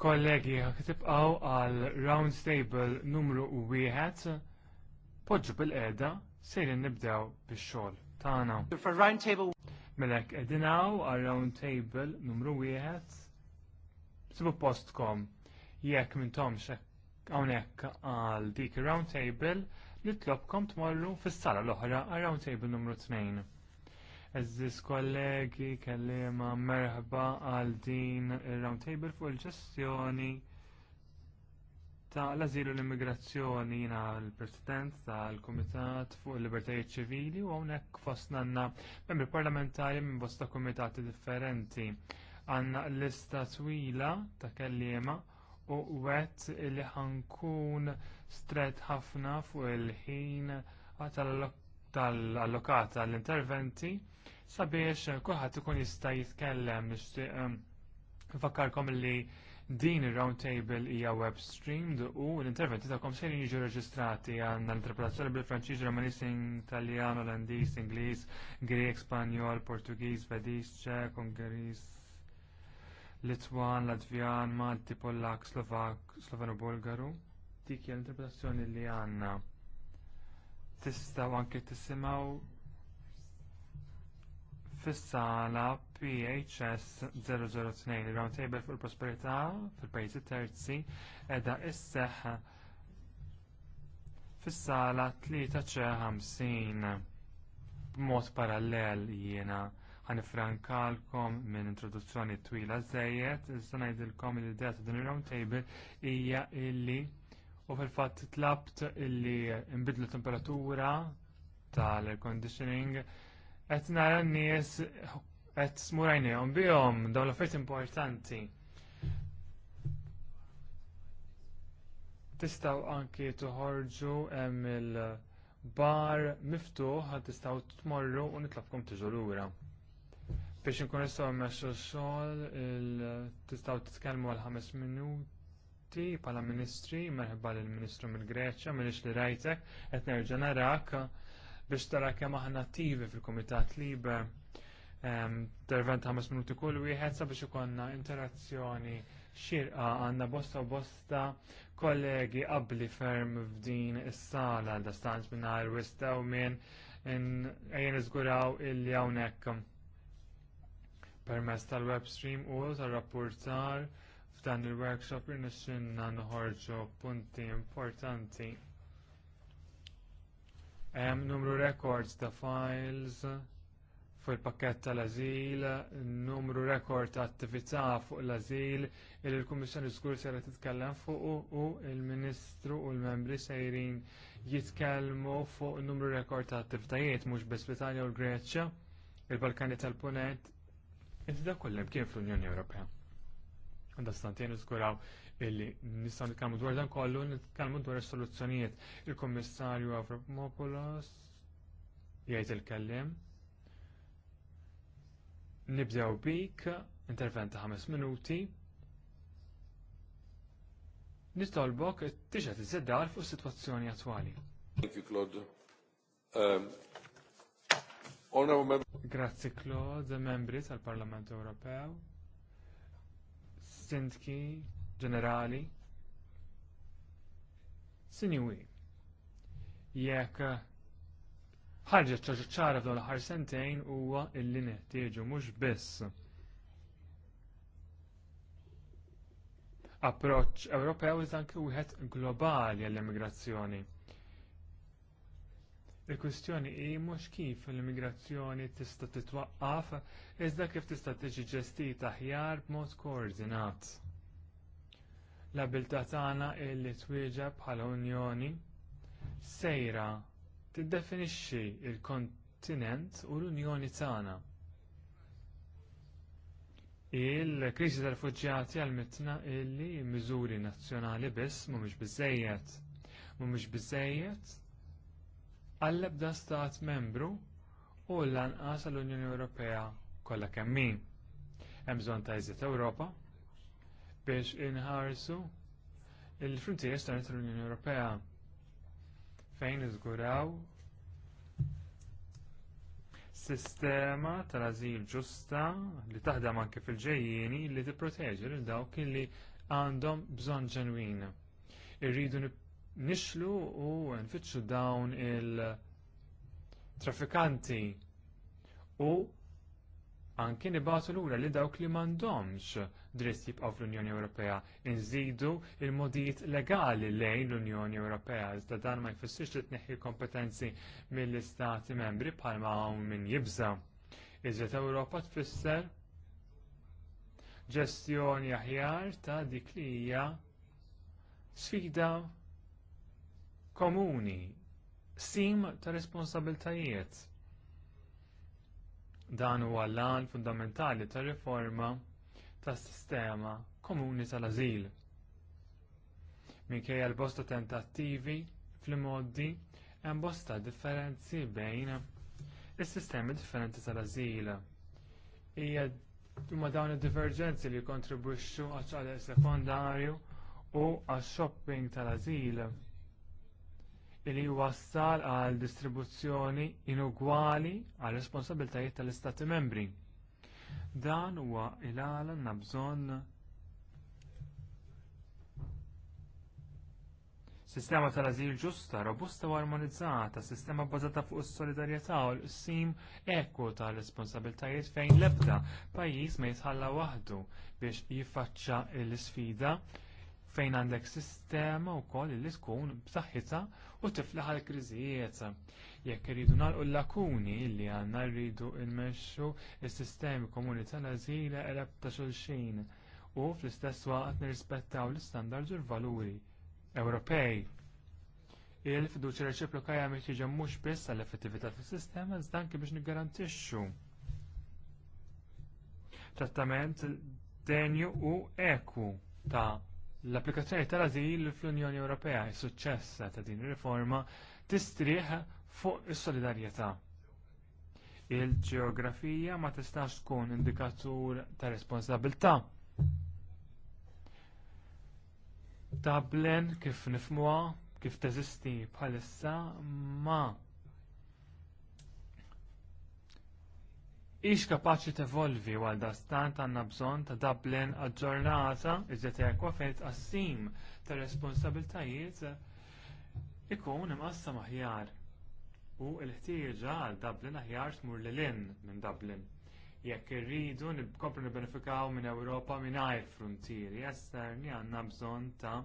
Kollegi, tibqaw għal round table numru u wieħed, poġġu bil-qeda, sejrin nibdew bix-xogħol tagħna. Melek edinaw għal round table numru wieħed. Sibu postkom jekk minn tomx hawnhekk għal dik round table nitlobkom tmorru fis-sala l-oħra għal round table numru 2. Eżis kollegi, kellima merħba għal din il-roundtable fuq il-ġestjoni ta' l-azilu l-immigrazzjoni jina l-President tal-Kumitat fuq il-Libertajiet ċivili u hawnhekk fostna membri parlamentari minn bosta kumitati differenti. Għandna lista twila ta' kelliema u wet li ħankun stret ħafna fuq il-ħin tal-allokata l-interventi. tal allokata l interventi tal l interventi sabiex eh, kulħadd ikun jista' jitkellem nixtieq nfakkarkom li din ir-round table hija web streamed u l-interventi tagħkom se jiġu reġistrati għandna l-interpretazzjoni bil-Franċiż, Ġermaniż, Italjan, Olandiż, Ingliż, Grek, Spanjol, Portugiż, Svediż, Ċek, Ungeriż, Litwan, Latvjan, Malti, Pollak, Slovak, Sloveno, Bulgaru. Dik hija l-interpretazzjoni li għandna. Tistgħu anke tisimgħu fis-sala PHS 002 table fuq il-prosperità fil-pajjiżi terzi qiegħda isseħħ fis-sala 53 b'mod parallel jiena ħanifrankalkom minn introduzzjoni twila żejjed, issa ngħidilkom l-idea ta' din ir-roundtable hija illi u fil-fatt tlabt illi nbidlu temperatura tal-air conditioning qed nara n-nies qed smurajnejhom bihom dawn l importanti. Tistgħu anki toħorġu em il-bar miftuħ tistgħu tmorru u nitlabkom tiġu lura. Biex nkun nistgħu mmexxu x-xogħol tistgħu titkellmu għal ħames minuti bħala ministri, merħba lill-Ministru mill-Greċja, minix li rajtek, qed nerġa' narak biex tara kemm aħna attivi fil-Kumitat Liber. Tervent ħames minuti kull wieħed sabiex ikonna interazzjoni xirqa għandna bosta u bosta kollegi qabli ferm f'din is-sala da stanz mingħajr wistaw minn ejjen iżguraw illi hawnhekk permezz tal-web stream u tar-rapportar f'dan il-workshop rinnexxinna noħorġu punti importanti Hemm numru records ta' files fil-pakket tal-azil, numru rekord ta' attività fuq l-azil, il kummissjoni żgur se titkellem fuq u il-Ministru u l-membri sejrin jitkellmu fuq numru rekord ta' attivitajiet mhux biss l-Italja u l-Greċja, il-Balkani tal inti iżda kollim kien fl-Unjoni Ewropea. Għandastant jenu żguraw illi nistgħu nitkellmu dwar dan kollu nitkellmu dwar is-soluzzjonijiet. Il-Kummissarju Avramopoulos jgħid il-kellim. Nibdew bik, intervent ta' ħames minuti. Nistolbok tixa tiżeddar fuq is-sitwazzjoni attwali. Thank you, Claude. Um, Grazzi Claude, membri tal-Parlament Ewropew, Sintki, ġenerali. Sinjuri, jekk ħarġet ċara f'dawn l-aħħar sentejn huwa illi neħtieġu mhux biss approċċ Ewropew iżda anke wieħed globali għall-immigrazzjoni. Il-kwistjoni hi mhux kif l-immigrazzjoni tista' titwaqqaf iżda kif tista' tiġi ġestita aħjar b'mod koordinat l-abilità tagħna li twieġeb bħala Unjoni sejra tiddefinixxi l kontinent u l-Unjoni tagħna. Il-kriżi tal-rifuġjati għalmitna illi miżuri nazzjonali biss mhumiex biżżejjed. Mhumiex biżżejjed għall-ebda stat membru u l lanqas għall-Unjoni Ewropea kollha kemm min. Hemm bżonn ta' Ewropa, biex inħarsu il-frontiers tal-Unjoni Ewropea fejn iżguraw sistema tal-azil ġusta li taħdem anke fil ġejjini li tipproteġi lil dawk li għandhom bżonn ġenwin. Irridu nixlu u nfittxu dawn il-traffikanti u anki nibatu lura li dawk li m'għandhomx dritt jibqgħu fl-Unjoni Ewropea inżidu l modijiet legali lejn l-Unjoni Ewropea iżda dan ma jfissirx li tneħħi kompetenzi mill-istati membri bħalma hawn min jibża. Iżjed Ewropa tfisser ġestjoni aħjar ta' dik li hija sfida komuni, sim ta' responsabiltajiet Dan huwa l-għan fundamentali tar riforma tas sistema komuni tal-azil. Minkejja l-bosta tentattivi fl-moddi hemm bosta differenzi bejn is-sistemi differenti tal-azil. Hija huma dawn id-diverġenzi li jikkontribwixxu għax għal sekondarju u għax shopping tal-azil li wassal għal distribuzzjoni inugwali għal responsabiltajiet tal-Istati membri. Dan huwa il-għala nabżon Sistema tal-azil ġusta, robusta u armonizzata, sistema bbażata fuq is-solidarjetà u l-qsim ekku tal responsabiltajiet fejn l-ebda pajjiż ma jitħalla waħdu biex jiffaċċa l-isfida fejn għandek sistema wkoll li tkun b'saħħitha u tiflaħ l kriżijiet. Jekk irridu nagħlqu l-lakuni li għandna rridu nmexxu s-sistemi komuni tal-ażil qreb ta' xulxin u fl-istess waqt nirrispettaw l-istandards u l-valuri Ewropej. Il-fiduċja reċiproka hija meħtieġa mhux biss għall-effettività tas-sistema iżda anke biex niggarantixxu trattament denju u eku ta' L-applikazzjoni tal-azil fl-Unjoni Ewropea is suċċess ta' din ir-riforma tistrieħ fuq is-solidarjetà. Il-ġeografija ma tistax tkun indikatur ta' responsabilità. Tablen kif nifmuha, kif teżisti bħalissa ma' ix kapaċi tevolvi għal stant għandna bżonn ta' Dublin aġġornata iżet jekwa fejt qassim ta' responsabiltajiet ikun imqassam aħjar u l-ħtieġa għal Dublin aħjar tmur l hinn minn Dublin. Jekk irridu nkomplu nibbenefikaw minn Ewropa mingħajr frontieri esterni għandna bżonn ta'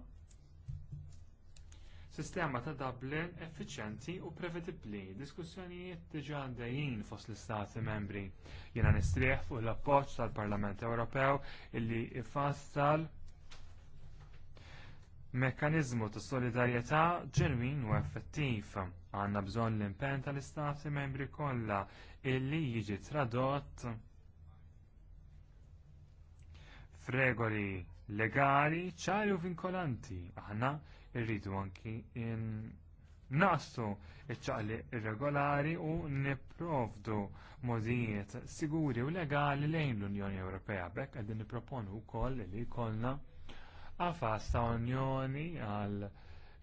sistema ta' Dublin effiċjenti u prevedibbli. Diskussjonijiet diġà għandejjin fost l-Istati membri. Jiena nistrieħ fuq l-appoġġ tal-Parlament Ewropew illi ifassal mekkaniżmu ta' solidarjetà ġenwin u effettiv. Għandna bżonn l-impenn tal-Istati membri kollha illi jiġi tradott f'regoli legali ċari u vinkolanti. Aħna irridu anki in naqsu iċ-ċaqli irregolari u nipprovdu modijiet siguri u legali lejn l-Unjoni Ewropea. Bekk qegħdin nipproponu wkoll li jkollna għafas ta' Unjoni għal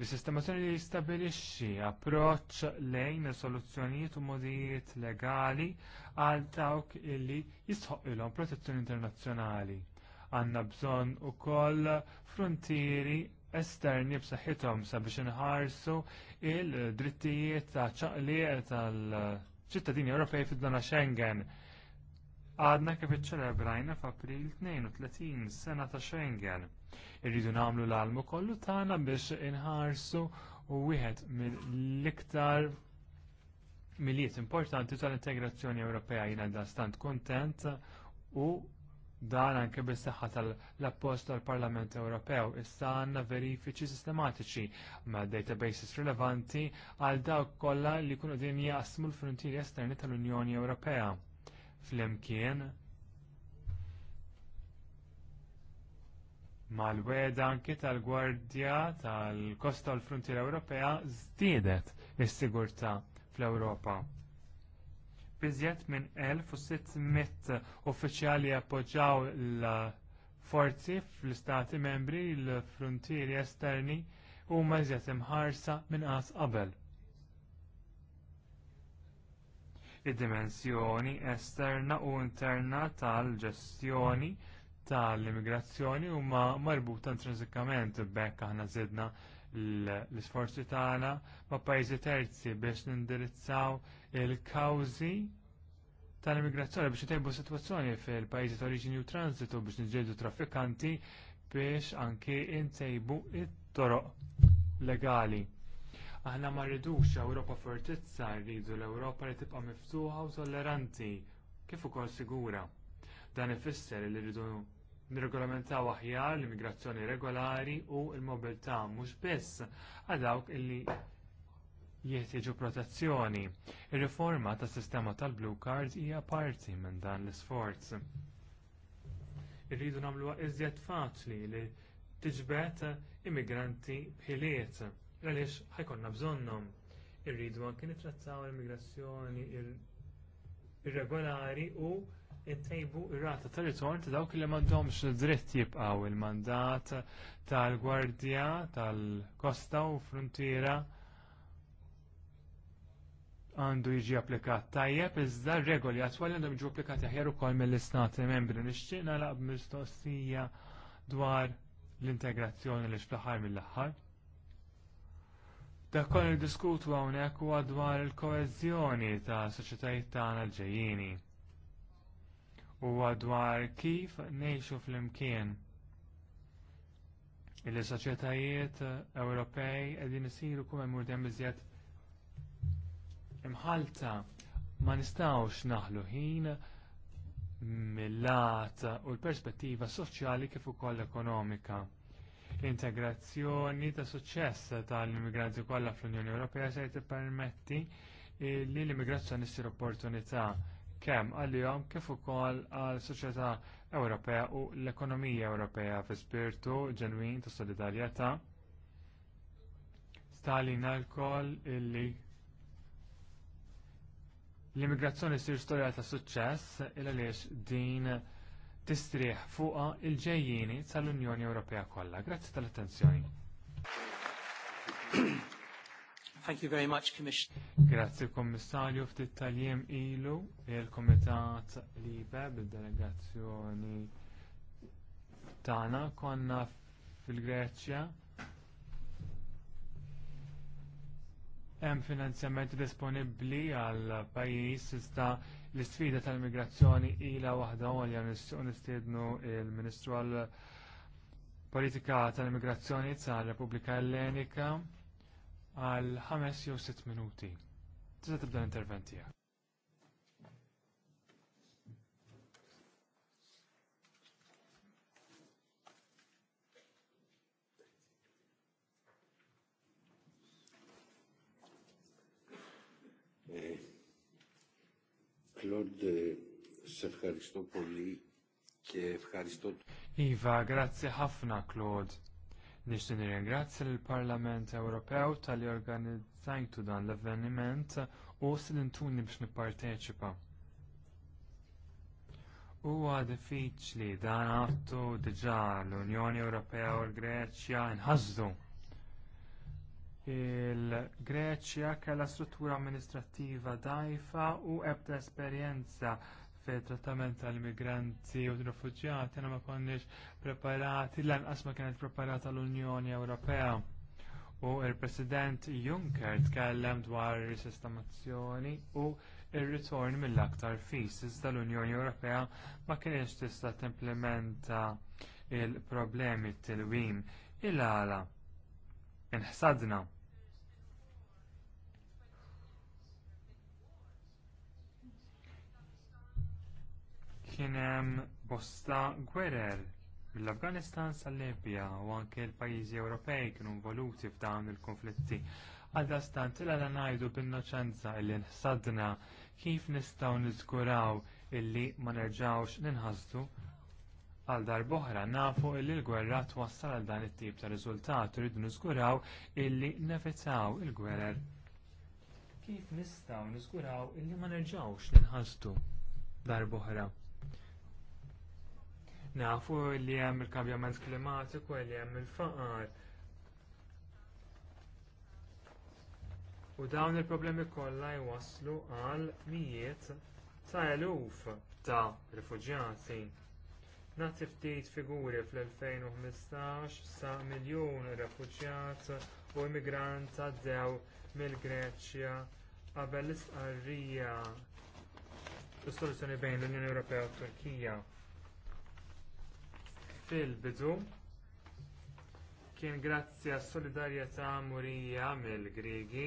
Risistemazzjoni li jistabilixxi approċċ lejn soluzzjonijiet u modijiet legali għal dawk illi jistħoqilhom protezzjoni internazzjonali. Għandna bżonn ukoll frontieri esterni b'saħħithom sabiex inħarsu il-drittijiet ta' ċaqli tal-ċittadini Ewropej fid-dona Schengen. Għadna kif iċċelebrajna f'April 32 sena ta' Schengen. Irridu nagħmlu l-almu kollu tagħna biex inħarsu u wieħed mill-iktar miliet importanti tal-integrazzjoni Ewropea jiena stant kontent u dan anke bis-saħħa tal-appoġġ tal-Parlament Ewropew issa għandna verifiċi sistematiċi ma' databases rilevanti għal dawk kollha li jkunu din jaqsmu l-frontieri esterni tal-Unjoni Ewropea. Flimkien mal-weda anki tal-Gwardja tal-Kosta l-Frontiera Ewropea żdiedet is-sigurtà fl-Ewropa biżjed minn 1600 uffiċjali jappoġġjaw l-forzi fl-istati membri l-frontieri esterni huma iżjed imħarsa minn qas qabel. Id-dimensjoni esterna u interna tal-ġestjoni tal-immigrazzjoni huma marbuta intrinsikament b'hekk aħna żidna l-isforzi tagħna ma' pajjiżi terzi biex nindirizzaw il-kawżi tal-immigrazzjoni biex itejbu situazzjoni fil-pajjiżi ta' oriġini u transitu biex niġġieldu traffikanti biex anke intejbu it-toroq legali. Aħna ma rridux Ewropa fortizza, rridu l-Ewropa li tibqa' miftuħa u tolleranti kif ukoll sigura. Dan ifisser li rridu nirregolamentaw aħjar l-immigrazzjoni regolari u l-mobilità mhux biss għal dawk illi jeħtieġu protezzjoni. Ir-riforma tas sistema tal-Blue Cards hija parti minn dan l-isforz. Irridu nagħmluha iżjed faċli li tiġbed immigranti bħiliet għaliex ħajkonna bżonnhom. Irridu anke nittrattaw l-immigrazzjoni irregolari u intejbu ir-rata ta' ritorn ta' dawk li m'għandhomx dritt jibqgħu il-mandat tal-Gwardja tal-Kosta u Frontiera għandu jiġi applikat tajjeb, iżda regoli attwali għandhom jiġu applikati aħjar ukoll mill-istati membri. Nixtieq nagħlaq mistoqsija dwar l-integrazzjoni li fl-aħħar mill-aħħar. Dak kon il-diskutu hawnhekk huwa dwar il-koeżjoni ta' soċjetajiet tagħna ġejjini Huwa dwar kif ngħixu flimkien il-soċjetajiet Ewropej qegħdin isiru kull hemm iżjed imħalta ma nistawx naħlu ħin mill-lat u l-perspettiva soċjali kif ukoll ekonomika. L-integrazzjoni ta' suċċess tal-immigranti kollha fl-Unjoni Ewropea se tippermetti li l-immigrazzjoni ssir opportunità kemm għalihom kif ukoll għal soċjetà Ewropea u l-ekonomija Ewropea fi spirtu ġenwin ta' solidarjetà. Stalin lkoll illi L-immigrazzjoni sir storja ta' suċċess il għaliex din tistrieħ fuqha il-ġejjini tal-Unjoni Ewropea kollha. Grazzi tal-attenzjoni. Thank you very much, Commissioner. Grazzi Kommissarju ftit tal-jem ilu il-Komitat Libe bil-delegazzjoni tagħna konna fil-Greċja. hemm finanzjament disponibbli għal pajjiż iżda l-isfida tal-immigrazzjoni ilha waħda għolja nixtieq nistiednu l ministru għal politika tal-immigrazzjoni tal-Repubblika Ellenika għal ħames jew sitt minuti. Tista' tibda l-intervent tiegħek. Κλοντ, σε Iva, grazie ħafna, Claude. Nishti ringrazzja l-Parlament Ewropew tal-li organizzajtu dan l-avveniment u s-lintuni biex nipparteċipa. Huwa diffiċli dan għattu diġà l-Unjoni Ewropea u l-Greċja nħazdu Il-Greċja kellha struttura amministrattiva dgħajfa u ebda esperjenza fit-trattament tal-immigranti u rifuġjati għana ma konniex preparati, lanqas ma kienet preparata l-Unjoni Ewropea. U l president Juncker tkellem dwar ir-sistemazzjoni u r ritorn mill-aktar fis, iżda l-Unjoni Ewropea ma kienx tista' timplementa il-problemi t tilwim il-għala. Inħsadna kien hemm bosta gwerer mill-Afganistan sal-Libja u anke l-pajjiżi Ewropej kienu involuti f'dawn il-konflitti. Għaldastan tila la najdu b'innoċenza illi nsadna. kif nistgħu niżguraw illi ma nerġgħux ninħasdu għal darboħra nafu illi l-gwerra twassal għal dan it-tip ta' riżultat rridu niżguraw illi nevitaw il-gwerer. Kif nistgħu niżguraw illi ma nerġgħux ninħasdu darboħra. Nafu li hemm il-kambjament klimatiku, li hemm il-faqar. U dawn il-problemi kollha jwasslu għal mijiet ta' eluf ta' rifuġjati. Nagħti ftit figuri fl-2015 sa' miljun rifuġjat u immigrant għaddew mill-Greċja qabel l-istqarrija l-istruzzjoni bejn l-Unjoni Ewropea u Turkija fil-bidu kien grazzi għas solidarjetà murija mill-Griegi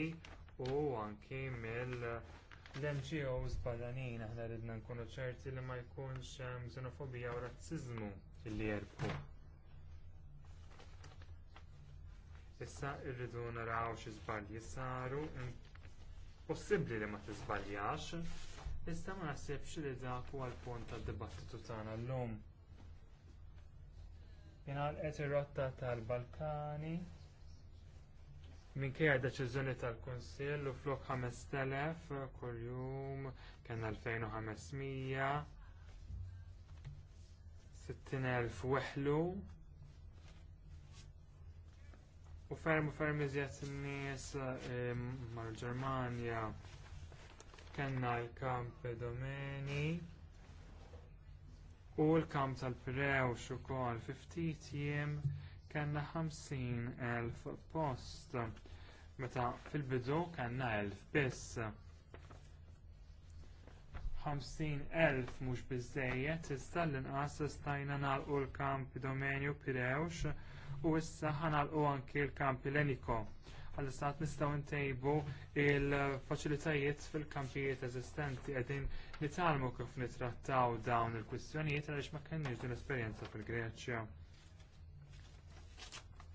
u anki mill-NGOs badanin aħna ridna nkunu ċerti li ma jkunx hemm xenofobija u razziżmu li jerbħu. Issa rridu naraw xi żbalji saru, possibbli li ma tiżbaljax, iżda ma naħsibx li dak huwa l-punt tad-dibattitu tagħna llum. Inqalqet ir-rotta tal-Balkani minkejja deċiżjoni tal-Kunsill u flok 5000 kuljum kena 2500 60,000 weħlu u ferm u ferm iżjed nies eh, mal-Ġermanja kena l-kamp domeni u l-kamp tal-prew xukol 50 jiem kanna 50.000 post meta fil-bidu kanna 1000 biss 50.000 mhux biżżejjed iżda l-inqas stajna nagħlqu l-kamp domenju Pirewx u issa ħanalqu anki l-kamp Leniko għal-istat nistaw ntejbu il-faċilitajiet fil-kampijiet eżistenti qegħdin nitalmu kif nitrattaw dawn il-kwistjonijiet għaliex ma kenniex din esperjenza fil-Greċja.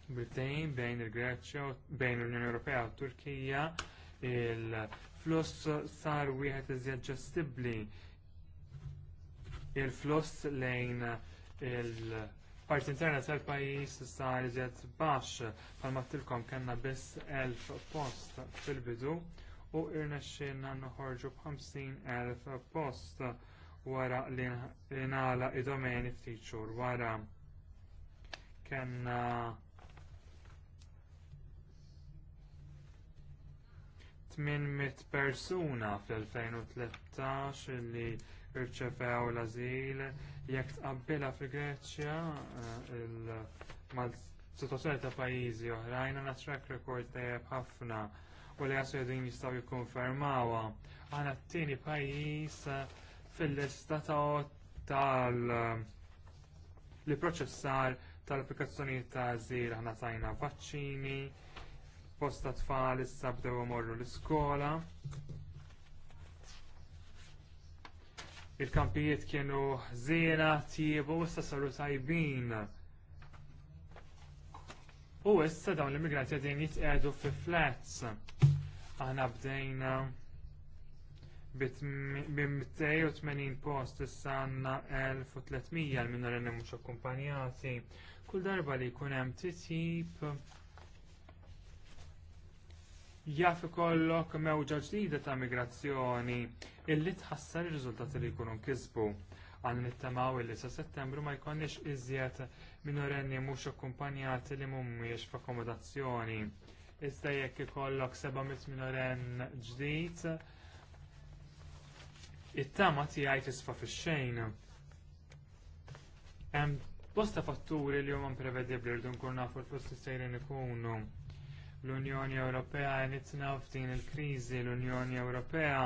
Britejn bejn il-Greċja bejn l-Unjoni Ewropea u Turkija il-fluss sar wieħed iżjed ġestibbli il fluss lejn il-, -floss parti interna tal-pajis sa iżjed baxx bħalma tilkom kellna biss elf post fil-bidu u irnexxinna noħorġu elf post wara li nala id-domeni ftit xhur wara kena 800 persuna fil 2013 li irċevew l-azil, jekk tqabbilha fi Greċja eh, mal sitwazzjoni ta' pajjiżi oħrajn għandha track record tajjeb ħafna u li għasu jedin jistgħu jikkonfermawha. Għana t-tieni pajjiż eh, fil-lista tal- eh, li proċessar tal-applikazzjoni ta' azil aħna tajna vaċċini, posta tfal issa bdew morru l-iskola, il-kampijiet kienu zina, u issa saru tajbin. U issa dawn l-immigranti għadin jitqedu fi flats. Għana bdejna u 280 post issa sanna 1300 l-minorenni mhux akkumpanjati. Kull darba li jkun hemm titjib jaf ikollok mewġa ġdida ta' migrazzjoni illi tħassar ir-riżultati li jkunu nkisbu. Għan nittamaw illi sa' settembru ma jkonniex iżjed minorenni mhux akkumpanjati li mhumiex f'akkomodazzjoni. Iżda jekk ikollok 700 minoren ġdid, it-tama tiegħi tisfa fix-xejn. Hemm bosta fatturi li huma imprevedibbli rridu nkunu nafu l-fost sejrin ikunu L-Unjoni Ewropea nitnaw f'din il kriżi l-Unjoni Ewropea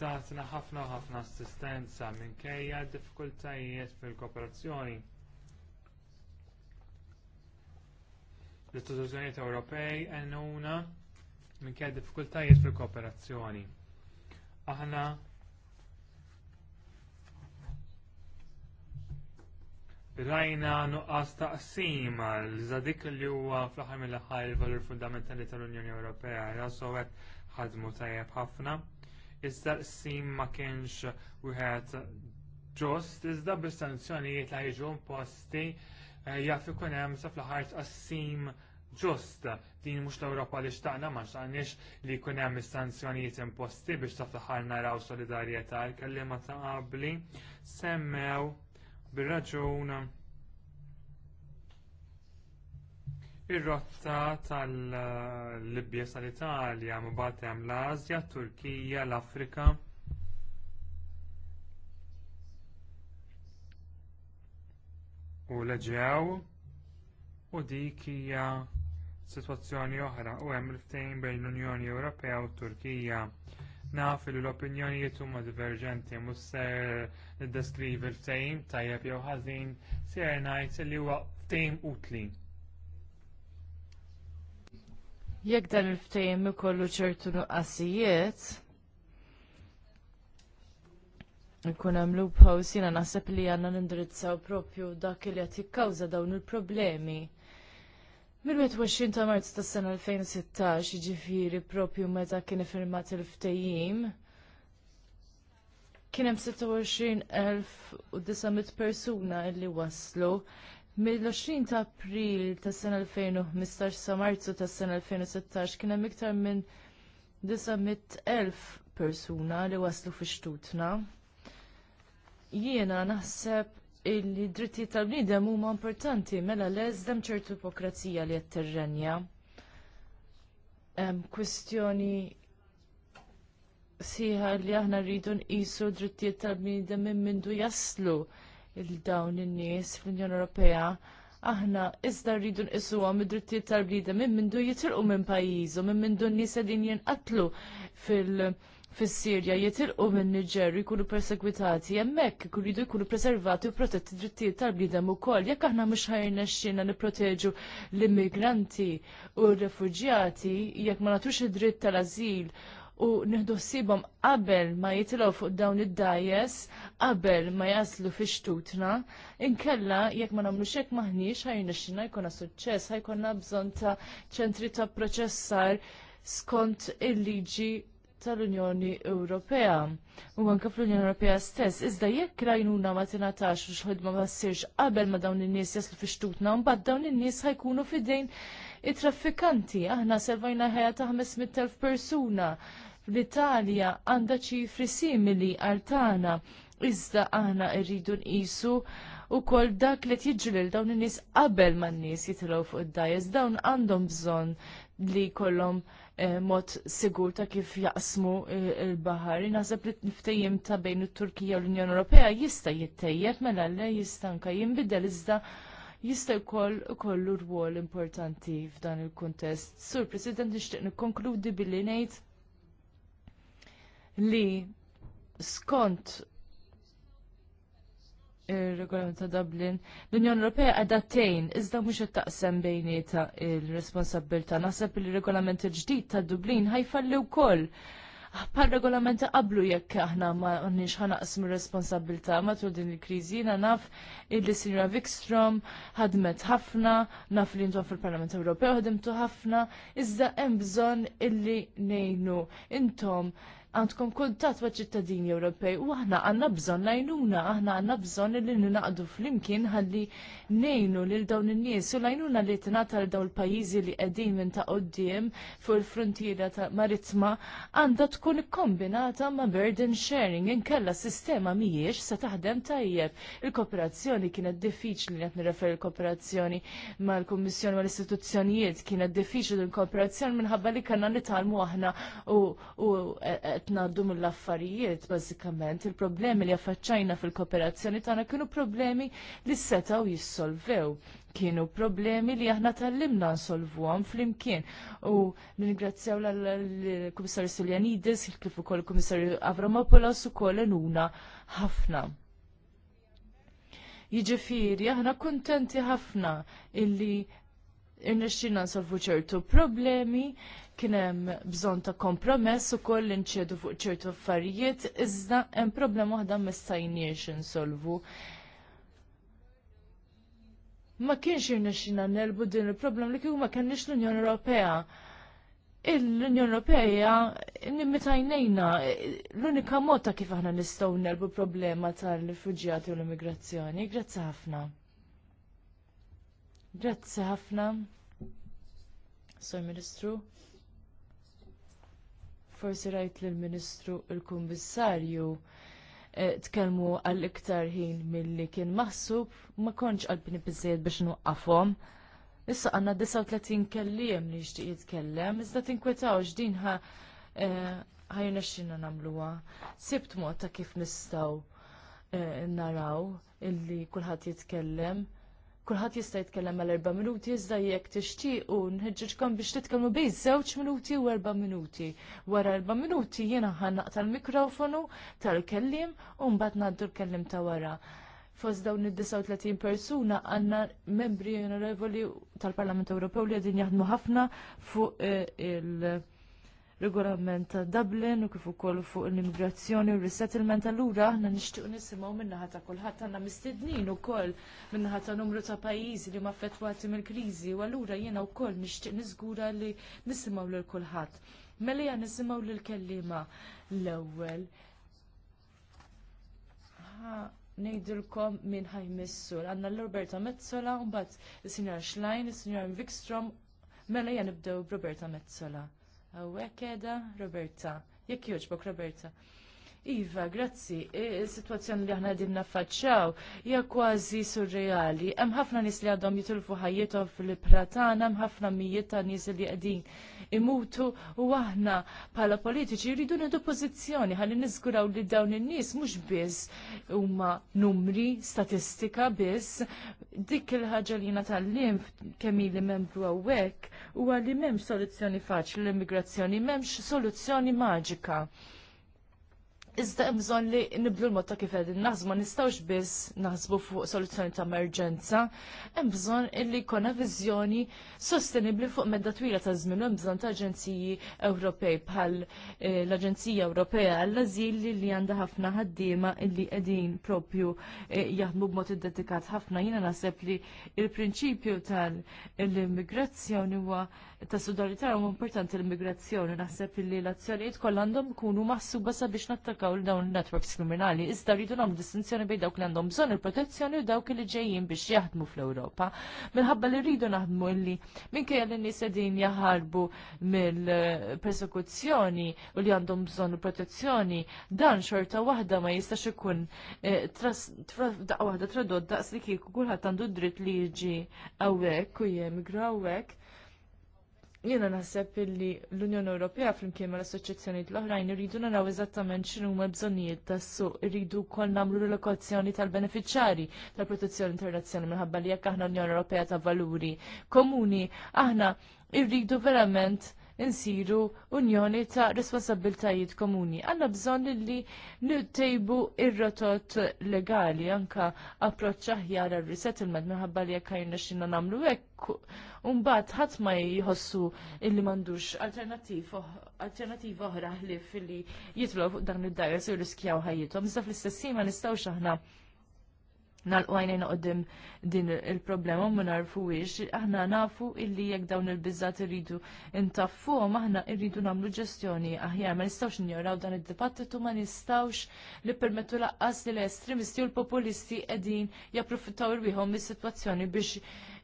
tatna ħafna u ħafna assistenza minkejja d diffikultajiet fil-kooperazzjoni. l-istituzzjonijiet Ewropej għenuna minkejja diffikultajiet fil-kooperazzjoni. Aħna rajna nuqqas taqsim għal zadik li huwa fl-aħħar mill-aħħar il-valur fundamentali tal-Unjoni Ewropea rasu hekk ħadmu tajjeb ħafna. Iżda l-qsim ma kienx wieħed ġust, iżda bis-sanzjonijiet li jiġu imposti eh, jaf ikun hemm sa fl-aħħar tqassim ġust din mhux l-Ewropa li xtaqna ma xtaqniex li jkun hemm is-sanzjonijiet imposti biex taf fl aħħar naraw solidarjetà l-kelliema ta' qabli semmew bir raġuna ir-rotta tal-Libja sal-Italja mbagħad hemm l-Asja, Turkija, l-Afrika. U l-Eġew u dik hija sitwazzjoni oħra u hemm il-ftehim bejn l-Unjoni Ewropea u t Turkija naf li l-opinjonijiet huma diverġenti mhux se niddeskrivi l-ftehim tajjeb jew ħażin ser ngħid li huwa ftehim utli. Jekk dan il-ftehim ikollu ċertu nuqqasijiet, Ikun hemm loopholes jiena naħseb li għandna nindirizzaw propju dak li qed jikkawża dawn il-problemi. Mill-21 ta' marzu tas sena 2016, iġifiri propju meta kien firmat il-ftejjim, kien hemm 26,900 persuna illi waslu. Mill-20 ta' April ta' sena 2015 sa' Marzu tas sena 2016 kien hemm iktar minn 900,000 persuna li waslu fi xtutna. Jiena naħseb illi drittijiet tal-bniedem huma importanti mela leżdem ċertu ipokrazija li qed tirrenja. Kwistjoni siħa li aħna rridu nqisu drittijiet tal-bniedem minn mindu jaslu il-dawn in-nies fl-Unjoni Ewropea aħna iżda rridu nqisu għam id-drittijiet tal bnidem minn mindu jitilqu minn pajjiżu, minn mindu n-nies qegħdin jinqatlu fil- fis-Sirja jitilqu minn Niġer jkunu persegwitati hemmhekk ikunu jkunu preservati u protetti drittijiet tal-bniedem ukoll jekk aħna mhux ħajrna xxina nipproteġu l-immigranti u r-refuġjati jekk ma nagħtux id-dritt tal-ażil u nieħdu ħsiebhom qabel ma jitilgħu fuq dawn id-dajes qabel ma jaslu fi xtutna, inkella jekk ma nagħmlux hekk maħniex ħajrnexxina jkollna suċċess, ħajkonna bżonn ta' ċentri ta' proċessar skont il-liġi tal-Unjoni Ewropea. U anke fl-Unjoni Ewropea stess, iżda jekk rajnuna ma tingħatax u xħodma ma ssirx qabel ma dawn in-nies jaslu fi xtutna, mbagħad dawn in-nies ħajkunu fidejn it-traffikanti. Aħna servajna ħajja ta' 500,000 persuna. L-Italja għandha ċifri simili għal tagħna, iżda aħna rridu nqisu u kol dak li l dawn in-nies qabel ma n-nies jitilgħu fuq id-dajes, dawn għandhom bżonn li kollhom Eh, mod sigur ta' kif jaqsmu eh, il-bahar. Naħseb li niftejjem ta' bejn it-Turkija u l-Unjoni Ewropea jista' jittejjeb mela le jista' nka jinbidel iżda jista' jkoll kollu rwol importanti f'dan il-kuntest. Sur President nixtieq nikkonkludi billi ngħid li skont il-regolament ta' Dublin, l-Unjoni Ewropea għadha iżda mhux qed taqsem bejnieta il-responsabbilta. Naħseb il-regolament il-ġdid ta' Dublin ħajfalli wkoll. Par regolament ta' qablu jekk aħna ma nix ħanaqsmu responsabilta matul din il-kriżi, jiena naf illi Sinjora Vikstrom ħadmet ħafna, naf li intom fil-Parlament Ewropew ħadimtu ħafna, iżda hemm bżonn illi ngħinu intom għandkom kuntatt ma' ċittadini Ewropej u aħna għandna bżonn lajnuna, aħna għandna bżonn li fl flimkien ħalli nejnu lil dawn in-nies u lajnuna li t-nata l dawn l-pajizi li qegħdin minn ta' qudiem fuq il-frontiera ta' maritma għandha tkun kombinata ma' burden sharing inkella sistema mhijiex se taħdem tajjeb. Il-kooperazzjoni kienet diffiċli qed nirrefer il-kooperazzjoni mal-Kummissjoni mal-istituzzjonijiet kienet diffiċli l-kooperazzjoni minħabba li kellna nitalmu aħna u e, e, qed ngħaddu mill-affarijiet bażikament il-problemi li affaċċajna fil-kooperazzjoni tagħna kienu problemi li setgħu jissolvew. Kienu problemi li aħna tallimna nsolvuhom flimkien. U ningrazzjaw l-Kummissarju Siljanidis, kif ukoll il-Kummissarju Avramopoulos ukoll enuna ħafna. Jiġifieri aħna kuntenti ħafna illi irnexxina nsolvu ċertu problemi kien hemm bżonn ta' kompromess ukoll inċedu fuq ċertu affarijiet, iżda hemm problema waħda ma stajniex insolvu. Ma kienx irnexxina nelbu din il-problema li kieku ma kenniex l-Unjoni Ewropea l-Unjoni Ewropea nimmetajnejna l-unika mod ta' kif aħna nistgħu nelbu problema tal-rifuġjati u l-immigrazzjoni. Grazzi ħafna. Grazzi ħafna. Sor Ministru forsi rajt lill ministru il-Kummissarju eh, tkellmu għal iktar ħin milli kien maħsub ma kontx qalbni bizzejed biex nuqqafom. Issa għandna 39 kellijem li jixtieq jitkellem, iżda tinkwetaw din ħa eh, ħajna xina namluwa. Sibt mod ta' kif nistaw eh, naraw illi kulħadd jitkellem kulħadd jista' jitkellem għal erba' minuti iżda jekk tixtiequ nħeġġeġkom biex titkellmu bej żewġ minuti u erba' minuti. Wara erba' minuti jiena ħannaq tal-mikrofonu tal-kellim u mbagħad ngħaddu l-kellim ta' wara fost dawn id-39 persuna għanna membri onorevoli tal-Parlament Ewropew li għedin jaħdmu ħafna fuq eh, il- regolament ta' Dublin u kif ukoll fuq l-immigrazzjoni u resettlement allura aħna nixtiequ nisimgħu min-naħa ta' kulħadd għandna mistednin ukoll min-naħa ta' numru ta' pajjiżi li huma affettwati mill-kriżi u allura jiena wkoll nixtieq niżgura li nisimgħu lil kulħadd. Mela nisimgħu lil kelliema l-ewwel. Ngħidilkom minn ħajmissu. Għandna l-Roberta Mezzola, mbagħad is-Sinjor Schlein, is-Sinjor Wikstrom, mela jan nibdew b'Roberta Mezzola. Għawek edha, Roberta. Jekk joġbok, Roberta. Iva, grazzi. E, Is-sitwazzjoni li aħna qegħdin naffaċċaw hija kważi surreali. Hemm ħafna nies li għadhom jitilfu ħajjithom fil-pratana, hemm ħafna mijiet ta' nies li qegħdin imutu u aħna bħala politiċi jridu nieħdu pożizzjoni ħalli niżguraw li dawn in-nies mhux biss huma numri, statistika biss. Dik il-ħaġa li jiena tal-lim kemm li membru hawnhekk huwa li m'hemmx soluzzjoni faċli l-immigrazzjoni, m'hemmx soluzzjoni maġika. Iżda bżon li niblu l motta kif għedin naħsbu nistgħux biss naħsbu fuq soluzzjoni ta' emerġenza, hemm bżonn illi jkollna viżjoni sostenibbli fuq medda twila ta' żmien u bżonn ta' aġenziji Ewropej bħal eh, l-Aġenzija Ewropea għall-Ażil li għandha ħafna ħaddiema illi qegħdin propju eh, jaħdmu b'mod iddedikat ħafna jiena naħseb li l prinċipju tal-immigrazzjoni huwa ta' solidarità huma importanti l-immigrazzjoni. Naħseb li l-azzjonijiet kollha għandhom ikunu maħsuba sabiex nattakaw il dawn il-networks kriminali. Iżda rridu nagħmlu distinzjoni bejn dawk li għandhom bżonn il-protezzjoni u dawk li ġejjin biex jaħdmu fl-Ewropa. Minħabba li rridu naħdmu illi minkejja li nies qegħdin jaħarbu mill-persekuzzjoni u li għandhom bżonn il-protezzjoni, dan xorta waħda ma jistax ikun eh, daqqa waħda tradod daqs li kieku kulħadd għandu dritt li jiġi hawnhekk u jemigra hawnhekk Jiena naħseb illi l-Unjoni Ewropea flimkien mal assoċjazzjonijiet l-oħrajn irridu naraw eżattament x'inhu huma bżonnijiet tas-suq, irridu wkoll nagħmlu relokazzjoni tal-beneficjari tal-protezzjoni internazzjonali minħabba li jekk aħna unjoni Ewropea ta' valuri komuni, aħna irridu verament insiru unjoni ta' responsabiltajiet komuni. Għanna bżon li nittejbu ir-rotot legali anka approċċ aħjar għal-resettlement minħabba li jekk għajna xinna namlu hekk. Umbagħad ħadd ma jħossu illi m'għandux alternattiv alternativ oħra ħlif li jitlu dan id-dajra se jirriskjaw ħajjithom. Iżda fl-istess ma nistgħux aħna nalqu għajnejna qoddim din il-problema ma narfuwix, aħna nafu illi jekk dawn il-bizzat irridu ma aħna irridu nagħmlu ġestjoni aħjar ma nistgħux njoraw dan id-dibattitu ma nistawx li permettu laqqas li l-estremisti u l-populisti qegħdin japprofittaw irbiħom mis-sitwazzjoni biex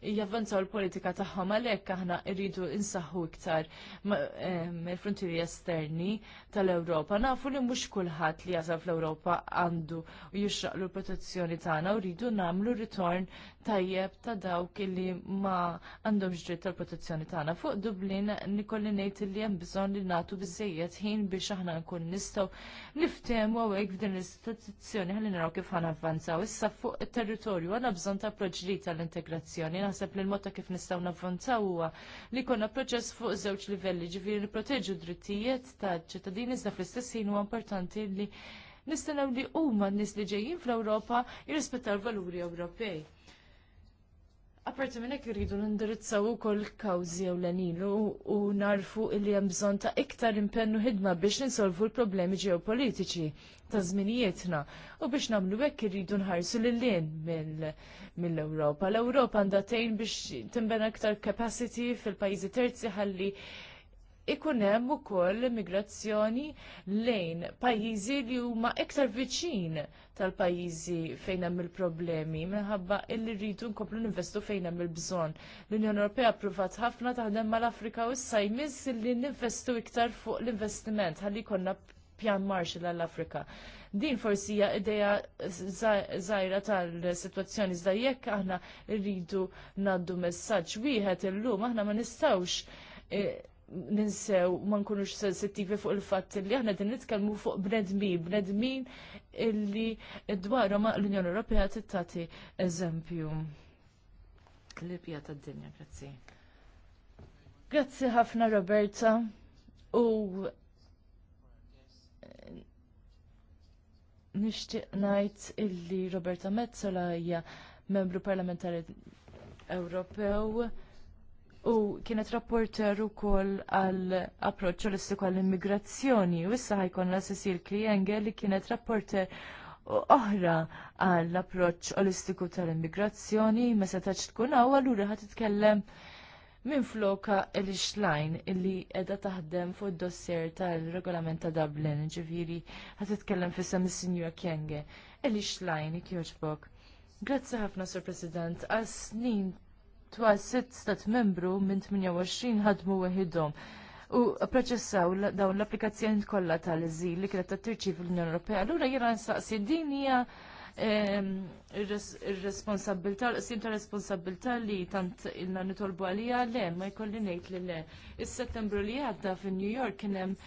javvanzaw l-politika tagħhom għalhekk aħna irridu insaħħu iktar eh, mill-frontieri esterni tal-Ewropa. Nafu li mhux kulħadd li jasal fl-Ewropa għandu u jixraq l protezzjoni tagħna u rridu nagħmlu ritorn tajjeb ta' dawk li ma għandhomx dritt tal-protezzjoni tagħna. Fuq Dublin nikolli ngħid li hemm bżonn li nagħtu biżejjed ħin biex aħna nkun nistgħu niftehmu hawnhekk f'din l-istituzzjoni ħalli naraw kif avvanzaw. Issa fuq it-territorju għandna bżonn ta' proġli tal-integrazzjoni. Naħseb li l motta kif nistgħu navvanzaw huwa li konna proċess fuq żewġ livelli ġifieri nipproteġu drittijiet tal ċittadini Din iżda fl-istess ħin huwa importanti li nistennew li huma n-nies li ġejjin fl-Ewropa jirrispettaw valuri Ewropej. Apparti minn hekk irridu nindirizzaw ukoll kawżi ewlenin u narfu li hemm bżonn ta' iktar impennu ħidma biex ninsolvu l-problemi ġeopolitiċi ta' żminijietna u biex nagħmlu hekk irridu nħarsu lil lin mill-Ewropa. L-Ewropa għandha tgħin biex timbena iktar capacity fil-pajjiżi terzi ħalli ikun hemm ukoll immigrazzjoni lejn pajjiżi li huma iktar viċin tal-pajjiżi fejn hemm il-problemi minħabba illi rridu nkomplu ninvestu fejn hemm il-bżonn. L-Unjoni Ewropea pruvat ħafna taħdem mal-Afrika u issa jmiss li ninvestu iktar fuq l-investiment ħalli jkollna pjan Marshall għall-Afrika. Din forsi hija idea żgħira tal-sitwazzjoni iżda jekk aħna rridu naddu messaġġ wieħed illum aħna ma nistgħux eh, ninsew ma nkunux sensittivi fuq il-fatt li aħna din nitkellmu fuq bnedmin, bnedmin illi dwarhom l-Unjoni Ewropea tittati eżempju l-ibja tad-dinja, grazzi. Grazzi ħafna Roberta u nixtieq ngħid illi Roberta Mezzola hija membru parlamentari Ewropew u kienet rapporter ukoll għal approċċ holistiku għall immigrazzjoni u issa ħajkonna Cecil Klienge li kienet rapporter oħra għall approċċ olistiku tal-immigrazzjoni ma setax tkun hawn allura ħad titkellem minn floka l xlajn illi edha taħdem fuq d dossier tal-regolament ta' Dublin, ġifiri ħad tkellem fissa mis-Sinjura Kienge. Eli xlajn, ikjoġbok. Grazzi ħafna, Sur President, għal snin twa sitt stat membru minn 28 ħadmu weħidhom. U proċessaw dawn l-applikazzjoni kollha tal-eżil li kienet tirċiv l-Unjoni Ewropea. Allura jiena nsaqsi din hija ehm, ir-responsabilità, l-qsim ta' responsabilità li tant ilna nitolbu għalija le, ma jkolli ngħid li le. Is-Settembru li għadda fin New York kien hemm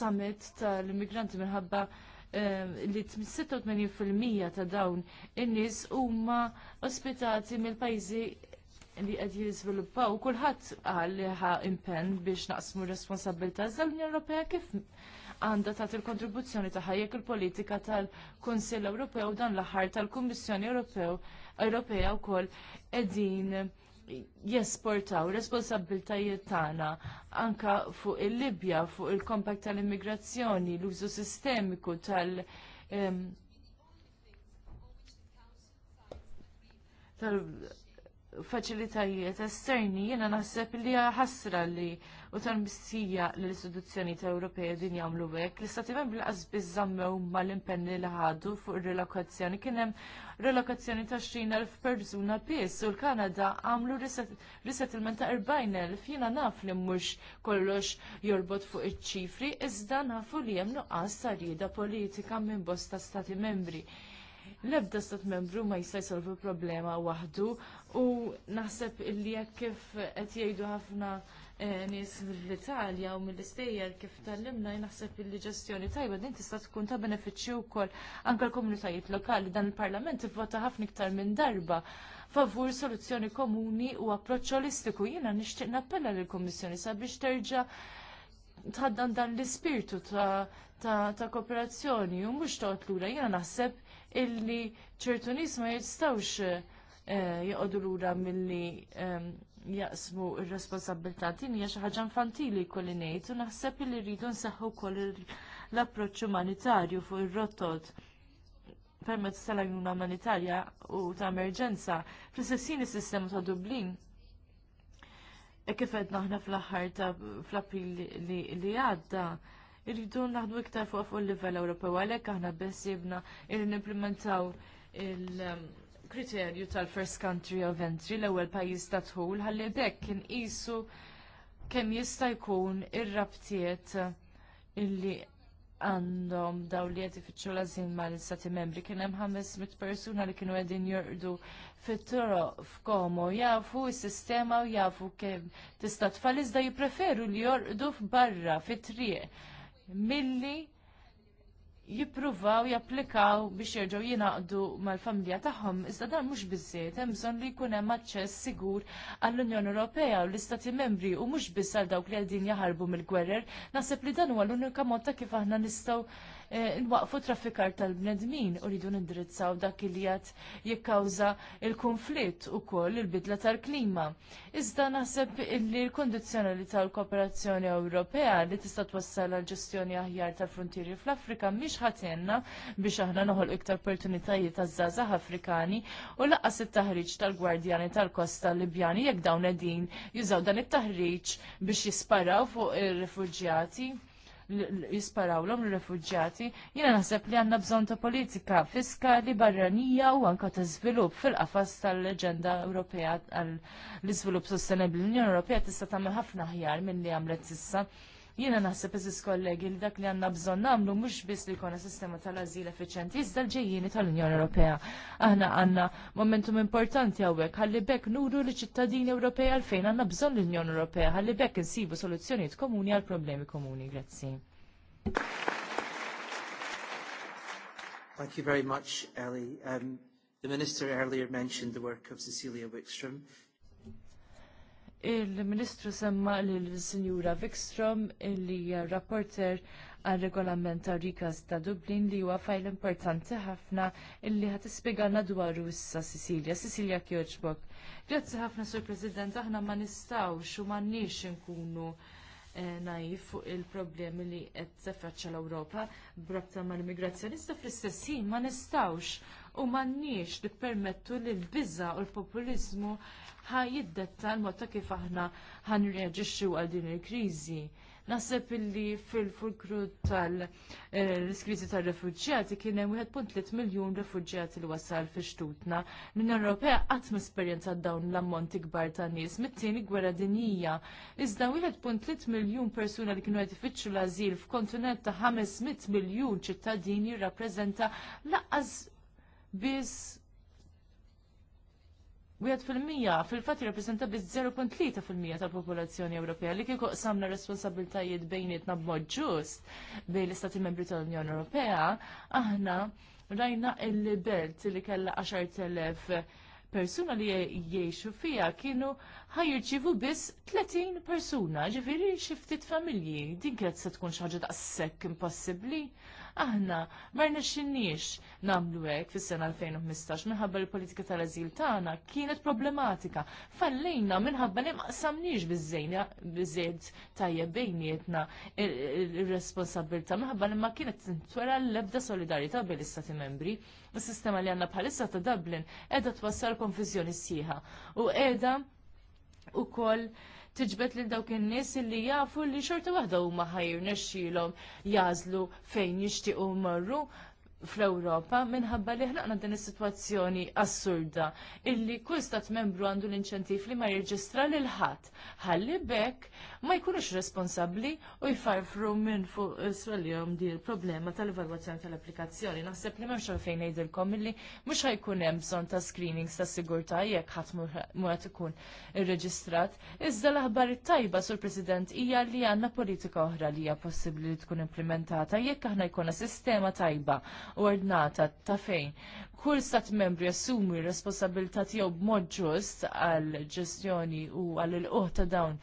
summit tal-immigranti minħabba ehm, li 86% ta' dawn in-nies huma ospitati mill-pajjiżi li qed jiżviluppaw kulħadd qal li ħa impenn biex naqsmu r-responsabilità l-Unjoni Ewropea kif għandha tagħti il kontribuzzjoni tagħha jekk il-politika tal-Kunsill Ewropew dan l-aħħar tal-Kummissjoni Ewropew Ewropea wkoll qegħdin jesportaw responsabiltajiet tagħna anka fuq il-Libja, fuq il-kompakt tal-immigrazzjoni, l-użu sistemiku tal- tal faċilitajiet esterni jiena naħseb li ħasra li u tal-missija l-istituzzjoni ta' Ewropej din jagħmlu hekk l-istati membri qasbiż żammew mal-impenni li ħadu fuq ir-relokazzjoni kien hemm relokazzjoni ta' elf persuna biss u l-Kanada għamlu resettlement ta' 40,000 jiena naf li mhux kollox jorbot fuq iċ-ċifri iżda nafu li hemm nuqqas ta' rieda politika minn bosta stati membri l-ebda stat membru ma jista' jsolvu problema waħdu u naħseb illi jekk kif qed jgħidu ħafna eh, nies mill-Italja u mill-Istejjer kif tallimna naħseb illi ġestjoni tajba din tista' tkun ta' benefiċċju wkoll anke l-komunitajiet lokali dan il-Parlament ivvota ħafna iktar minn darba favur soluzzjoni komuni u approċċ olistiku Jiena nixtieq nappella lill-Kummissjoni sabiex terġa' tħaddan dan l-ispirtu ta' ta' kooperazzjoni u mhux toqgħod lura jiena naħseb illi ċertu nies ma jistgħux eh, jgħodu lura milli ehm, jaqsmu r-responsabilità din hija xi ħaġa infantili jkolli ngħid u naħseb li rridu nseħħu wkoll l-approċċ umanitarju fuq ir-rotot permezz tal-għajnuna umanitarja u ta' emerġenza fl-sessin is-sistema ta' Dublin. E kif qed naħna fl-aħħar ta' fl-April li għadda irridu naħdu iktar fuq fuq il-livell Ewropew għalhekk aħna biss jibna irrid nimplementaw il-kriterju tal-first country of entry l-ewwel pajjiż ta' dħul ħalli kien qisu kemm jista' jkun ir-rabtiet illi għandhom daw li qed ifittxu l-azin ma l-istati membri. Kien hemm 500 persuna li kienu għedin jordu fit-toro f'komo, jafu s-sistema u jafu kemm tista' tfal iżda jippreferu li jorqdu f'barra, fit-triq milli jippruvaw japplikaw biex jerġgħu jingħaqdu mal-familja tagħhom, iżda dan mhux biżżejjed jemżon li jkun hemm aċċess sigur għall-Unjoni Ewropea u l-Istati Membri u mhux biss għal dawk li qegħdin jaħarbu mill-gwerer, naħseb li dan huwa l-unika mod ta' kif aħna nistgħu Eh, nwaqfu traffikar tal-bnedmin u ridu nindirizzaw dak li jgħat jikkawża il-konflitt u koll il-bidla tal-klima. Iżda naħseb li l-kondizjonali tal-kooperazzjoni Ewropea li tista' twassal għal ġestjoni aħjar tal-frontieri fl-Afrika mhix ħatenna biex aħna noħol iktar opportunitajiet taż-żgħażagħ Afrikani u laqas it-taħriġ tal-Gwardjani tal-Kosta Libjani jekk dawn qegħdin jużaw dan it-taħriġ biex jisparaw fuq ir-refuġjati jisparawlhom ir-refuġġjati, jiena naħseb li għandna bżonn ta' politika fiskali barranija u anka ta' żvilupp fil-qafas tal-Leġenda Ewropea għall-iżvilupp sostenibbli. L-Unjoni Ewropea tista' tagħmel ħafna aħjar milli għamlet issa. Jiena naħseb eżis kollegi li dak li għandna bżonn nagħmlu mhux biss li jkollna sistema tal-ażil effiċenti iżda l-ġejjieni tal-Unjoni Ewropea. Aħna għandna momentum importanti hawnhekk ħalli bekk nuru li ċittadini Ewropej għalfejn għandna bżonn l-Unjoni Ewropea, ħalli bekk insibu soluzzjonijiet komuni għal problemi komuni. Grazzi. Thank you very much, Ellie. Um, the Minister earlier mentioned the work of Cecilia Wickstrom. Il-Ministru semma l-Sinjura Vikstrom li hija rapporter għal regolament ta' rikas ta' Dublin li huwa fajl importanti ħafna illi ħat ispjegana dwaru issa Sicilia. Sicilia Kjoċbok. Grazzi ħafna sur President, aħna ma nistaw u ma nix nkunu eh, naif fuq il-problemi li qed teffaċċa l-Ewropa b'rabta mal-immigrazzjoni, issa fl-istess ma nistawx u m'għandniex nippermettu li l-biża u l-populiżmu jiddetta l-mod ta' kif aħna ħanreaġixxu għal din il-kriżi. Naħseb illi fil-fulkru tal-iskrizi eh, tal-refugġjati kien hemm 1.3 miljun refugġjati li wasal fi xtutna. L-Unjoni Ewropea qatt mesperjenza dawn l-ammont ikbar ta' nies mit-tieni gwerra dinjija. Iżda 1.3 miljun persuna li kienu qed ifittxu l azil f'kontinent ta' 500 miljun ċittadini rappreżenta laqqas biss Wieħed fil-mija fil-fatt jirrappreżenta biss 0.3% tal-popolazzjoni Ewropea li kieku samna responsabiltajiet bejnietna b'mod ġust bejn l-Istati Membri tal-Unjoni Ewropea, aħna rajna il libert li kellha 10,000 persuna li jiexu fija kienu ħajirċivu biss 30 persuna, ġifiri xiftit familji, din kienet se tkun xaġa daqshekk impossibbli. Aħna marna xinniex namlu hekk fis-sena 2015 minħabba l-politika tal-azil tagħna kienet problematika. Fallejna minħabba li maqsamniex bizzejt tajjeb bejnietna ir-responsabilità minħabba li ma kienet tintwera l-ebda solidarjetà bejn istati membri. il sistema li għandna bħalissa ta' Dublin qiegħda twassal konfużjoni siħa u qiegħda koll tiġbed lil dawk in-nies li jafu li xorta waħda huma ħajr nexxielhom jażlu fejn jixtiequ marru fl-Ewropa minħabba li ħlaqna din is-sitwazzjoni assurda illi kull stat membru għandu l-inċentiv li ma jirreġistra lil ħadd ħalli bekk ma jkunux responsabbli u jfarfru minn fuq iswellihom di l-problema tal-evalwazzjoni tal-applikazzjoni. Naħseb li m'hemmx fejn ngħidilkom illi mhux ħajkun hemm bżonn ta' screenings ta' sigurtà jekk ħadd mu qed ikun irreġistrat. Iżda l-aħbar it-tajba sur President hija li għandna politika oħra li hija possibbli li tkun implementata jekk aħna jkollna sistema tajba ordnata ta' fejn. Kull stat membri assumi r-responsabilità tiegħu b'mod ġust għal ġestjoni u għal il ta' dawn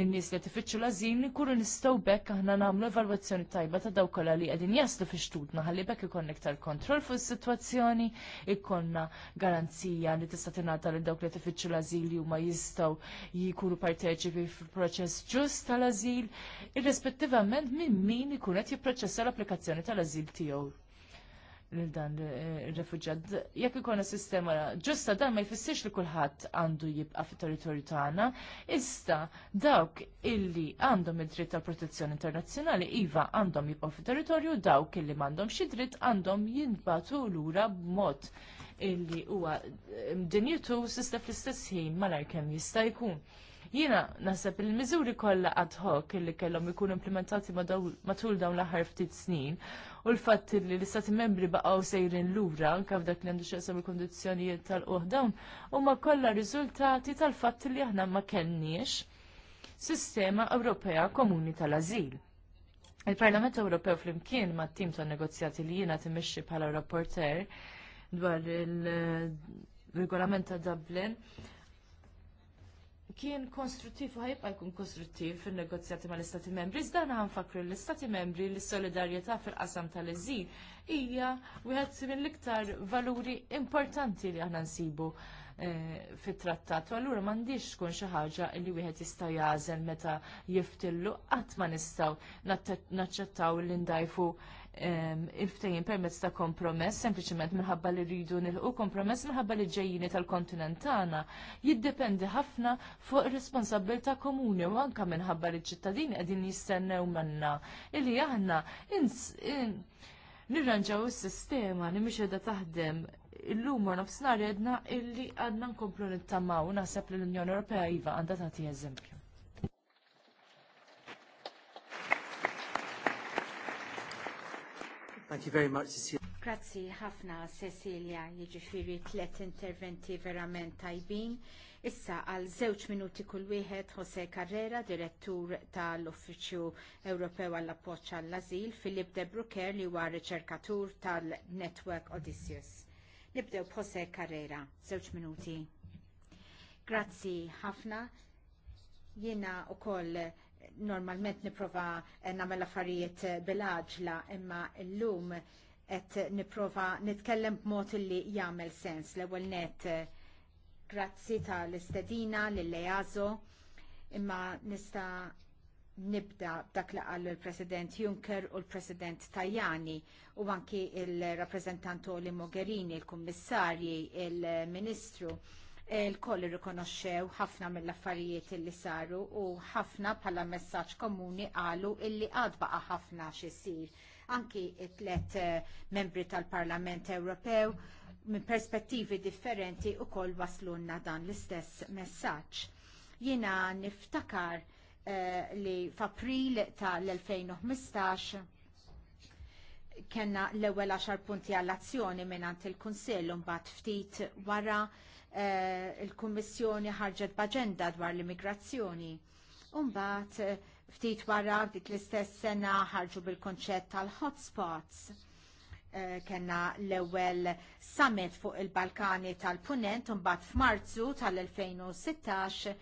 in-nies li tifittxu l-azin ikunu nistgħu bekk aħna nagħmlu evalwazzjoni tajba ta' dawk kollha li qegħdin jaslu fi xtutna ħalli bekk ikollna iktar kontroll fuq is-sitwazzjoni, ikollna garanzija li tista' tingħata lil dawk li tifittxu l-azil li huma jistgħu jkunu parteċipi fil-proċess ġust tal ażil irrispettivament minn min ikun qed jipproċessa l-applikazzjoni tal ażil tiegħu lil dan eh, ir-refuġġat. Jekk ikun sistema ġusta dan ma jfissirx li kulħadd għandu jibqa' fit-territorju tagħna, issa dawk illi għandhom id-dritt tal protezzjoni internazzjonali iva għandhom jibqgħu fit-territorju, dawk illi m'għandhom xi dritt għandhom jinbatu lura b'mod illi huwa eh, dinjitu sista fl-istess ħin malajr kemm jista' jkun. Jiena naħseb il-miżuri kollha ad hoc li kellhom ikunu implementati matul dawn l-aħħar ftit snin u l-fatt li l-istati membri baqgħu sejrin lura anke dak li għandu x'jaqsam il-kondizzjonijiet tal uħdawn u huma kollha riżultati tal-fatt li aħna ma kenniex sistema Ewropea Komuni tal-Ażil. Il-Parlament Ewropew flimkien ma' tim ta' negozjati li jiena timmexxi bħala rapporter dwar il-regolament eh, ta' Dublin kien konstruttiv u ħajbqa' jkun konstruttiv fin-negozjati mal-Istati Membri. Iżda għan fakru l-Istati Membri li solidarjetà fil-qasam tal-eżil hija wieħed mill-iktar valuri importanti li aħna nsibu eh, fit-trattat. allura m'għandix tkun xi ħaġa li wieħed jista' jażel meta jiftillu qatt ma nistgħu naċċettaw li ndajfu il-ftejjin permezz ta' kompromess, sempliċement minħabba li rridu nilqu kompromess minħabba li ġejjini tal-kontinent tagħna jiddependi ħafna fuq ir-responsabilità komuni u anke minħabba li ċ-ċittadini qegħdin jistennew manna illi aħna nirranġaw is-sistema li mhix qiegħda taħdem illum nofsinhar edna illi għadna nkomplu nittamaw naħseb li l-Unjoni Ewropea iva għandha tagħti eżempju. Thank you very much, Cecilia. Grazzi ħafna Cecilia, jiġifieri tliet interventi verament tajbin. Issa għal żewġ minuti kull wieħed Jose Carrera, direttur tal-Uffiċċju Ewropew għall appoġġ għall azil Filip De Brucker li huwa riċerkatur tal-Network Odysseus. Nibdew b'Jose Carrera, żewġ minuti. Grazzi ħafna. Jiena wkoll normalment niprofa eh, nagħmel affarijiet eh, bil-aġla imma llum qed niprofa nitkellem b'mod li jagħmel sens l-ewwel net eh, grazzi tal-istedina lill-Eazo imma nista' nibda dak li qal il-President Juncker u l-President Tajani u anki il-rappresentantu Oli Mogherini, il-Kummissarji, il-Ministru. il kummissarji il ministru l-koll irrikonoxxew ħafna mill-affarijiet li saru u ħafna bħala messaġġ komuni qalu illi għad baqa' ħafna x'isir. Anki it-tlet eh, membri tal-Parlament Ewropew minn perspettivi differenti u koll waslunna dan l-istess messaġġ. Jiena niftakar uh, li f'April tal-2015 kena l-ewwel 10 punti għall-azzjoni minn il-Kunsill mbagħad ftit wara Eh, il-Kummissjoni ħarġet b'aġenda dwar l-immigrazzjoni. Umbat, eh, ftit wara dik l-istess sena ħarġu bil-konċett tal-hotspots. Eh, kenna l-ewel summit fuq il-Balkani tal-Punent, umbat f'Marzu tal-2016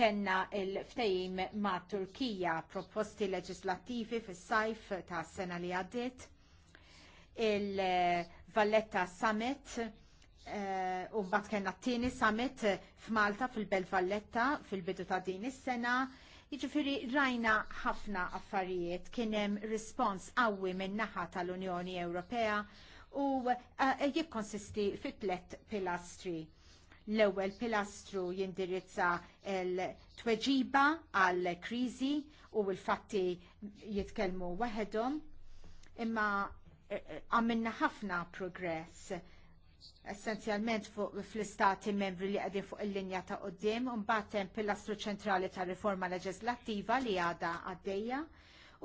kenna il-ftejim ma' Turkija proposti leġislattivi fis-sajf ta' sena li għaddit. Il-Valletta Summit Eh, u mbagħad kellna t-tieni summit eh, f'Malta fil belt Valletta fil-bidu ta' din is-sena. Jiġifieri rajna ħafna affarijiet kien hemm rispons qawwi min-naħa tal-Unjoni Ewropea u eh, jikkonsisti fi tliet pilastri l-ewwel pilastru jindirizza l-tweġiba għal kriżi u l-fatti jitkellmu waħedhom imma għamilna ħafna progress essenzjalment fuq fl-istati membri li qegħdin fuq il-linja ta' qoddim, un-batem pilastru ċentrali ta' riforma leġislattiva li għada għaddeja,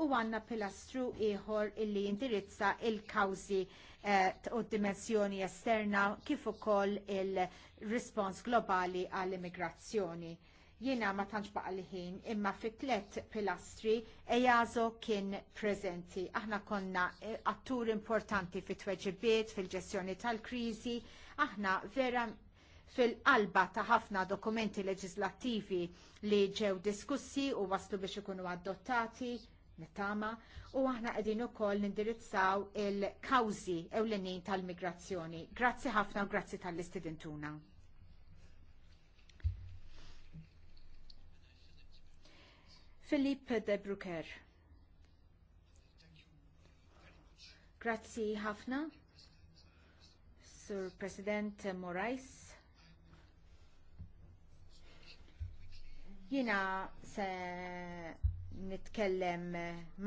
u għanna pilastru ieħor illi jindirizza il-kawzi u eh, dimensjoni esterna kif ukoll il-respons globali għall-immigrazzjoni. Jiena ma tantx baqa li ħin imma fit tlet pilastri Ejazo kien preżenti. Aħna konna e, attur importanti fit tweġibiet fil-ġestjoni tal-kriżi, aħna vera fil-qalba ta' ħafna dokumenti leġislattivi li ġew diskussi u waslu biex ikunu adottati nittama u aħna qegħdin ukoll nindirizzaw il-kawżi ewlenin tal-migrazzjoni. Grazzi ħafna u grazzi tal-istidentuna. Filippe de Brucker. Grazzi ħafna, Sur President Morais. Jina se nitkellem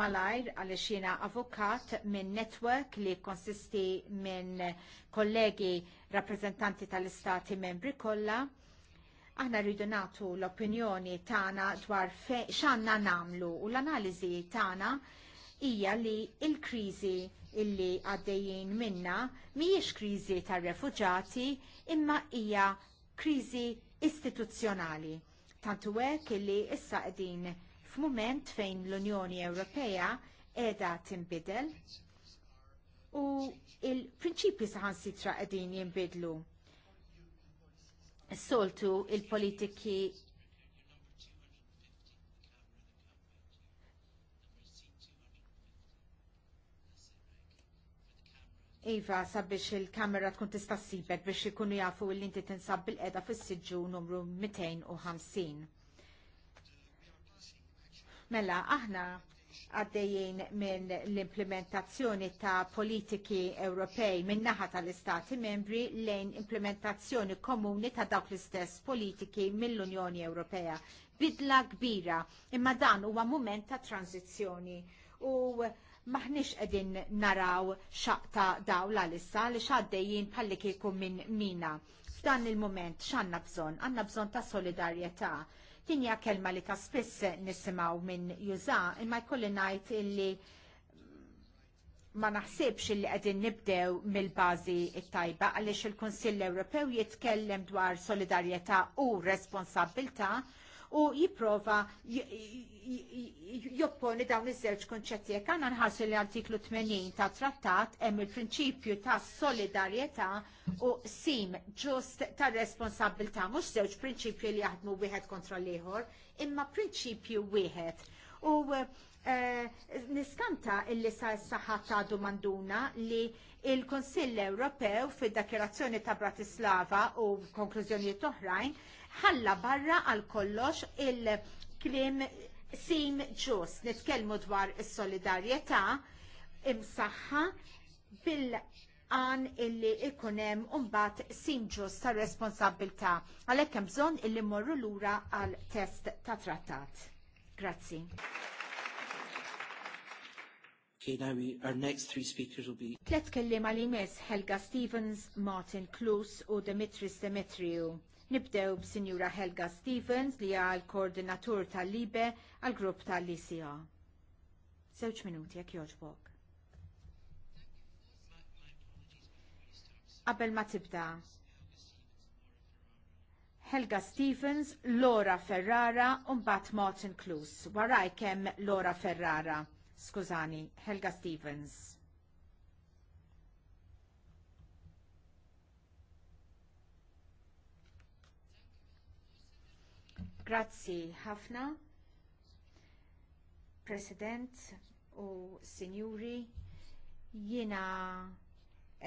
malajr għalix jina avokat minn network li konsisti minn kollegi rappresentanti tal-istati membri kollha Aħna rridu nagħtu l-opinjoni tagħna dwar x'għandna nagħmlu u l-analiżi tagħna hija li l-kriżi illi għaddejjin minna mhijiex kriżi tar-refuġati imma hija kriżi istituzzjonali. Tantu hekk illi issa qegħdin f'mument fejn l-Unjoni Ewropea qiegħda tinbidel u l prinċipji saħansitra qegħdin jinbidlu soltu il-politiki Iva, sabiex il-kamera tkun tista' ssibek biex ikunu jafu li inti tinsab bil-qeda fis-siġġu numru 250. Mela, aħna għaddejjien minn l-implementazzjoni ta' politiki Ewropej minnaħa naħa tal-Istati membri lejn implementazzjoni komuni ta' dawk l-istess politiki mill-Unjoni Ewropea. Bidla kbira, imma dan huwa mument ta' tranzizjoni. u maħniex qegħdin naraw xaqta dawla l-issa li xaddejjin palli kieku minn mina. F'dan il-moment x'għandna bżonn? Għandna bżonn ta' solidarjetà hija kelma li ta' spiss nisimaw minn juża, imma jkolli ngħid illi ma naħsibx illi qegħdin nibdew mill-bażi t-tajba għaliex il-Kunsill Ewropew jitkellem dwar solidarjetà u responsabilità u jipprova jopponi dawn iż-żewġ konċetti jekk għandna nħarsu l-artiklu 80 ta' trattat hemm il-prinċipju ta' solidarjetà u sim ġust ta' responsabilità mhux żewġ prinċipju li jaħdmu wieħed kontra l-ieħor, imma prinċipju wieħed. U eh, niskanta illi sa s-saħħata domanduna li il-Konsill Ewropew fid-Dakirazzjoni ta' Bratislava u konklużjonijiet oħrajn ħalla barra għal kollox il-klim sim ġus. Nitkellmu dwar is-solidarjetà imsaħħa bil għan illi ikunem umbat ġus ta' responsabilta għalek bżon illi morru lura għal test ta' trattat. Grazzi. Okay, now we, our next three speakers will be... Tlet kellim għal Helga Stevens, Martin Klus u Dimitris Dimitriou. Nibdew b'Sinjura Helga Stevens li hija l-koordinatur tal-Libe għall-grupp tal-ICA. Żewġ minuti jekk jogħġbok. Qabel ma tibda, Helga Stevens, Laura Ferrara u mbagħad Martin Klus. Waraj kemm Laura Ferrara. Skużani, Helga Stevens. Grazzi ħafna, President u Signuri, jiena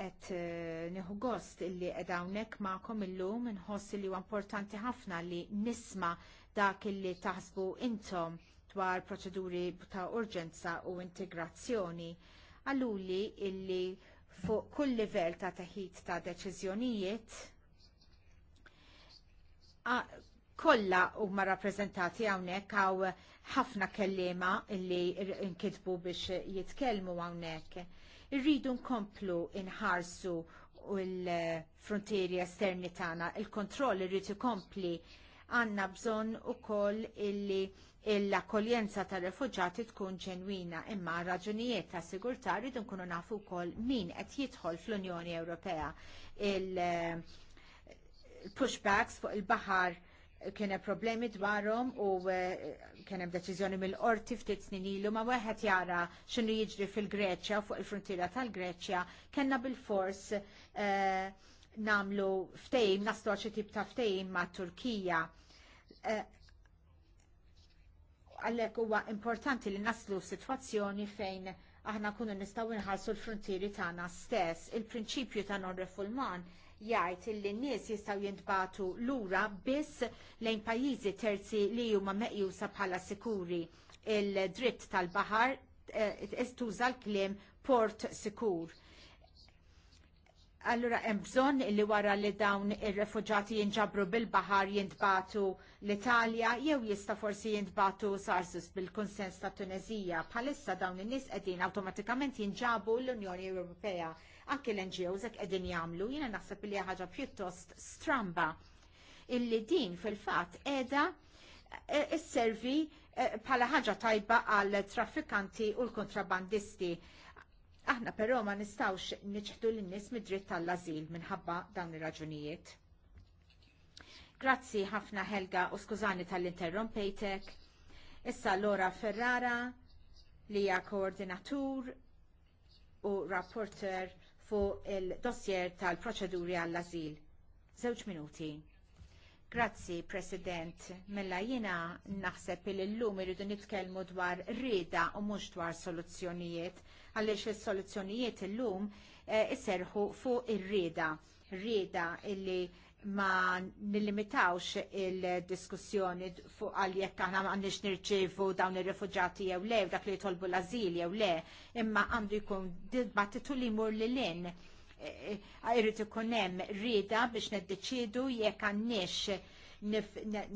et eh, nieħu gost illi edawnek hawnhekk kom illum inħoss li huwa importanti ħafna li nisma dak illi taħsbu intom dwar proċeduri ta' urġenza u integrazzjoni. Għalluli illi fuq kull livell ta' teħid ta' deċiżjonijiet kollha huma rappreżentati hawnhekk hawn ħafna kellima illi nkitbu biex jitkellmu hawnhekk. Irridu nkomplu inħarsu l-frontieri esterni tagħna, il-kontroll kompli ikompli għandna bżonn ukoll illi l-akkoljenza tar refugġati tkun ġenwina imma raġunijiet ta' sigurta rridu nkunu nafu wkoll min qed jidħol fl-Unjoni Ewropea il-pushbacks fuq il-baħar kien hemm problemi dwarhom u eh, kien hemm deċiżjoni mill-qorti ftit snin ilu ma wieħed jara x'inhu jiġri fil-Greċja fuq il-frontiera tal-Greċja kellna bil-fors eh, namlu ftehim, naslu xi tip ta' ftehim ma' Turkija. Eh, għalhekk huwa importanti li naslu sitwazzjoni fejn aħna kunu nistgħu nħarsu l-frontieri tagħna stess. Il-prinċipju ta' non-refulman jgħid li n-nies jistgħu jintbatu lura biss lejn pajjiżi terzi li huma meqjusa bħala sikuri il-dritt tal-baħar istuża eh, l-kliem port sikur. Allura hemm bżonn li wara li dawn ir-refuġati jinġabru bil-baħar jintbatu l-Italja jew jista' forsi jintbatu sarsus bil-kunsens ta' Tunezija. Bħalissa dawn in-nies qegħdin awtomatikament jinġabu l-Unjoni Ewropea anke l-NGOs hekk qegħdin jagħmlu, jiena naħseb li ħaġa pjuttost stramba illi din fil-fatt qiegħda e, isservi e, bħala ħaġa tajba għal traffikanti u l-kontrabandisti. Aħna però ma nistawx niċħdu lin-nies mid-dritt tal-azil minħabba dawn ir-raġunijiet. Grazzi ħafna Helga u skużani tal-interrompejtek. Issa Lora Ferrara li hija koordinatur u rapporter fuq il-dossier tal-proċeduri għall-azil. Żewġ minuti. Grazzi, President. Mella jina naħseb il llum irridu nitkellmu dwar rida u mhux dwar soluzzjonijiet, għaliex is-soluzzjonijiet illum iserħu eh, isserħu fuq ir-rieda. Rieda illi ma nillimitawx il-diskussjoni fuq għal jekk aħna għandix nirċievu dawn ir refugġati jew le, dak li jitolbu l-azil jew le, imma għandu jkun dibattitu li jmur li lin. E, e, irrid ikun hemm rida biex neddeċidu jekk għandix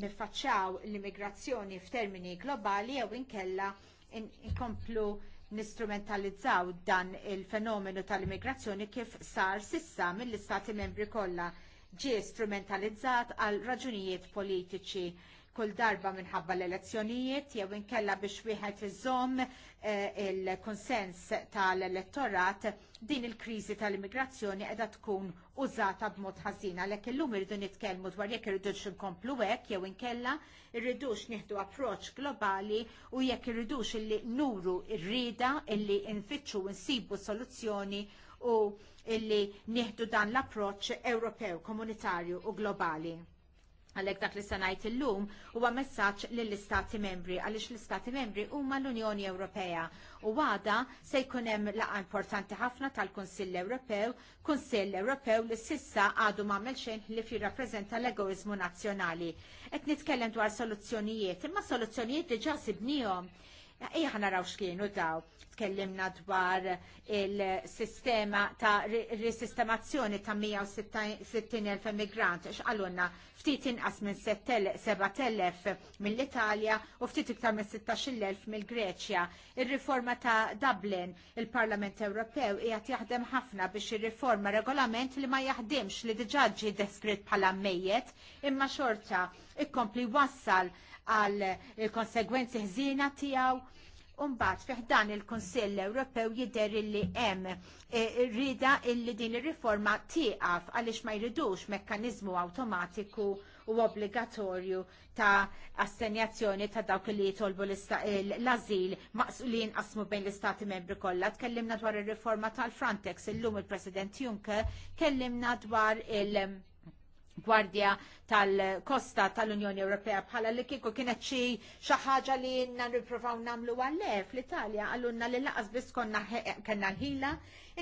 nifacċaw l-immigrazzjoni f'termini globali jew inkella inkomplu nistrumentalizzaw dan il-fenomenu tal-immigrazzjoni kif sar sissa mill-istati membri kollha ġie strumentalizzat għal raġunijiet politiċi kull darba minħabba l-elezzjonijiet jew inkella biex wieħed iżomm eh, il-konsens tal-elettorat din il-kriżi tal-immigrazzjoni qiegħda tkun użata b'mod ħażin għalhekk illum irridu nitkellmu dwar jekk irridux inkomplu hekk jew inkella irridux nieħdu approċċ globali u jekk irridux illi nuru r rieda illi nfittxu nsibu soluzzjoni u illi nieħdu dan l-approċ Ewropew, komunitarju u globali. Għalek dak li sanajt il-lum huwa messaġġ lill-Istati membri għaliex l-Istati membri huma l-Unjoni Ewropea u għada se jkun hemm laqgħa importanti ħafna tal-Kunsill Ewropew, Kunsill Ewropew li sissa għadu m'għamel xejn li jirrappreżenta l-egoizmu nazzjonali. Qed nitkellem dwar soluzzjonijiet, imma soluzzjonijiet diġà sibnihom Iħa naraw xkienu daw. Tkellimna dwar il-sistema ta' risistemazzjoni ta' 160.000 immigrant. Xqalunna ftit inqas minn 7.000 mill-Italja u ftit iktar minn 16.000 mill-Greċja. Ir-riforma ta' Dublin, il-Parlament Ewropew jgħat jaħdem ħafna biex il riforma regolament li ma jaħdimx li diġà ġie deskritt bħala mejjet imma xorta ikkompli wassal għal eh, konsegwenzi ħżina tiegħu. Umbat, fiħdan il-Konsill Ewropew jider illi hemm eh, rida illi din ir-riforma tieqaf għaliex ma jridux mekkanizmu awtomatiku u obbligatorju ta' assenjazzjoni ta' dawk li jitolbu l-azil li jinqasmu bejn l-istati membri kollha. Tkellimna dwar ir-riforma tal-Frontex illum il-President Juncker kellimna dwar il-, -il Gwardja tal-Kosta tal-Unjoni Ewropea bħala li kieku kienet xi xi ħaġa li jinna nippruvaw nagħmlu għalhekk. fl-Italja għallunna li laqas biss konna kellna l-ħila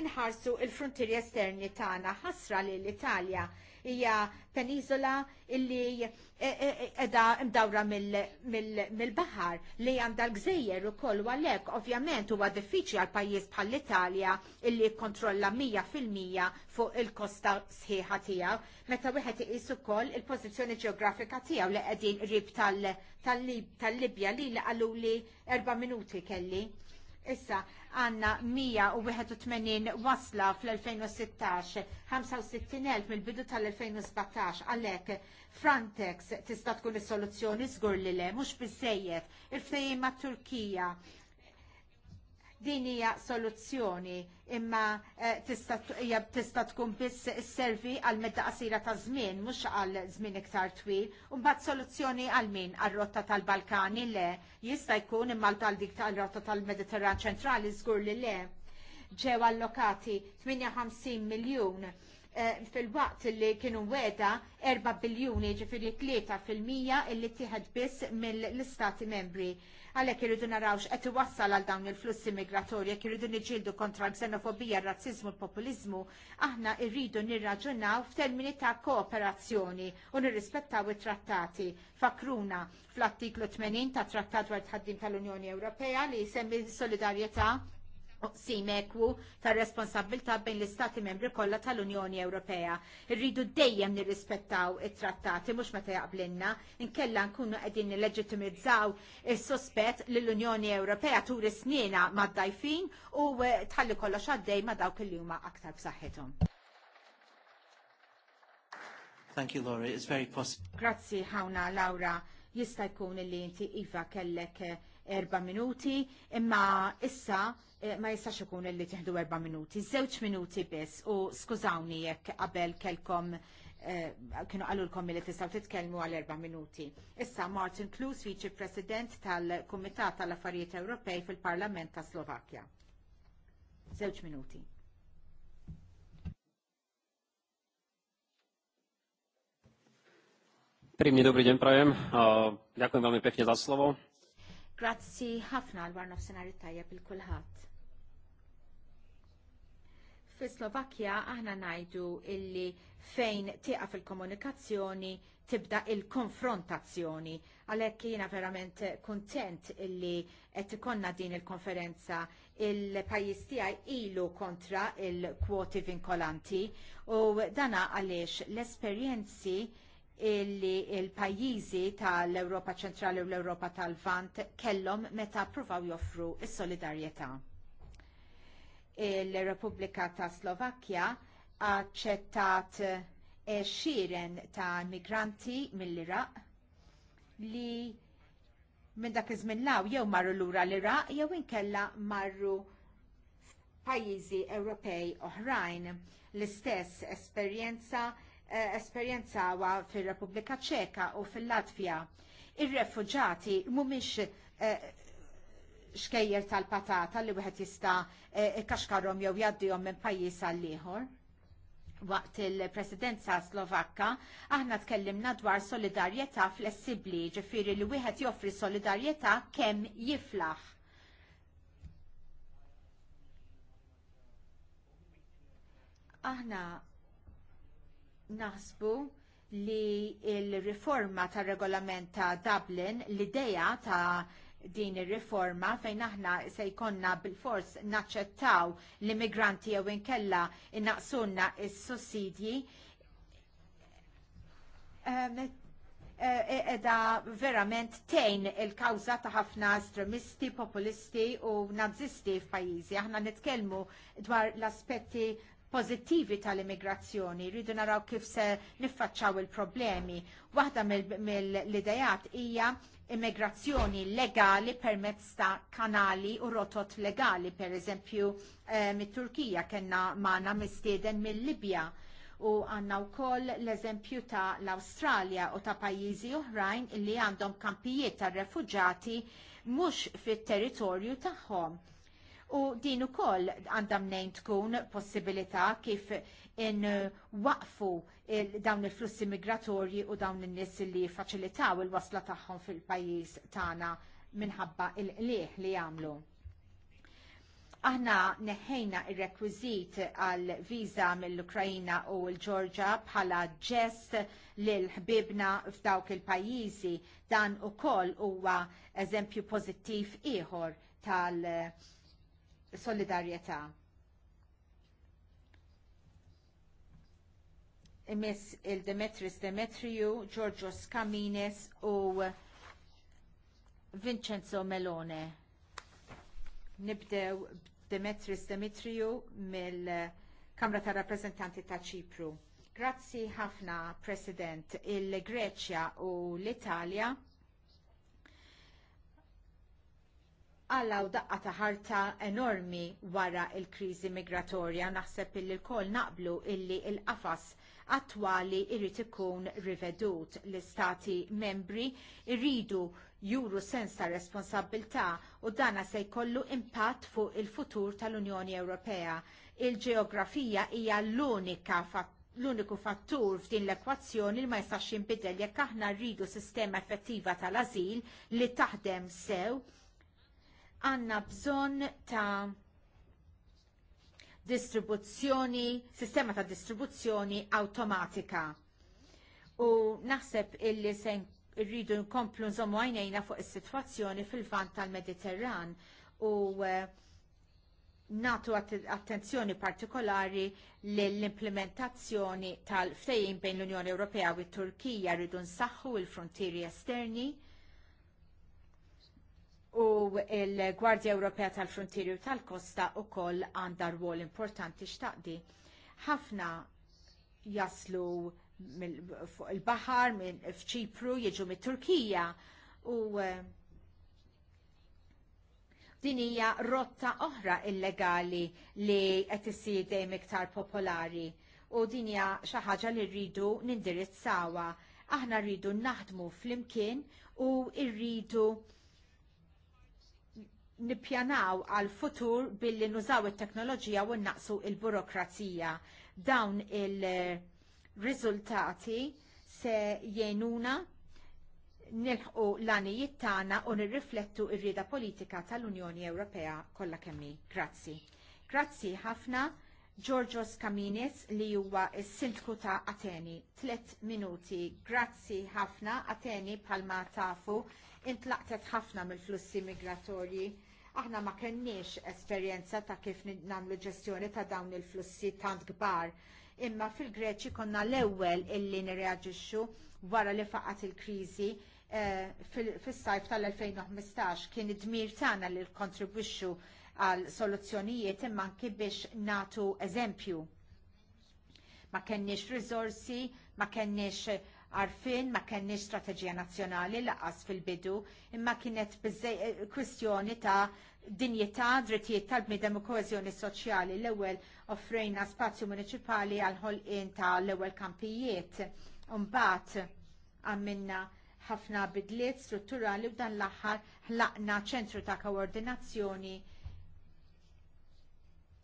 inħarsu il-frontieri esterni tagħna ħasra li l-Italja hija peniżola illi e, e, e, edha mdawra mill-baħar li għandha l-gżejjer ukoll u għalhekk ovvjament huwa diffiċli għal pajjiż bħall-Italja illi kontrolla 100% fuq il-kosta sħiħa tiegħu. Meta wieħed iqis ukoll il-pożizzjoni ġeografika tiegħu li qegħdin qrib tal-Libja li għaluli erba' minuti kelli. Issa għanna 181 wasla fl-2016, 65.000 mill-bidu tal-2017, għalek Frontex tista' tkun is-soluzzjoni żgur li le, mhux biżejjed il-ftehim mat-Turkija Din hija soluzzjoni imma eh, tista' tkun biss isservi għal medda qasira ta' żmien mhux għal żmien iktar twil, u mbagħad soluzzjoni għal min għar-rotta tal-Balkani le jista' jkun imma għal dik tal-rotta tal-Mediterran ċentrali żgur li le ġew allokati 58 miljun eh, fil-waqt li kienu weda 4 biljuni ġifiri 3 fil-mija illi tieħed biss mill-istati membri. Għalhekk irridu narawx qed iwassal għal dawn il-flussi migratori, jekk irridu nġildu kontra l-xenofobija, r-razziżmu, l-populiżmu, aħna rridu nirraġunaw f'termini ta' kooperazzjoni u nirrispettaw it-trattati. Fakruna fl-artiklu 80 ta' Trattat għal tħaddim tal-Unjoni Ewropea li jisemmi solidarjetà sim ekwu tar responsabilta bejn l-Istati membri kollha tal-Unjoni Ewropea. Irridu dejjem nirrispettaw it-trattati mhux meta jaqblinna, inkella nkunu qegħdin nilleġitimizzaw is-sospett li l-Unjoni Ewropea turi sniena mad-dajfin u e, tħalli kollox għaddej ma' dawk li huma aktar b'saħħithom. Thank you, Laura. It's very possible. Grazzi ħawna, Laura. Jista' jkun li inti iva kellek e, erba' minuti, imma issa Eh, ma jistax ikun li tiħdu erba' minuti, żewġ minuti biss u skużawni jekk qabel kelkom eh, kienu għallulkom li tistaw titkellmu għal erba' minuti. Issa Martin Klus, viċi President tal-Kumitat tal-Affarijiet Ewropej fil-Parlament ta' Slovakkja. Żewġ minuti. Primni dobri ġen prajem, ďakujem veľmi pekne za slovo. Grazzi ħafna għal warnof senarju tajja bil-kulħat. Fi Slovakkja aħna najdu illi fejn tieqa fil-komunikazzjoni tibda il-konfrontazzjoni. Għalhekk jiena verament kuntent illi qed ikonna din il-konferenza il-pajjiż tiegħi ilu kontra il-kwoti vinkolanti u dana għaliex l-esperjenzi illi il-pajjiżi tal-Ewropa ċentrali u l-Ewropa tal-Vant kellhom meta provaw joffru s solidarjetà il-Repubblika ta' Slovakkja aċċettat eh, xiren ta' migranti mill-Iraq li minn dak iż-żmien law jew marru lura l-Iraq jew inkella marru pajjiżi Ewropej oħrajn. L-istess esperjenza eh, esperjenzawa fir-Repubblika Ċeka u fil latvija Ir-refuġati mhumiex eh, xkejjer tal-patata li wieħed jista' e, ikkaxkarhom jew jgħaddihom minn pajjiż għal ieħor waqt il-presidenza slovakka, aħna tkellimna dwar solidarjetà flessibbli, ġifiri li wieħed joffri solidarjetà kemm jiflaħ. Aħna naħsbu li il-riforma tar regolament ta' Dublin, l-ideja ta' din ir-riforma fejn aħna se jkollna bil-fors naċċettaw l-immigranti jew inkella innaqsunna s-sussidji ehm, e, e, edha verament tejn il-kawza ta' ħafna estremisti, populisti u nazisti f'pajjiżi. Aħna nitkellmu dwar l-aspetti pozittivi tal-immigrazzjoni, rridu naraw kif se niffaċċaw il-problemi. Waħda mill-idejat hija immigrazzjoni legali permezz ta' kanali u rotot legali, per eżempju eh, mit-Turkija kena maħna mistieden mill-Libja u għanna u koll l-eżempju ta' l-Australia u ta' pajizi uħrajn li għandhom kampijiet ta' refugġati mux fit-territorju tagħhom. U din ukoll koll għandam nejn tkun possibilità kif in waqfu dawn il-flussi migratorji u dawn in-nies li faċilitaw il-wasla tagħhom fil-pajjiż tagħna minħabba il-qlieħ li jagħmlu. Aħna neħħejna ir-rekwiżit għal viża mill-Ukrajina u l-Ġorġa bħala ġest lil ħbibna f'dawk il-pajjiżi dan ukoll huwa eżempju pożittiv ieħor tal-solidarjetà. Miss il-Demetris Demetriu, Giorgios Camines u Vincenzo Melone. Nibdew Demetris Demetriu mill-Kamra ta' Rappresentanti ta' Ċipru. Grazzi ħafna, President, il-Greċja u l-Italja għallaw daqqa ta' ħarta enormi wara l kriżi migratorja naħseb illi l-kol naqblu illi il qafas attwali jrid ikun rivedut. L-istati membri jridu juru sens ta' responsabilità u dana se jkollu impatt fuq il-futur tal-Unjoni Ewropea. Il-ġeografija hija l-unika fatt l-uniku fattur f'din l-ekwazzjoni li ma jistax jinbidel jekk aħna rridu sistema effettiva tal-azil li taħdem sew, għandna bżonn ta' distribuzzjoni, sistema ta' distribuzzjoni automatika. U naħseb illi se rridu nkomplu nżommu għajnejna fuq is-sitwazzjoni fil-vant tal-Mediterran u eh, natu attenzjoni partikolari l-implementazzjoni tal-ftejjin bejn l-Unjoni Ewropea u t-Turkija rridu nsaħħu il-frontieri esterni u il-Gwardja Ewropea tal-Frontieri u tal-Kosta u koll għanda rwol importanti xtaqdi. ħafna jaslu fuq il-bahar minn fċipru jiġu mit turkija u eh, din hija rotta oħra illegali li qed issir dejjem iktar popolari u din hija xi ħaġa li rridu nindirizzawha. Aħna rridu naħdmu flimkien u rridu nippjanaw għal futur billi nużaw it-teknoloġija u naqsu il-burokrazija. Dawn il-riżultati se jenuna nilħu l-għanijiet tagħna u nirriflettu r-rieda politika tal-Unjoni Ewropea kollha kemmi. Grazzi. Grazzi ħafna Giorgios Kaminis li huwa s-sindku ta' Ateni. Tlet minuti. Grazzi ħafna Ateni palma tafu intlaqtet ħafna mill-flussi migratorji Aħna ma kenniex esperjenza ta' kif nagħmlu ġestjoni ta' dawn il-flussi tant kbar. Imma fil-Greċi konna l-ewwel illi nirreaġixxu wara li faqat il-kriżi eh, fis-sajf tal-2015 kien id-dmir tagħna li kontribwixxu għal soluzzjonijiet imma anki biex nagħtu eżempju ma kenniex riżorsi, ma kenniex Għarfien ma kenniex strateġija nazzjonali laqas fil-bidu imma kienet eh, kwistjoni ta' dinjità, drittijiet tal-bniedem u koezjoni soċjali l-ewwel offrejna spazju municipali għal ħolqien ta' l-ewwel kampijiet. Mbagħad għamilna ħafna bidliet strutturali u dan l-aħħar ħlaqna ċentru ta' koordinazzjoni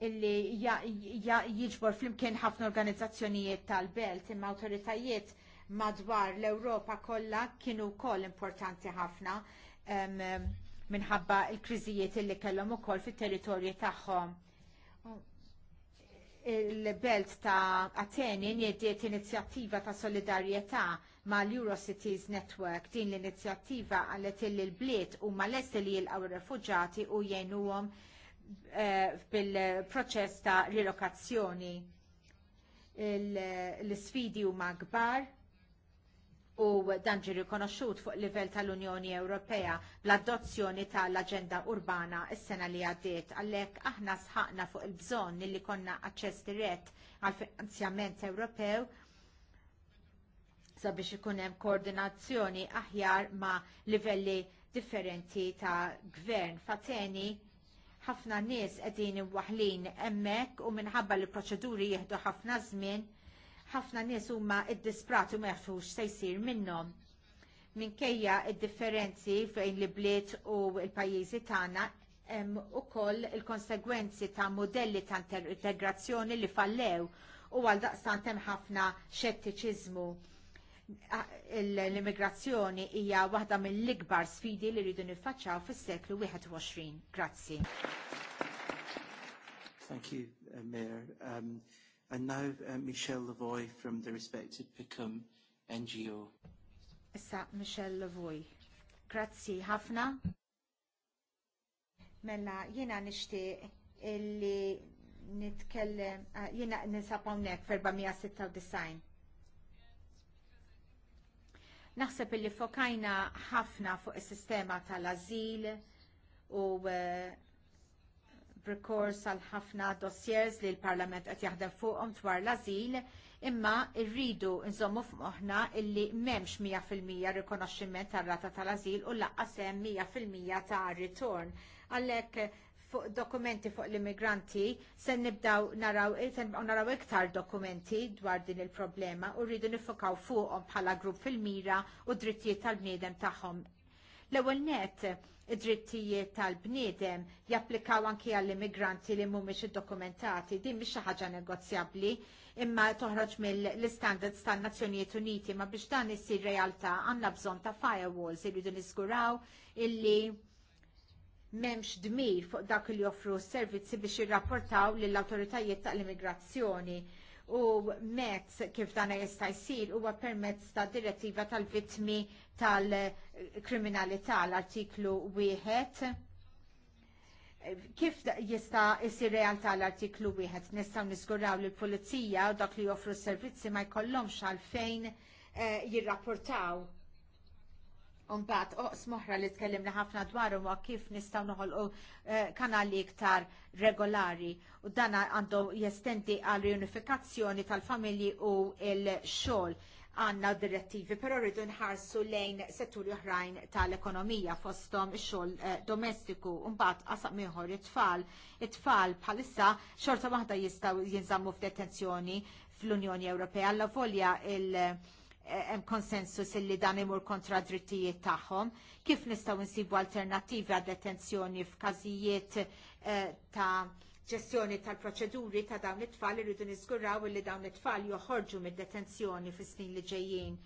illi jiġbor flimkien ħafna organizzazzjonijiet tal-belt imma awtoritajiet madwar l-Ewropa kollha kienu wkoll importanti ħafna minħabba l kriżijiet li kellhom ukoll fit-territorju tagħhom il-belt ta' Ateni njediet inizjattiva ta' solidarjetà ma' l-Eurocities Network. Din l-inizjattiva għallet li l-bliet u ma' l-est li jilqaw refugjati u jenuhom bil-proċess eh, ta' rilokazzjoni. l isfidi huma kbar u dan ġi rikonoxxut fuq livell tal-Unjoni Ewropea bl-adozzjoni tal-Aġenda Urbana is sena li għaddiet għalhekk aħna sħaqna fuq il-bżonn li konna aċċess dirett għal finanzjament Ewropew sabiex ikun hemm koordinazzjoni aħjar ma' livelli differenti ta' gvern fateni ħafna nies qegħdin waħlin hemmhekk u minħabba li proċeduri jieħdu ħafna żmien ħafna nies huma id-disprati ma jafux se jsir minnhom. Minkejja id-differenzi fejn li bliet u l-pajjiżi tagħna hemm ukoll il-konsegwenzi ta' modelli ta' integrazzjoni li fallew u għal daqstant hemm ħafna xettiċiżmu l-immigrazzjoni hija waħda mill-ikbar sfidi li rridu niffaċċaw fis-seklu 21. Grazzi. Thank you, uh, Mayor. Um, And now uh, Michelle Lavoy from the respected PICUM NGO. Issa Michelle Lavoy. Grazzi ħafna. Mela jiena nixtieq illi nitkellem, uh, jiena ninsab hawnhekk f'496. Naħseb illi fokajna ħafna fuq is-sistema tal-azil u uh, rikors għal ħafna dossiers li l-Parlament qed jaħdem fuqhom dwar l-azil, imma rridu nżommu f'moħħna illi m'hemmx 100% rikonoxximent tar-rata tal-azil u laqqas hemm 100% ta' ritorn. Għalhekk fuq dokumenti fuq l-immigranti se nibdaw naraw, naraw iktar dokumenti dwar din il-problema u rridu nifokaw fuqhom bħala grupp fil-mira u drittijiet tal-bniedem tagħhom L-ewwel net id-drittijiet tal-bniedem japplikaw anki għall-immigranti li mhumiex iddokumentati din mhix xi ħaġa negozjabbli imma toħroġ mill-standards tan-Nazzjonijiet Uniti ma biex dan isir realtà għandna bżonn ta' firewalls irridu niżguraw illi memx dmir fuq dak li joffru s servizzi biex jirrapportaw lill awtoritajiet tal-immigrazzjoni u mezz kif dan jista' jsir huwa permezz ta' direttiva tal-vittmi tal-kriminalità l-artiklu wieħed kif jista' jsir realtà l-artiklu wieħed nistgħu niżguraw li l-pulizija u dak li joffru s servizzi ma jkollhomx għalfejn eh, jirrapportaw Umbat, oqs moħra li tkellimna ħafna dwar u kif nistgħu noħolqu eh, kanali iktar regolari u dan għandu jestendi għal riunifikazzjoni tal-familji u l-xogħol għandna direttivi, però rridu nħarsu lejn setturi oħrajn tal-ekonomija fosthom ix-xogħol eh, domestiku. Mbagħad qasam miħor, it-tfal, it-tfal bħalissa xorta waħda jistgħu jinżammu f'detenzjoni fl-Unjoni Ewropea. Alla volja il- hemm konsensus illi dan imur kontra drittijiet tagħhom, kif nistgħu nsibu alternattivi għad detenzjoni f'każijiet eh, ta' ġestjoni tal-proċeduri ta' dawn it-tfal irridu niżguraw li dawn it-tfal joħorġu mid-detenzjoni fis-snin li ġejjin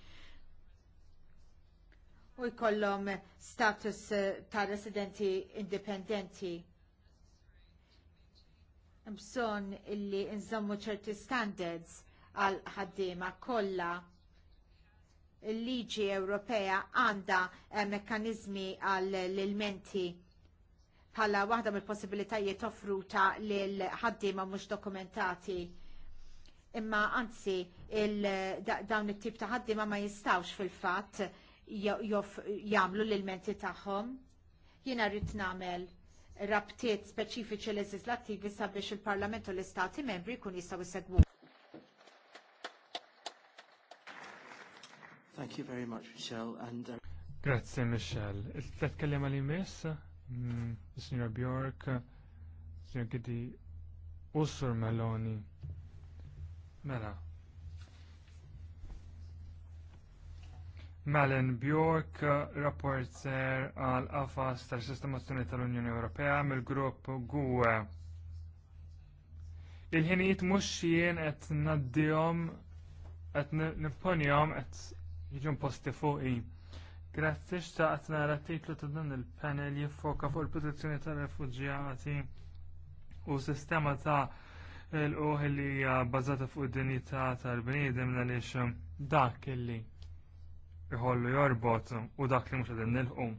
u jkollhom status eh, ta' residenti indipendenti. Bżonn illi nżommu ċerti standards għal ħaddiema kollha il-liġi Ewropea għandha eh, mekkaniżmi għall-ilmenti bħala waħda mill-possibilitajiet offruta lil ħaddiema mhux dokumentati. Imma anzi dawn it-tip ta' ħaddiema ma jistawx fil-fatt jagħmlu l-ilmenti tagħhom. Jiena rrid nagħmel rabtiet speċifiċi leżislattivi sabiex il-Parlament u l-Istati membri jkun jistgħu jsegwu. Thank you very much, Michelle. And, uh... Grazie, Michelle. Tlet that għal imess, Signor Bjork, Signor Gidi, Ussur Meloni. Mela. Malen Bjork, rapporter għal afas tal-sistemazzjoni tal-Unjoni Ewropea mill-grupp GUE. Il-ħinijiet mux jien għet naddijom, għet nipponjhom għet jiġu posti fuqi. Grazzi xtaqt nara titlu ta' dan il-panel jiffoka fuq il-protezzjoni tal-refuġjati u sistema ta' l uħi li hija bbażata fuq id-dinjità tal-bniedem għaliex dak li iħollu jorbot u dak li mhux qegħdin nilħu.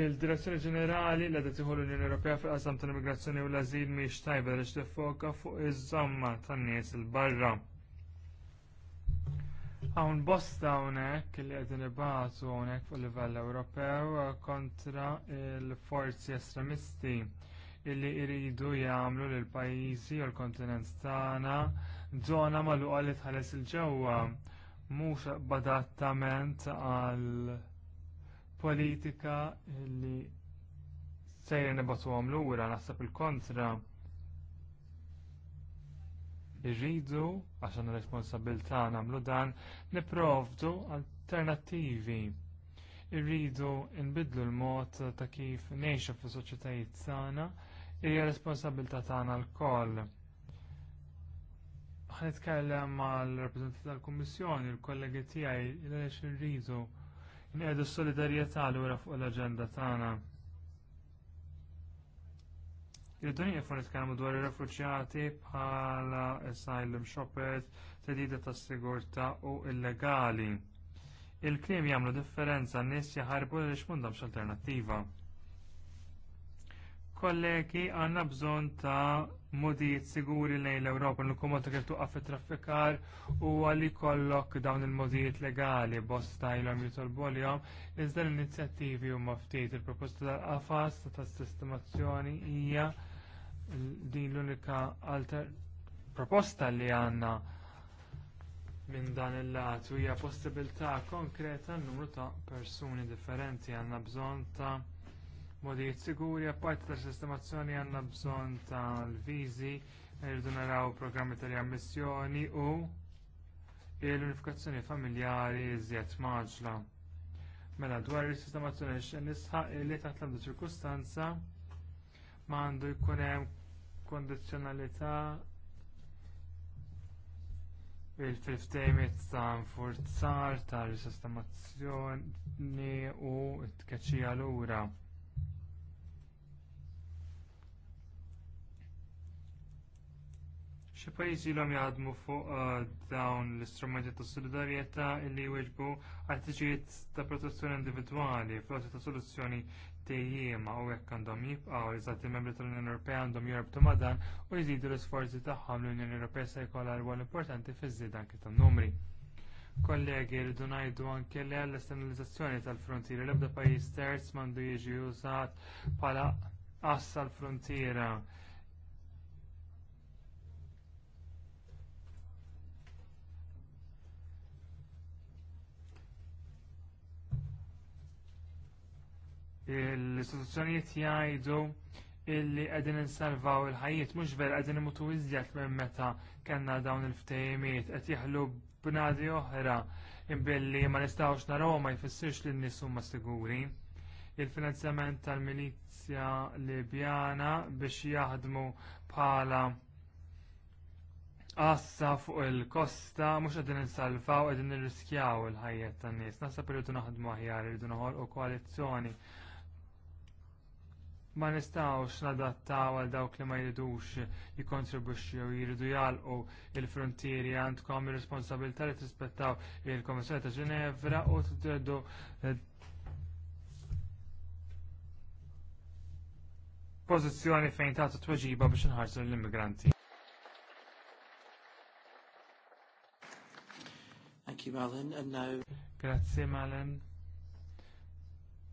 Il-Direzzjoni Ġenerali li qed iħollu l-Unjoni Ewropea fil-qasam tal-immigrazzjoni u l-ażil mhix tajba għaliex fuq iż-żamma tan-nies il-barra. il barra Għawn bosta unek li għedin ibatu unek fuq livell Ewropew kontra il-forzi estremisti illi iridu jagħmlu l pajjiżi u l-kontinent tagħna żona magħluqa li tħares il-ġewwa mhux badattament għal politika illi sejjer nibatuhom lura naħseb il-kontra irridu għaxan responsabilta nagħmlu dan nipprovdu alternattivi. Irridu nbidlu l-mod ta' kif ngħixu fis soċjetajiet tagħna hija responsabilità tagħna lkoll. koll nitkellem mal-rappreżentanti tal-Kummissjoni, l kollegi tiegħi għaliex irridu nqiegħdu s-solidarjetà lura fuq l-aġenda tagħna. Irridu nieqfu nitkellmu dwar ir-refuġjati bħala asylum shoppers, tedida tas-sigurtà u illegali. il kliem jagħmlu differenza n-nies jaħarbu li x'mundhomx alternattiva. Kollegi għandna bżonn ta' modijiet siguri lejn l-Ewropa l ta' kif tuqaf traffikar u għalli kollok dawn il-modijiet legali bosta ilhom jitolbolhom iżda l-inizjattivi huma ftit il-proposta tal-qafas ta' sistemazzjoni hija din l-unika alter proposta li għandna minn dan il-lat hija possibilità konkreta n-numru ta' persuni differenti għandna bżonn ta' modijiet siguri apparti ta' sistemazzjoni għandna bżonn ta' l-viżi irridu naraw programmi ta' riammissjoni u l-unifikazzjoni familjari iżjed maġla. Mela dwar il sistemazzjoni x'nisħaq li taħt l-għandu ċirkustanza għandu jkun hemm kondizzjonalità il-fiftejmet ta' nfurzar ta' risistemazzjoni u t tkeċċija lura. xi pajjiżi l jaħdmu fuq eh, dawn l-istrumenti ta' solidarjetà li jweġbu għal tiġijiet ta' protezzjoni individwali fl ta' soluzzjoni dejjema u hekk għandhom jibqgħu l-istati membri tal-Unjoni Ewropea għandhom jorbtu ma' dan u jżidu l-isforzi tagħhom l-Unjoni Ewropea se jkollha rwol importanti fi żied anke tan-numri. Kollegi rridu ngħidu anke li l-esternalizzazzjoni tal-frontiera l-ebda pajjiż terz m'għandu jiġi użat bħala qas tal-frontiera l-istituzzjonijiet jgħidu illi qegħdin insalvaw il-ħajjiet mhux vera qegħdin imutu iżjed minn meta kellna dawn il-ftehimiet qed jaħlu b'nadi oħra imbilli ma nistgħux naraw ma jfissirx li n-nies huma siguri. Il-finanzjament tal-Milizja Libjana biex jaħdmu bħala għassa fuq il-kosta mhux qegħdin insalvaw qegħdin nirriskjaw il-ħajjet tan-nies. Naħseb irridu naħdmu aħjar irridu noħolqu koalizzjoni ma nistgħux nadattaw għal dawk li ma jridux jikkontribwixxu jew jiridu jgħalqu il frontieri għandkom ir-responsabilità li tispettaw il-Konvenzjoni ta' Ġenevra u tiddu eh, pożizzjoni fejn tagħtu tweġiba biex inħarsu l-immigranti. Thank you, Malin. And now... Grazie, Malin.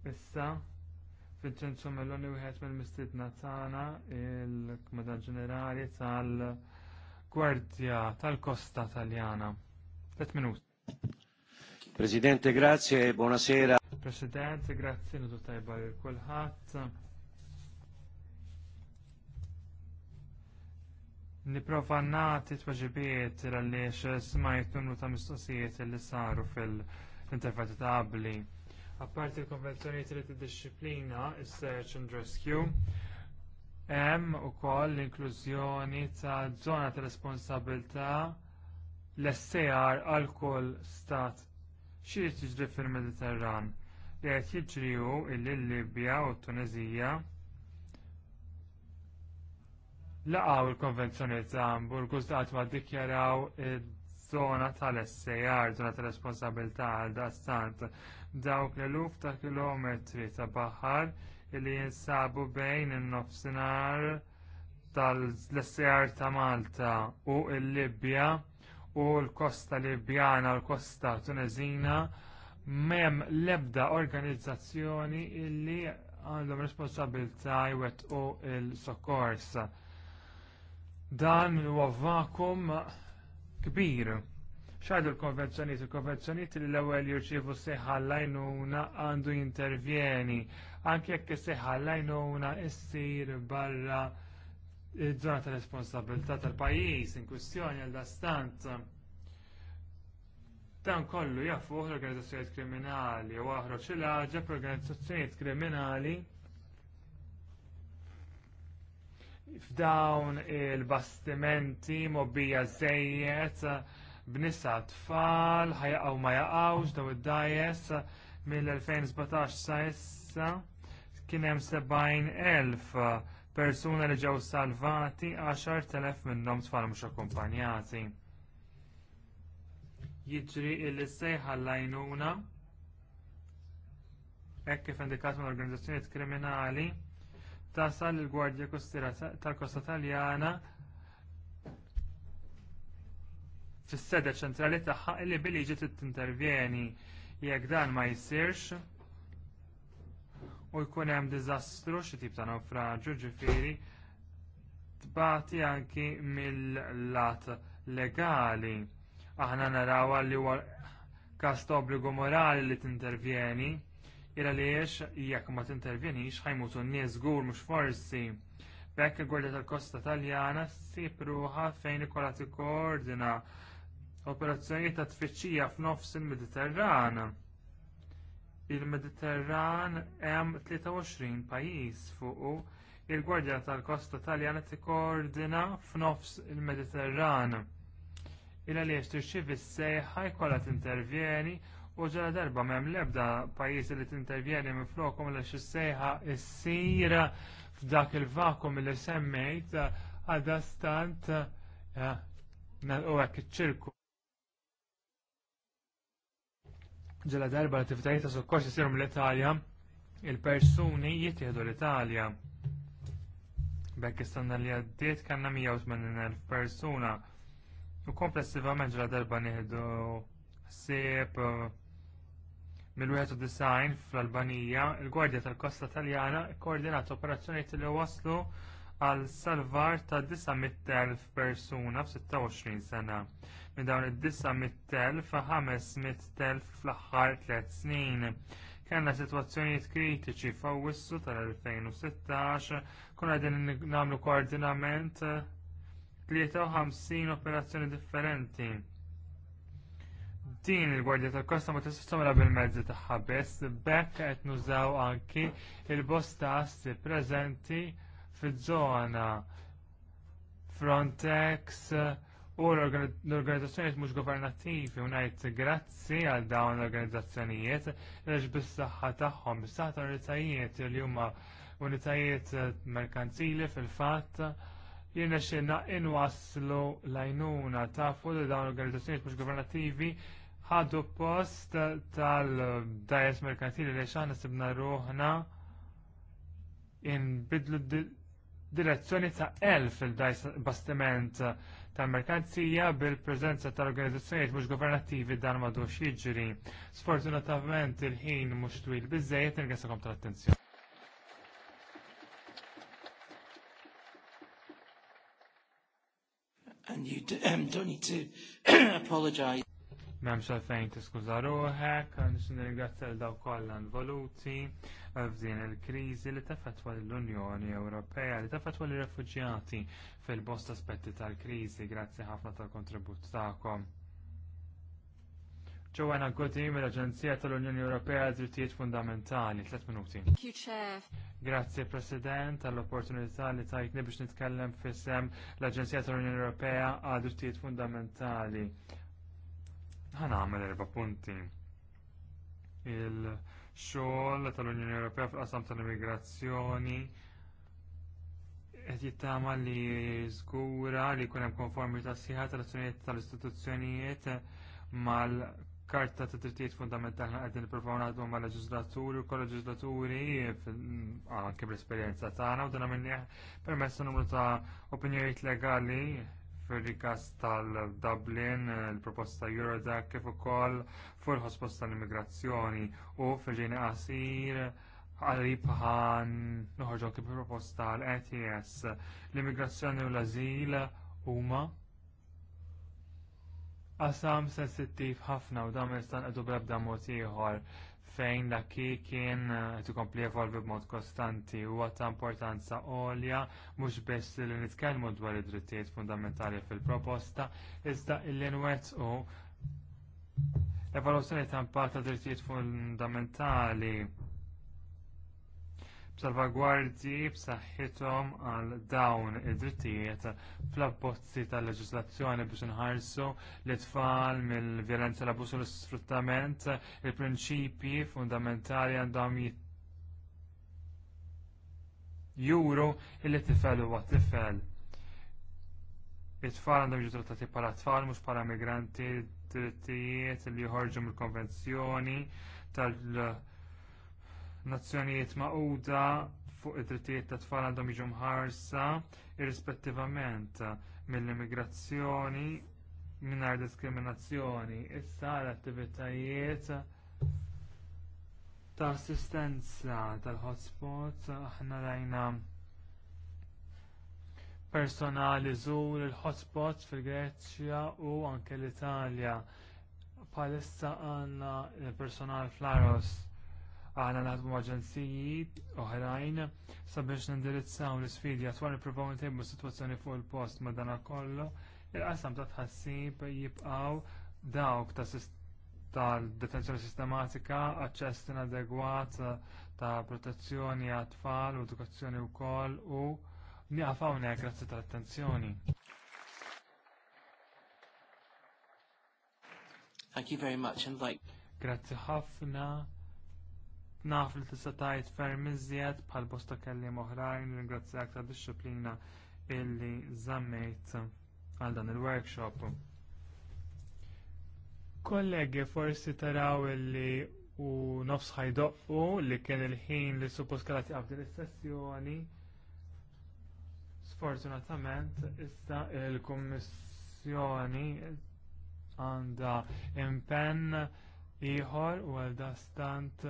Issa. Vincenzo Melloni wieħed mill-mistidna tagħna il kmeda Ġenerali tal-Gwardja tal-Kosta Taljana. Tet minut. Presidente, grazie, buonasera. Presidente, grazie, nudu tajba li kulħadd. Niprofa nagħti tweġibiet għaliex smajt numru ta' mistoqsijiet li saru fil-interventi ta' qabli Apparti l-konvenzjoni id tiddixxiplina s-search and rescue, hemm ukoll l-inklużjoni ta' żona ta' responsabilità l-SCR għal kull stat xi jrid jiġri fil-Mediterran li qed jiġri hu libja u t-Tunezija laqgħu l-Konvenzjoni ta' Hamburg u stat ma ddikjaraw iż-żona tal-SCR, żona ta' responsabilità għal stant dawk l-eluf ta' kilometri ta' baħar li jinsabu bejn in-nofsinhar tal-SR ta' Malta u l-Libja u l-kosta Libjana u l-kosta Tunezina m'hemm l-ebda organizzazzjoni li għandhom responsabilità jwettqu il sokkors Dan huwa vakum kbir xajdu l-konvenzjoniet, il-konvenzjoniet li l-ewel jirċivu seħallajnuna għandu intervjeni, anke jekk seħallajnuna issir barra il-zona ta' responsabilità tal-pajis in kwistjoni għal dastant dan kollu jaffu l-organizzazzjoniet kriminali u aħroċ il-ħagġa organizzazzjoniet kriminali f'dawn il-bastimenti mobbija zejjet b'nisa tfal ħajaqgħu ma jaqgħux daw id-dajes mill-2017 sa issa kien hemm 70,000 persuna li ġew salvati 10,000 minnhom tfal mhux akkumpanjati. Jiġri illi sejħa għajnuna hekk kif indikat minn organizzazzjonijiet kriminali tasal il-Gwardja Kostira tal-Kosta Taljana fis-sede ċentrali tagħha li billi ġiet tintervjeni jekk dan ma jsirx u jkun hemm diżastru xi tip ta' naufraġġu ġifieri tbagħti anki mill-lat legali. Aħna narawha li huwa każ ta' obbligu morali li tintervjeni ira li jekk ma tintervjenix ħajmutu n-nies żgur mhux forsi. Bekk il-Gwardja tal-Kosta Taljana ssib ruħa fejn ikolla tikkoordina koordina operazzjonijiet ta' tfittxija f'nofs il-Mediterran. Il-Mediterran hemm 23 pajjiż fuqu il-Gwardja tal-Kosta Taljana tikkoordina f'nofs il-Mediterran. Il-għaliex tirċivi s-sejħa jkollha tintervjeni u ġala darba m'hemm l-ebda pajjiż li tintervjeni minn flokom għaliex is-sejħa ssir f'dak il-vakum li semmejt għadastant eh, u iċ-ċirku. ġela darba l-attivitajiet ta' sokkorsi isiru mill-Italja, il-persuni jittieħdu l-Italja. Bekk istanna li għaddiet kanna 180.000 persuna u komplessivament ġela darba nieħdu ħsieb uh, mill-91 fl-Albanija, il-Gwardja tal-Kosta Taljana koordinat operazzjonijiet li waslu għal salvar ta' 900.000 persuna f'26 sena minn dawn id-900,000 fa' 500,000 fl-aħħar tliet snin. Kellna sitwazzjonijiet kritiċi f'Awwissu tal-2016 kun qegħdin nagħmlu koordinament 53 operazzjoni differenti. Din il-Gwardja tal-Kosta ma tistax tagħmilha bil-mezzi tagħha biss, b'hekk qed nużaw anki il-bosta assi preżenti fiż-żona Frontex, U l-organizzazzjoniet mhux governattivi u ngħid grazzi għal dawn l-organizzazzjonijiet għax bis-saħħa tagħhom, bis-saħħa unitajiet li huma unitajiet eh, merkanzili fil-fatt jiena xinna inwaslu lajnuna tafu li dawn l-organizzazzjonijiet mhux governattivi ħadu post tal-dajes merkantili li xaħna sibna ruħna inbidlu direzzjoni ta' elf il-dajs bastiment tal-merkanzija bil-preżenza tal-organizzazzjonijiet mhux governattivi dan madux jiġri. Sfortunatament il-ħin mhux twil biżejjed nirgasakom tal-attenzjoni. And you um, don't need to apologize. Memx għalfejn tiskuża ruħek, nix nirringrazzja l daw kollha voluti, f'din il-kriżi li tefetwa l-Unjoni Ewropea, li tefetwa l-refuġjati fil-bost aspetti tal-kriżi, grazzi ħafna tal-kontribut tagħkom. Joanna Godi mill-Aġenzija tal-Unjoni Ewropea Drittijiet Fundamentali, 3 minuti. Grazie President tal-opportunità li tajtni biex nitkellem fissem l-Aġenzija tal-Unjoni Ewropea għal Drittijiet Fundamentali Ħana għamil erba punti. Il-xogħol tal-Unjoni Ewropea fil-qasam tal-immigrazzjoni qed jittama li żgura li jkun hemm konformità sħiħa tal-azzjonijiet tal-istituzzjonijiet mal-Karta ta' Drittijiet Fundamentali qegħdin nippruvaw naħdmu mal-leġislaturi u kol-leġislaturi anke bl-esperjenza tagħna u dan minni permessa numru ta' opinjonijiet legali fil rikas tal-Dublin, il-proposta Eurodac kif ukoll fuq il ħospost tal-immigrazzjoni u fil-ġejni qasir għalib ħan noħorġu kif proposta l-ETS. L-immigrazzjoni u l-azil huma qasam sensittiv ħafna u dam jistan qedu bl-ebda mod ieħor fejn l-akki kien eh, qed ikompli evolvi b'mod kostanti huwa ta' importanza għolja mhux biss li nitkellmu dwar id-drittijiet fundamentali fil-proposta iżda illi nwettqu l evoluzzjoni ta' impatt ta' drittijiet fundamentali b'salvagwardji b'saħħithom għal dawn id-drittijiet fl-abbozzi tal-leġislazzjoni biex inħarsu li tfal mill-vjolenza l-abbuż u l-sfruttament il-prinċipji fundamentali għandhom juru illi tifel huwa tifel. It-tfal għandhom jiġu trattati bħala tfal mhux bħala migranti drittijiet li joħorġu mill-konvenzjoni tal- nazzjonijiet maquda fuq id-drittijiet ta' tfal għandhom jiġu mħarsa irrispettivament mill-immigrazzjoni mingħajr diskriminazzjoni issa l-attivitajiet ta' assistenza tal hotspots aħna rajna personali żur il hotspots fil-Greċja u anke l-Italja. Palissa għandna personal fl-Aros Aħna naħdmu aġenziji oħrajn sabiex nindirizzaw l-isfidi attwali provaw ntejbu situazzjoni fuq il-post ma dana kollu il-qasam ta' tħassib jibqaw dawk ta' tal-detenzjoni sistematika, aċċess inadegwat ta' protezzjoni għat-tfal u edukazzjoni wkoll u niqafawnek grazzi tal-attenzjoni. Thank you very much and like Grazzi ħafna Naf li tista' tgħid ferm iżjed bħal bosta kelliem oħrajn ringrazzjak ta' disċiplina illi żammejt għal dan il-workshop. Kollegi forsi taraw illi u nofs ħajdoqqu li kien il-ħin li suppost kellha tiqaf din is-sessjoni. Sfortunatament issa il-Kummissjoni għandha impenn ieħor u għal dastant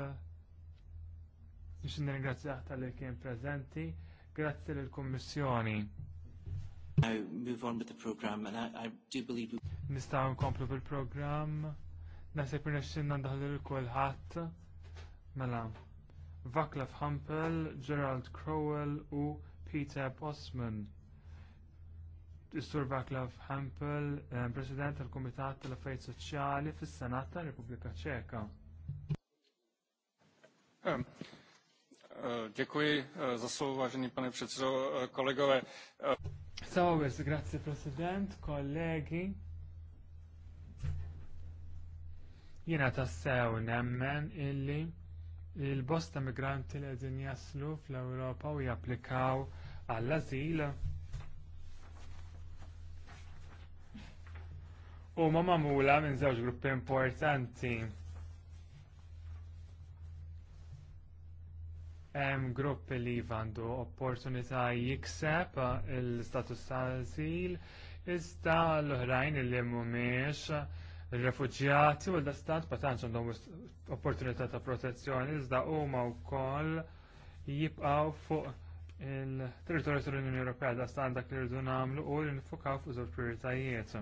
biex nirringrazzjah tal-li kien prezenti. Grazzi lill-Kummissjoni. Move on with the program and I, I do believe Nistaw nkomplu bil-program. Nasib nixxinna ndaħlu l-kulħadd. Mela. Vaclav Hampel, Gerald Crowell u Peter Bosman. Is-Sur Vaclav Hampel, eh, President tal-Kumitat tal-Affarijiet Soċjali fis-Senat tal repubblika Ċeka. Um, Děkuji eh, za slovo, vážený pane předsedo, eh, kolegové. Eh, Sawes, grazie President, kollegi. Jena tassew nemmen illi il-bosta migranti li għedin jaslu fl-Europa u japplikaw għall-azil u ma mamula minn zewġ gruppi importanti Hemm grupp li għandu opportunità jikseb il-status ta' asil, iżda l-oħrajn li mhumiex refuġjati u l-istat patan għandhom opportunità ta' protezzjoni iżda huma wkoll jibqgħu fuq il-territorju tal-Unjoni Ewropea da standak li rridu nagħmlu u l-infukaw fuq żewġ prijoritajiet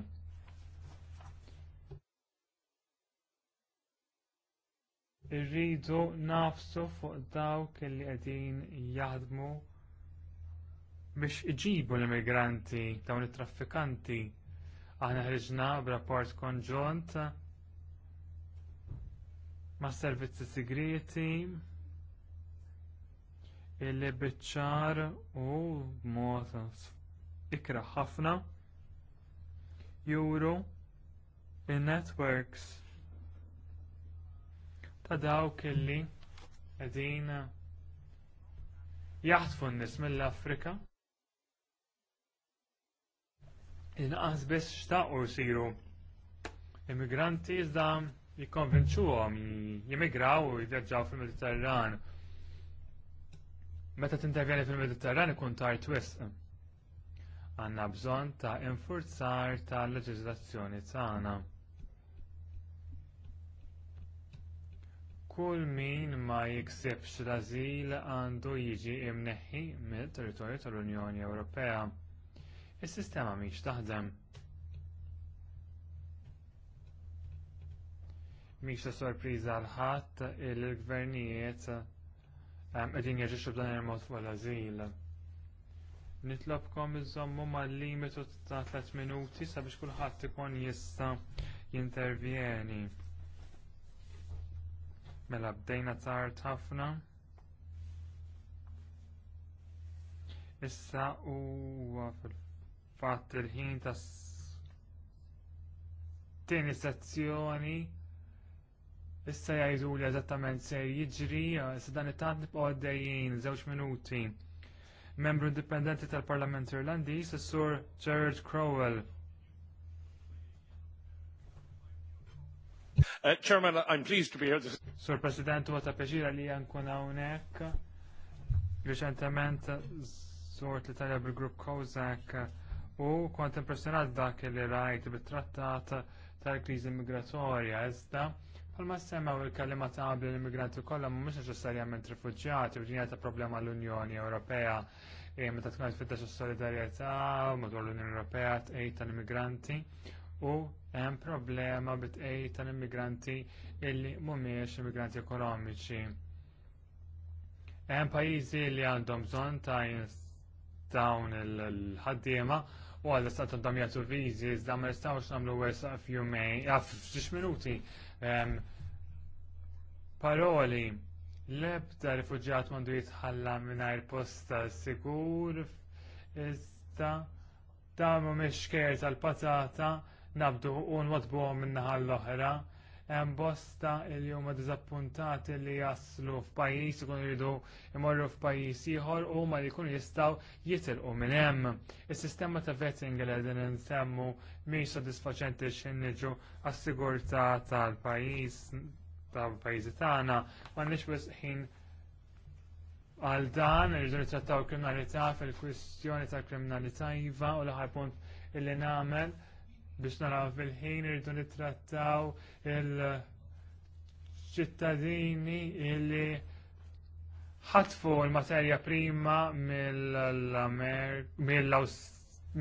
irridu nafsu fuq dawk li qegħdin jaħdmu biex iġibu l-immigranti dawn it-traffikanti. Aħna ħriġna b'rapport konġunt ma' servizzi segreti illi biċċar u b'mod ikra ħafna juru in-networks ta' dawk illi qegħdin jaħtfu n-nies mill-Afrika. Inqas biss xtaqu jsiru immigranti iżda jikkonvinċuhom jimigraw u jidderġaw fil-Mediterran. Meta tintervjeni fil-Mediterran ikun tar twist. Għanna bżonn ta' infurzar ta' leġiżlazzjoni tagħna. kull min ma jiksibx l-azil għandu jiġi imneħħi mill-territorju tal-Unjoni Ewropea. Is-sistema mhix taħdem. Mhix ta' sorpriża għal ħadd il-gvernijiet ehm, qegħdin jaġixxu b'dan il-mod fuq l-azil. Nitlobkom iżommu mal-limitu ta' 3 minuti sabiex kulħadd ikun jista' jintervjeni Mela bdejna tard ħafna. Issa huwa fil-fatt il-ħin tas tieni sezzjoni issa jgħidu li eżattament se jiġri issa dan it tat nibqgħu għaddejjin żewġ minuti. Membru indipendenti tal-Parlament Irlandiż is-Sur George Crowell. Uh, Chairman, I'm pleased to be here. Sur President, u ta' peġira li jankun hawnhekk. Reċentement zort l-Italja bil-grupp Kozak u kont impressionat dak li rajt bit-trattat tal-kriżi migratorja iżda bħalma semmew il-kalima ta' qabel l-immigranti kollha mhumiex neċessarjament rifuġġjati u din ta' problema l-Unjoni Ewropea e, meta tkun fid-daċa solidarjetà madwar l-Unjoni Ewropea tqejt tal-immigranti u hemm problema bit-tqej tal-immigranti illi mhumiex immigranti ekonomiċi. Hemm pajjiżi li għandhom bżonn ta' dawn il-ħaddiema u għal istat għandhom jagħtu viżi iżda ma jistgħux nagħmlu wesaq f'jumej f'ġiex minuti. Ehm, paroli l-ebda rifuġjat mandu jitħalla mingħajr posta sigur iżda dawn mhumiex xker tal-patata nabdu u nwatbuhom min-naħa l-oħra. Hemm bosta li huma diżappuntati li jaslu f'pajjiż ikunu jridu jmorru f'pajjiż ieħor u ma li jkunu jistgħu jitilqu minn hemm. Is-sistema ta' vetting li n insemmu mi sodisfaċenti x'inniġu għas-sigurtà tal-pajjiż tal-pajjiżi tagħna m'għandniex nix ħin għal dan irridu nittrattaw kriminalità fil-kwistjoni tal kriminalità iva u l-aħħar il illi nagħmel biex naraw fil-ħin irridu nittrattaw il-ċittadini illi ħatfu l-materja prima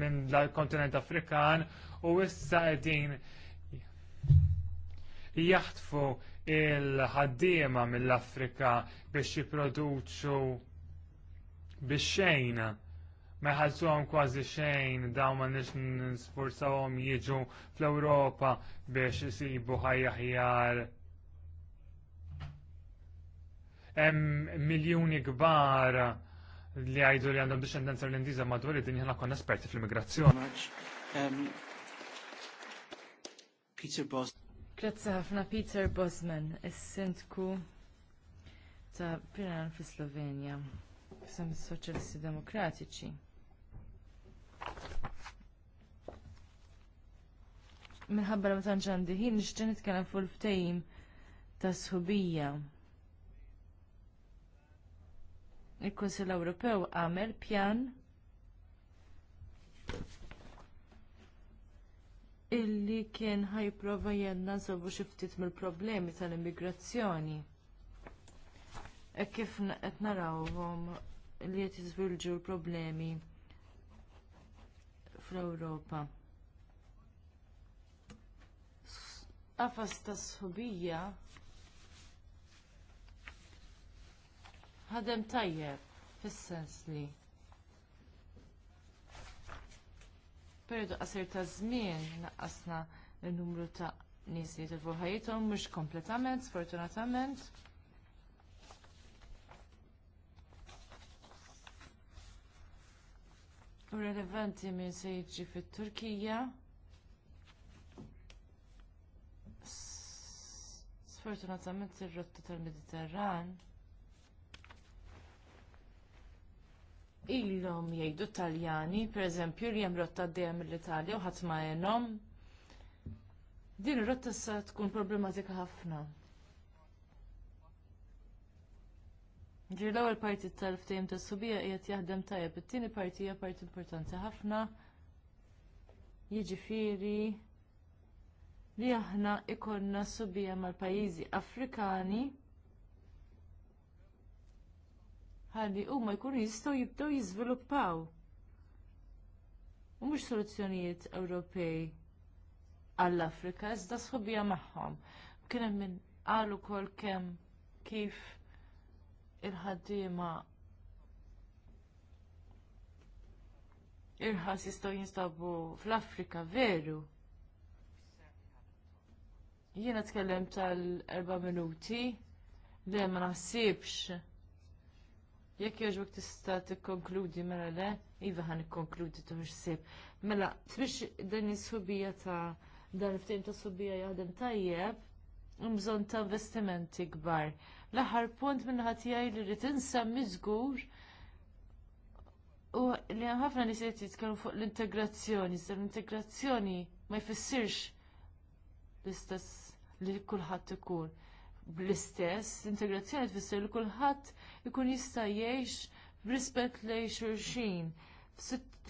mill-kontinent Afrikan u issa qegħdin jaħtfu il-ħaddiema mill-Afrika biex jipproduċu biex xejn għom kważi xejn dawn ma nix għom jiġu fl-Ewropa biex isibu ħajja ħjar. Hemm miljuni kbar li għajdu li għandhom discendenza l-indiza madwar id din ħna konna esperti fl-immigrazzjoni. Um, Peter Grazzi ħafna Peter Bosman, essentku ta' Piran fi Slovenja, sem soċalisti soċjalisti Demokratiċi. minħabba ma tantx għandi ħin nixtieq nitkellem fuq il-ftehim ta' sħubija. Il-Kunsill Ewropew għamel pjan illi kien ħajprova jenna nsolvu xi ftit mill-problemi tal-immigrazzjoni. E kif qed narawhom li qed jiżvilġu l-problemi fl-Ewropa. qafas ta' sħubija ħadem tajjeb fis-sens li periodu qasir ta' żmien naqqasna n-numru ta' nies li tilfu ħajjithom mhux kompletament, sfortunatament. U relevanti minn se jiġi fit-Turkija. Sfortunatament ir-rotta tal-Mediterran ilhom jgħidu Taljani, pereżempju li hemm rotta għaddejja mill-Italja u ħadd ma għenhom. Din ir-rotta sa tkun problematika ħafna. Ġir l-ewwel parti tal-ftehim tas-subija qiegħed jaħdem tajjeb, it-tieni parti hija parti importanti ħafna. Jiġifieri li aħna ikonna subija mal-pajjiżi Afrikani ħalli huma jkunu jistgħu jibdaw jizviluppaw. U mhux soluzzjonijiet Ewropej għall-Afrika iżda sħobija magħhom. Kien hemm min kol kem kemm kif il-ħaddiema irħas jistgħu jinstabu fl-Afrika veru. Jiena tkellem tal-4 minuti le ma naħsibx. Jekk jogħġbok tista' tikkonkludi mela le, iva ħan ikkonkludi tu sib. Mela, tbix dan is-subija ta' dan il-ftim ta' subija jaħdem tajjeb, bżonn ta' investimenti kbar. L-aħħar punt minn ħatijaj li rrid insemmi miżgur. u li ħafna nies qed jitkellmu fuq l-integrazzjoni, iżda l-integrazzjoni ma jfissirx l-istess li kulħadd ikun bl-istess, integrazzjoni tfisser li kulħadd ikun jista' jgħix b'rispett lejn xulxin.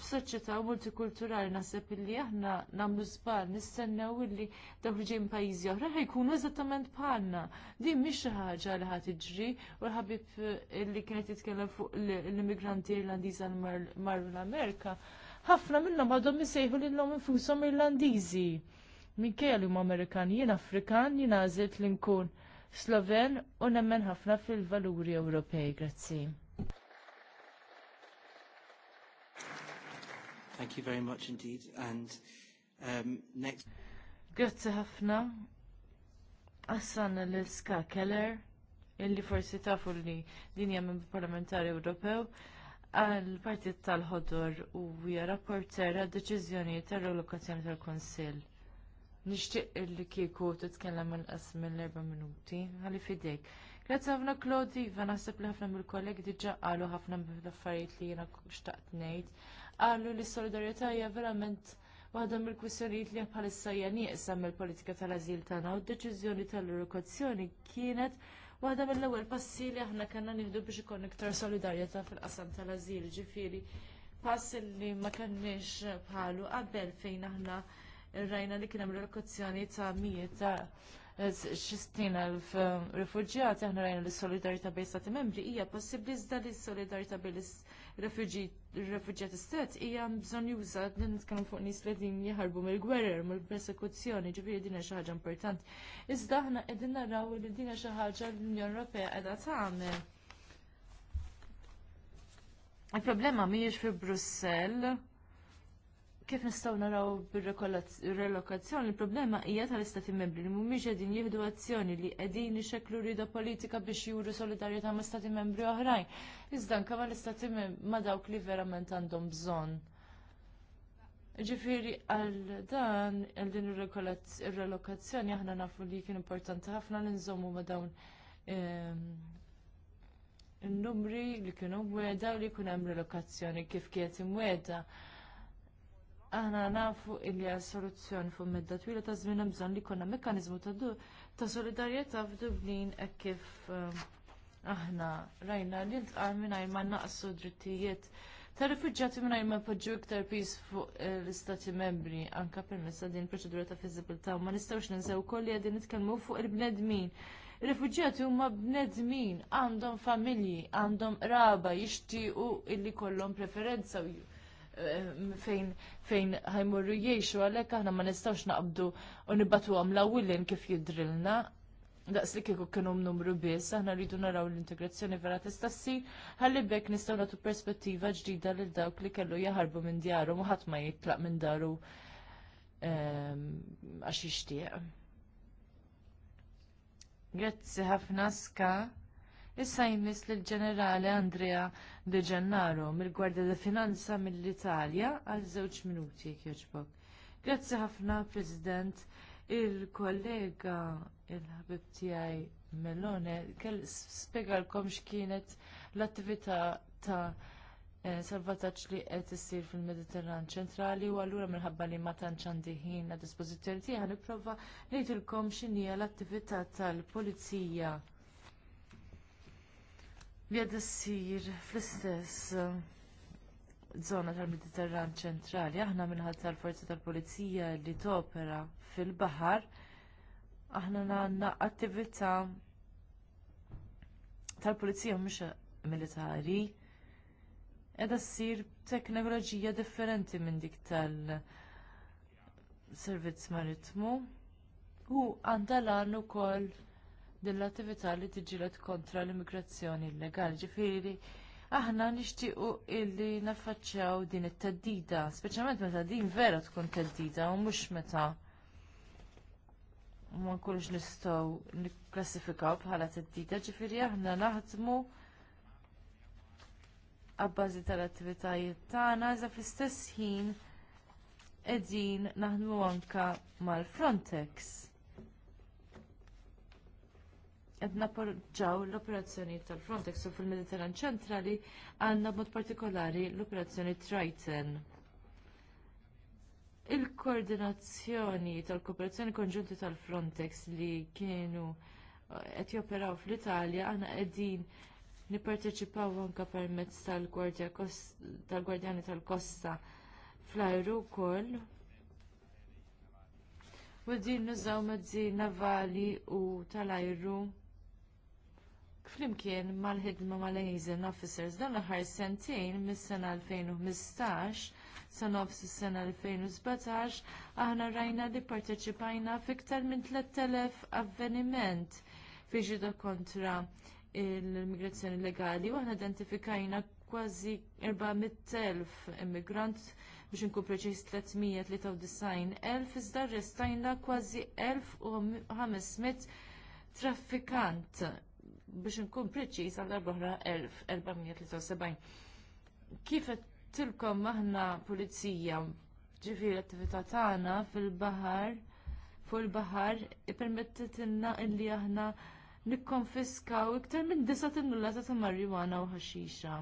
F'soċjetà multikulturali naħseb illi aħna nagħmlu żball nistennew illi dawk li ġejjin pajjiżi oħra jkunu eżattament bħalna. Din mhix xi ħaġa li ħadd iġri u l-ħabib li kienet jitkellem fuq l-immigranti Irlandiża marru l-Amerika, ħafna minnhom għadhom isejħu lilhom infushom Irlandiżi minkejja li huma Amerikan, jien Afrikan, jien għażilt li nkun Sloven u nemmen ħafna fil-valuri Ewropej. Grazzi. Thank you very much indeed. And um, next. Grazzi ħafna. Assan l-Ska Keller, illi forsi tafu li din minn parlamentari Ewropew, għal partit tal-ħodor u hija rapporter għad deċizjoni tal-relokazzjoni tal-Konsil. tal-relokazzjoni tal-Konsill nixtieq li kieku titkellem il-qas mill-erba' minuti ħalli fidejk. Grazzi ħafna Klodi, iva naħseb li ħafna mill-kollegi diġà qalu ħafna mill-affarijiet li jiena xtaqt ngħid. Qalu li s-solidarjetà hija verament waħda mill-kwistjonijiet li bħalissa hija nieqsa mill-politika tal-ażil tagħna u d-deċiżjoni tal-relokazzjoni kienet Waħda mill-ewwel passi li aħna kellna nieħdu biex ikun iktar solidarjetà fil-qasam tal-ażil, ġifieri pass li ma kenniex bħalu qabel fejn aħna rajna li kien hemm relokazzjoni ta' mijiet ta' xistin l um, rifuġjati, aħna rajna li solidarita bejn stati membri hija possibbli iżda li solidarita bejn il-refuġjati stess hija bżonn juża li kanu fuq nis li din jħarbu mill-gwerer, mil persekuzzjoni ġifieri din xi ħaġa importanti. Iżda aħna qegħdin naraw li din xi ħaġa l-Unjoni Ewropea qiegħda tagħmel. Il-problema mhijiex fi Brussel, kif nistgħu naraw bir-relokazzjoni, il-problema hija tal-istati membri li mhumiex qegħdin jieħdu azzjoni li qegħdin ixekklu rieda politika biex juru solidarjetà ma' stati membri oħrajn. Iżda anke ma' l-istati ma' dawk li verament għandhom bżonn. Ġifiri għal dan, għal din ir-relokazzjoni aħna nafu li kien importanti ħafna li nżommu ma' dawn il-numri ehm, li kienu mweda li kunem hemm relokazzjoni kif kienet imweda. Aħna nafu illi soluzzjoni fuq medda twila ta' żmien hemm bżonn li jkollna mekkaniżmu ta' du ta' solidarjetà f'Dublin hekk kif eh, aħna rajna li ntqal mingħajr ma naqsu drittijiet ta' rifuġġjati mingħajr ma poġġu iktar pis fuq eh, l-Istati membri anke permezz ta' din proċedura ta' fiżibilità ma nistgħux ninsew ukoll li qegħdin nitkellmu fuq il-bnedmin. Ir-rifuġġjati huma bnedmin, għandhom familji, għandhom raba, jixtiequ illi kollhom preferenza Eh, fejn fejn ħajmurru jiexu għalhekk aħna ma nistgħux naqbdu u l lawillin kif jidrilna. Daqs li kieku kienu numru biss, aħna rridu naraw l-integrazzjoni vera tista' ssir, ħalli bekk nistgħu nagħtu perspettiva ġdida lil dawk li kellu jaħarbu minn djaru u ħadd ma jitlaq minn daru ehm, għax jixtieq. Grazzi ħafna ska. Issa jmiss lill ġenerali Andrea De Gennaro mill-Gwardja ta' Finanza mill-Italja għal żewġ minuti jogħġbok. Grazzi ħafna, President, il-kollega il-ħabib tiegħi Melone kell spiegalkom x'kienet l-attività ta' eh, salvataġġ li qed issir fil-Mediterran ċentrali u allura minħabba li ma tantx għandi ħin għad dispożizzjoni tiegħi nipprova ngħidilkom x'inhi l-attività tal-Pulizija li għad issir fl-istess żona eh, tal-Mediterran ċentrali, aħna minħabba tal-forzi tal-Polizija li topera fil-bahar, aħna għandna attività tal-Polizija mhux militari, edha ssir teknoloġija differenti minn dik tal-servizz maritmu u għandha lan ukoll din l-attività li tiġilet kontra l-immigrazzjoni illegali. Ġifieri aħna nixtiequ illi naffaċċjaw din it-teddida, speċjalment meta din vera tkun teddida u mhux meta ma nkunux nistgħu nikklassifikaw bħala teddida, ġifieri aħna naħdmu għabbażi tal-attivitajiet tagħna iżda fl-istess ħin qegħdin naħdmu anke mal-Frontex qed nappoġġaw l-operazzjoni tal-Frontex u fil-Mediterran ċentrali għandna b'mod partikolari l-operazzjoni Triton. Il-koordinazzjoni tal-kooperazzjoni konġunti tal-Frontex li kienu eh, qed joperaw fl-Italja għandna qegħdin nipparteċipaw anke permezz tal-Gwardjani tal-Kosta fl-ajru wkoll u din nużaw mezzi navali u tal-ajru Flimkien mal-ħidma mal-Asian Officers dan l-aħħar sentejn mis-sena 2015 sa nofs is-sena 2017 aħna rajna li parteċipajna fiktar minn 3000 avveniment fi ġida kontra l-immigrazzjoni legali u aħna identifikajna kważi 400.000 immigrant biex inkun preċis 393.000 iżda rrestajna kważi 1500 traffikant biex nkun preċiż għal darbohra 1473. Kif tilkom maħna pulizija ġifir l-attività tagħna fil-baħar fuq il-baħar ippermettitilna illi aħna nikkonfiskaw iktar minn disa tinnullata ta' marijuana u ħaxixa.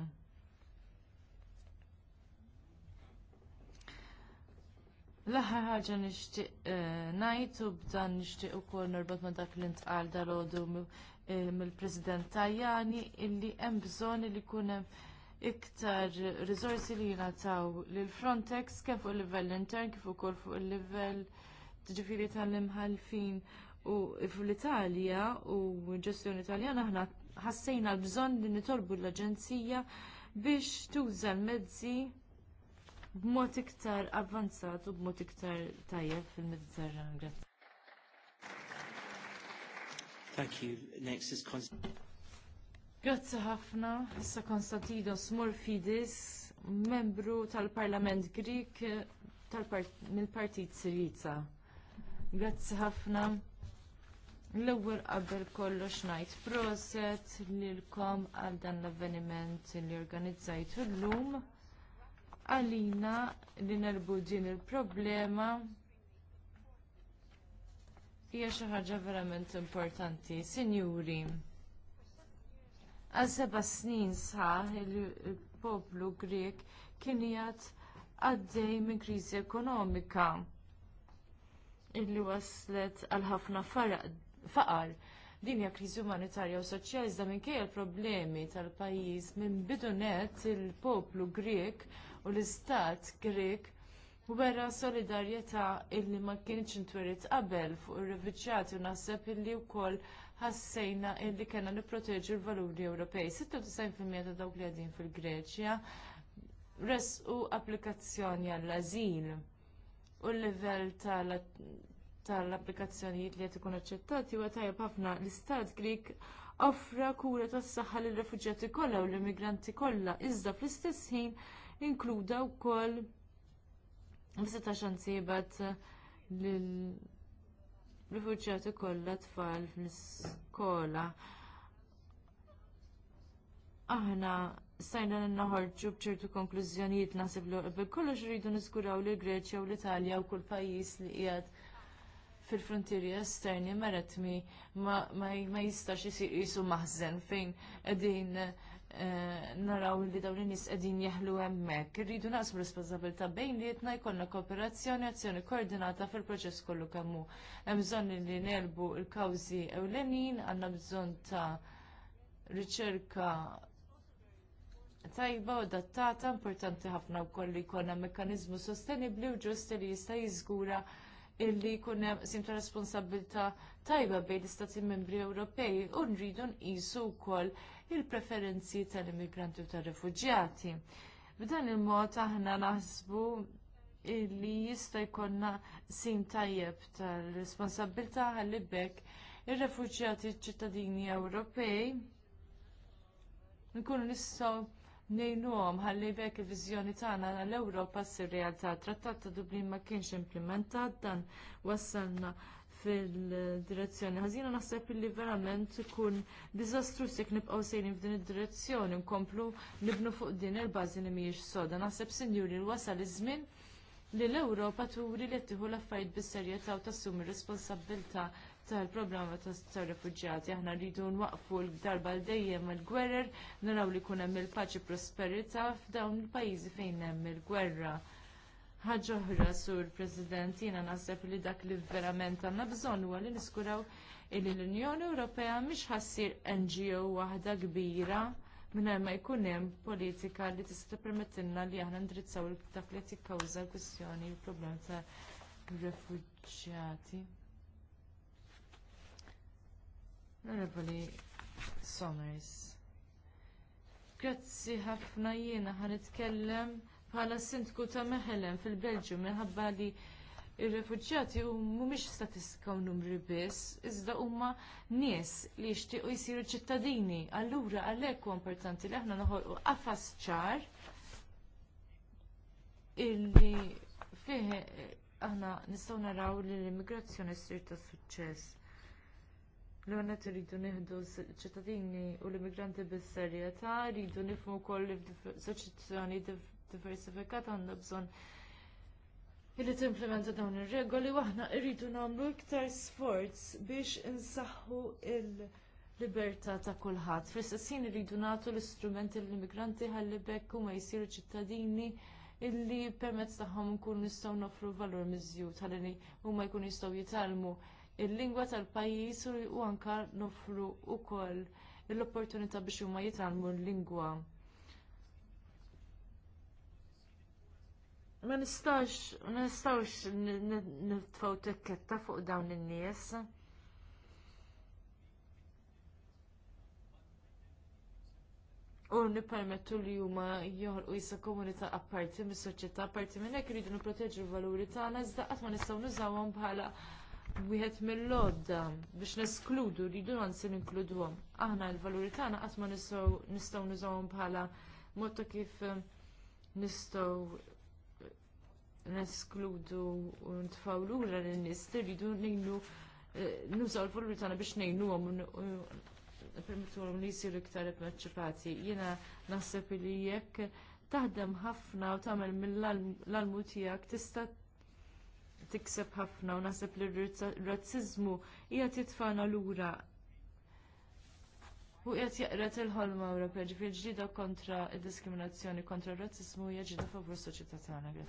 L-aħħar ħaġa nixtieq eh, ngħid u b'dan nixtieq ukoll norbod ma' dak li ntqal dal-għodu Eh, mill-President Tajani illi hemm bżonn li jkun hemm iktar riżorsi li jingħataw lil Frontex kemm fuq il-livell intern kif ukoll fuq il-livell ġifieri tal-imħalfin u fl-Italja u ġestjoni Italjana aħna ħassejna l-bżonn li nitolbu l-Aġenzija biex tuża l-mezzi b'mod iktar avvanzat u b'mod iktar tajjeb fil-Mediterran. Thank you. Next is Constantine. Grazzi ħafna, issa Konstantinos Morfidis, membru tal-Parlament Grik mill-Partit Siriza. Grazzi ħafna. L-ewwel qabel kollox ngħid proset lilkom għal dan l-avveniment li organizzajtu llum għalina li nerbu din il-problema hija xi ħaġa verament importanti. Sinjuri, għal seba' snin sħaħ il-poplu Grek kien jgħat għaddej minn kriżi ekonomika illi waslet għal ħafna faqar. Din hija kriżi umanitarja u soċjali iżda minkejja l-problemi tal-pajjiż minn bidu il-poplu Grek u l-istat Grek vera solidarjetà illi ma kienx intwerit qabel fuq ir-rifuġjati u naħseb illi wkoll ħassejna illi kellna nipproteġu l-valuri Ewropej. 96% ta' dawk li għadin fil-Greċja resqu applikazzjoni għall-azil u l-level tal-applikazzjonijiet li qed ikun aċċettati huwa tajjeb ħafna l-Istat Grik offra kura tas-saħħa lir refuġjati kollha u l-immigranti kollha iżda fl-istess ħin inkluda wkoll Mista xansibat eh, l-rifugġati kollha tfal fl-iskola. Aħna stajna n-naħorġu bċertu konklużjonijiet nasib l kollox rridu niskuraw li Greċja u l-Italja u kull pajis li qiegħed fil-frontieri esterni maretmi ma, jistax isir jisu maħzen fejn qegħdin eh, Eh, naraw li dawn in-nies qegħdin jeħlu hemmhekk. Irridu naqsmu responsabilità bejn lietna jkollna kooperazzjoni azzjoni koordinata fil-proċess kollu kemm hu. Hemm bżonn li nerbu l-kawżi ewlenin, għandna bżonn ta' riċerka tajba u adattata importanti ħafna wkoll li jkollna mekkaniżmu sostenibbli u ġust li jista' jiżgura illi jkun hemm sim ta' responsabilità tajba bejn l-Istati Membri Ewropej u nridu nqisu wkoll il-preferenzi tal-immigranti u tal-refuġjati. B'dan il-mod aħna naħsbu li jista' jkollna sim tajjeb tal-responsabilità ħalli bekk ir-refuġjati ċittadini Ewropej nkunu nistgħu ngħinuhom ħalli bekk il-viżjoni tagħna għall ewropa ssir realtà. Trattat ta' Dublin ma kienx implementat dan wassalna fil-direzzjoni. Ħażina naħseb li verament ikun diżastru jekk nibqgħu sejrin f'din id-direzzjoni nkomplu nibnu fuq din il-bażi li mhijiex soda. Naħseb sinjuri li wasal iż-żmien li l-Ewropa turi li tieħu l-affarijiet bis-serjetà u tassumi r-responsabbiltà tal-programma tar-refuġjati. Aħna rridu nwaqfu l-darba l dejjem mal-gwerer, naraw li jkun hemm il-paċi prosperità f'dawn il-pajjiżi fejn hemm il-gwerra. il paċi il paċi prosperità fdawn il pajjiżi fejn hemm il gwerra ħagġoħra sur President, jiena naħseb li dak li verament għandna bżonn huwa li niskuraw li l-Unjoni Ewropea mhix ħassir NGO waħda kbira minn ma jkun hemm politika li tista' tippermettilna li aħna ndritzaw dak li qed jikkawża l-kwistjoni l problemi ta' refuġjati. Onorevoli Sommers. Grazzi ħafna jiena ħanitkellem bħala sindku ta' meħelem fil-Belġju minħabba li r refuġjati mhumiex statistika u numri biss, iżda huma nies li jixtiequ jsiru ċittadini. Allura għalhekk huwa importanti li aħna noħolqu qafas ċar illi fih aħna nistgħu naraw li l-immigrazzjoni ssir ta' suċċess. L-għonet iridu nieħdu ċittadini u l-immigranti bis-serjetà, rridu nifhmu wkoll soċjezzjoni diversifikat għandna bżonn illi timplementa dawn ir-regoli u aħna rridu nagħmlu iktar sforz biex insaħħu l libertà ta' kulħadd. Fl-istess ħin irridu nagħtu l-istrumenti lill-immigranti ħallibek huma jsiru ċittadini illi permezz tagħhom nkunu nistgħu nofru valur miżjud ħalli huma jkunu jistgħu jitalmu il-lingwa tal-pajjiż u anke nofru wkoll l-opportunità biex huma jitalmu l-lingwa Ma nistax, ma nistax nitfaw tikketta fuq dawn in-nies. U nippermettu li huma joħolqu jisa komunità apparti mis-soċjetà apparti minn hekk iridu nipproteġu l-valuri tagħna iżda qatt ma nistgħu nużawhom bħala wieħed mill-lodda biex neskludu rridu anzi ninkluduhom. Aħna l-valuri tagħna qatt ma nistgħu nużawhom bħala mod kif eh, nistgħu neskludu u ntfaw lura l-nis rridu nejnu eh, nużaw l-voluri biex nejnu għom permettu għom li jisiru iktar emancipati. Jiena naħseb li jekk taħdem ħafna u tagħmel mill-almu tiegħek tista' tikseb ħafna u naħseb li r-razzizmu hija titfana lura U qed jaqret il-ħolma Ewropea ġifier ġdida kontra d diskriminazzjoni kontra r-razzismu hija ġdida favur soċjetà tagħna.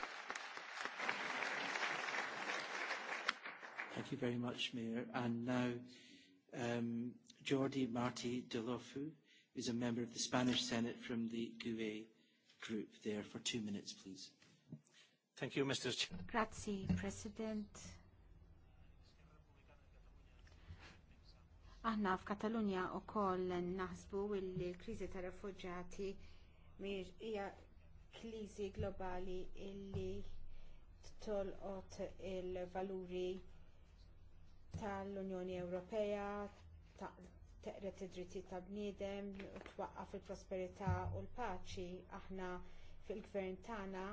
Thank you very much, Mayor. And now, um, Jordi Marti Delofu is a member of the Spanish Senate from the GUE group there for two minutes, please. Thank you, Mr. Ch Grazie, President. Aħna f'Katalunja u koll naħsbu il-krizi ta' refugġati mir hija krizi globali illi tolqot il-valuri tal-Unjoni Ewropea teqret id-drittijiet tal-bniedem u twaqqaf il-prosperità u l-paċi aħna fil-gvern tagħna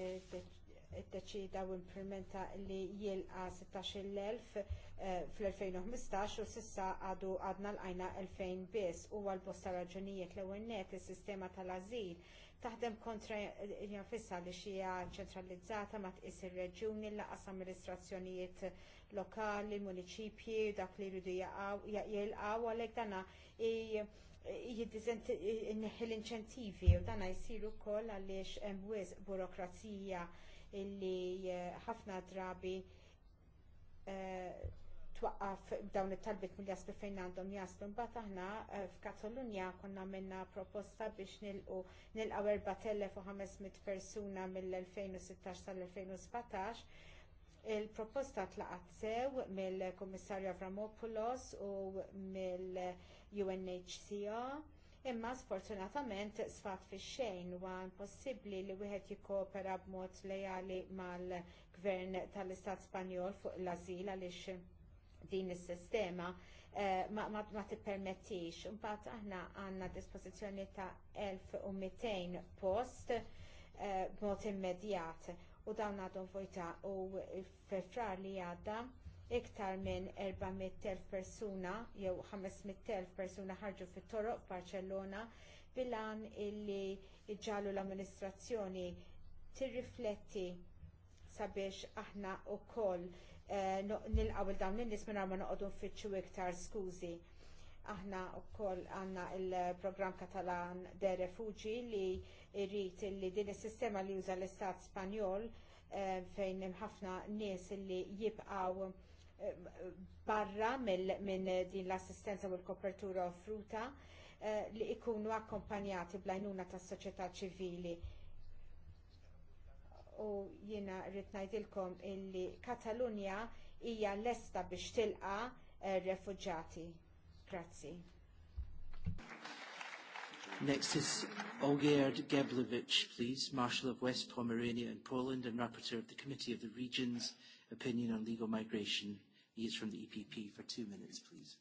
eh, ddeċida u implementa li jilqa 16.000 eh, fl-2015 u sissa għadu għadna l-għajna 2000 bis u għal-bosta raġunijiet l ewwel net il-sistema tal-azil taħdem kontra jinfissa eh, li xija ċentralizzata ma tqis ir-reġjuni laqas amministrazzjonijiet lokali, municipji, dak li jridu jilqaw għalhekk dana jiddiżent l-inċentivi u dana jsiru wkoll għaliex hemm wisq burokrazija illi eh, ħafna drabi eh, twaqqaf dawn it-talbit mill jaslu fejn għandhom jaslu mbagħad aħna eh, f'Katalunja konna minna proposta biex nilqu nilqaw 4500 persuna mill-2016 tal-2017 Il-proposta tlaqat sew mill-Kummissarju Avramopoulos u mill-UNHCR imma sfortunatament sfat fix xejn huwa impossibbli li wieħed jikkopera b'mod lejali mal-Gvern tal-Istat Spanjol fuq l-azil għaliex din is-sistema eh, ma, tippermettix. Imbagħad aħna għandna dispożizzjoni ta' 1200 post eh, b'mod immedjat u dawn għadhom vojta u fil li għadda iktar minn 400.000 persuna jew 500.000 persuna ħarġu fit-toroq f'Barċellona bilan illi iġġalu l-amministrazzjoni tirrifletti sabiex aħna wkoll eh, nilqaw il-dawn n-nis minn ma noqogħdu nfittxu iktar skużi. Aħna wkoll għandna l programm Katalan de Refugi li jrid li din is-sistema li juża l-Istat Spanjol eh, fejn hemm ħafna nies li jibqgħu barra minn din l-assistenza u l-kopertura offruta eh, li ikunu akkompanjati blajnuna tas soċjetà ċivili. U jiena rrid ngħidilkom illi Katalunja hija lesta biex tilqa eh, refuġati. Grazzi. Next is Olgerd Geblevich, please, Marshal of West Pomerania and Poland and Rapporteur of the Committee of the Regions Opinion on Legal Migration is from the EPP for two minutes, please.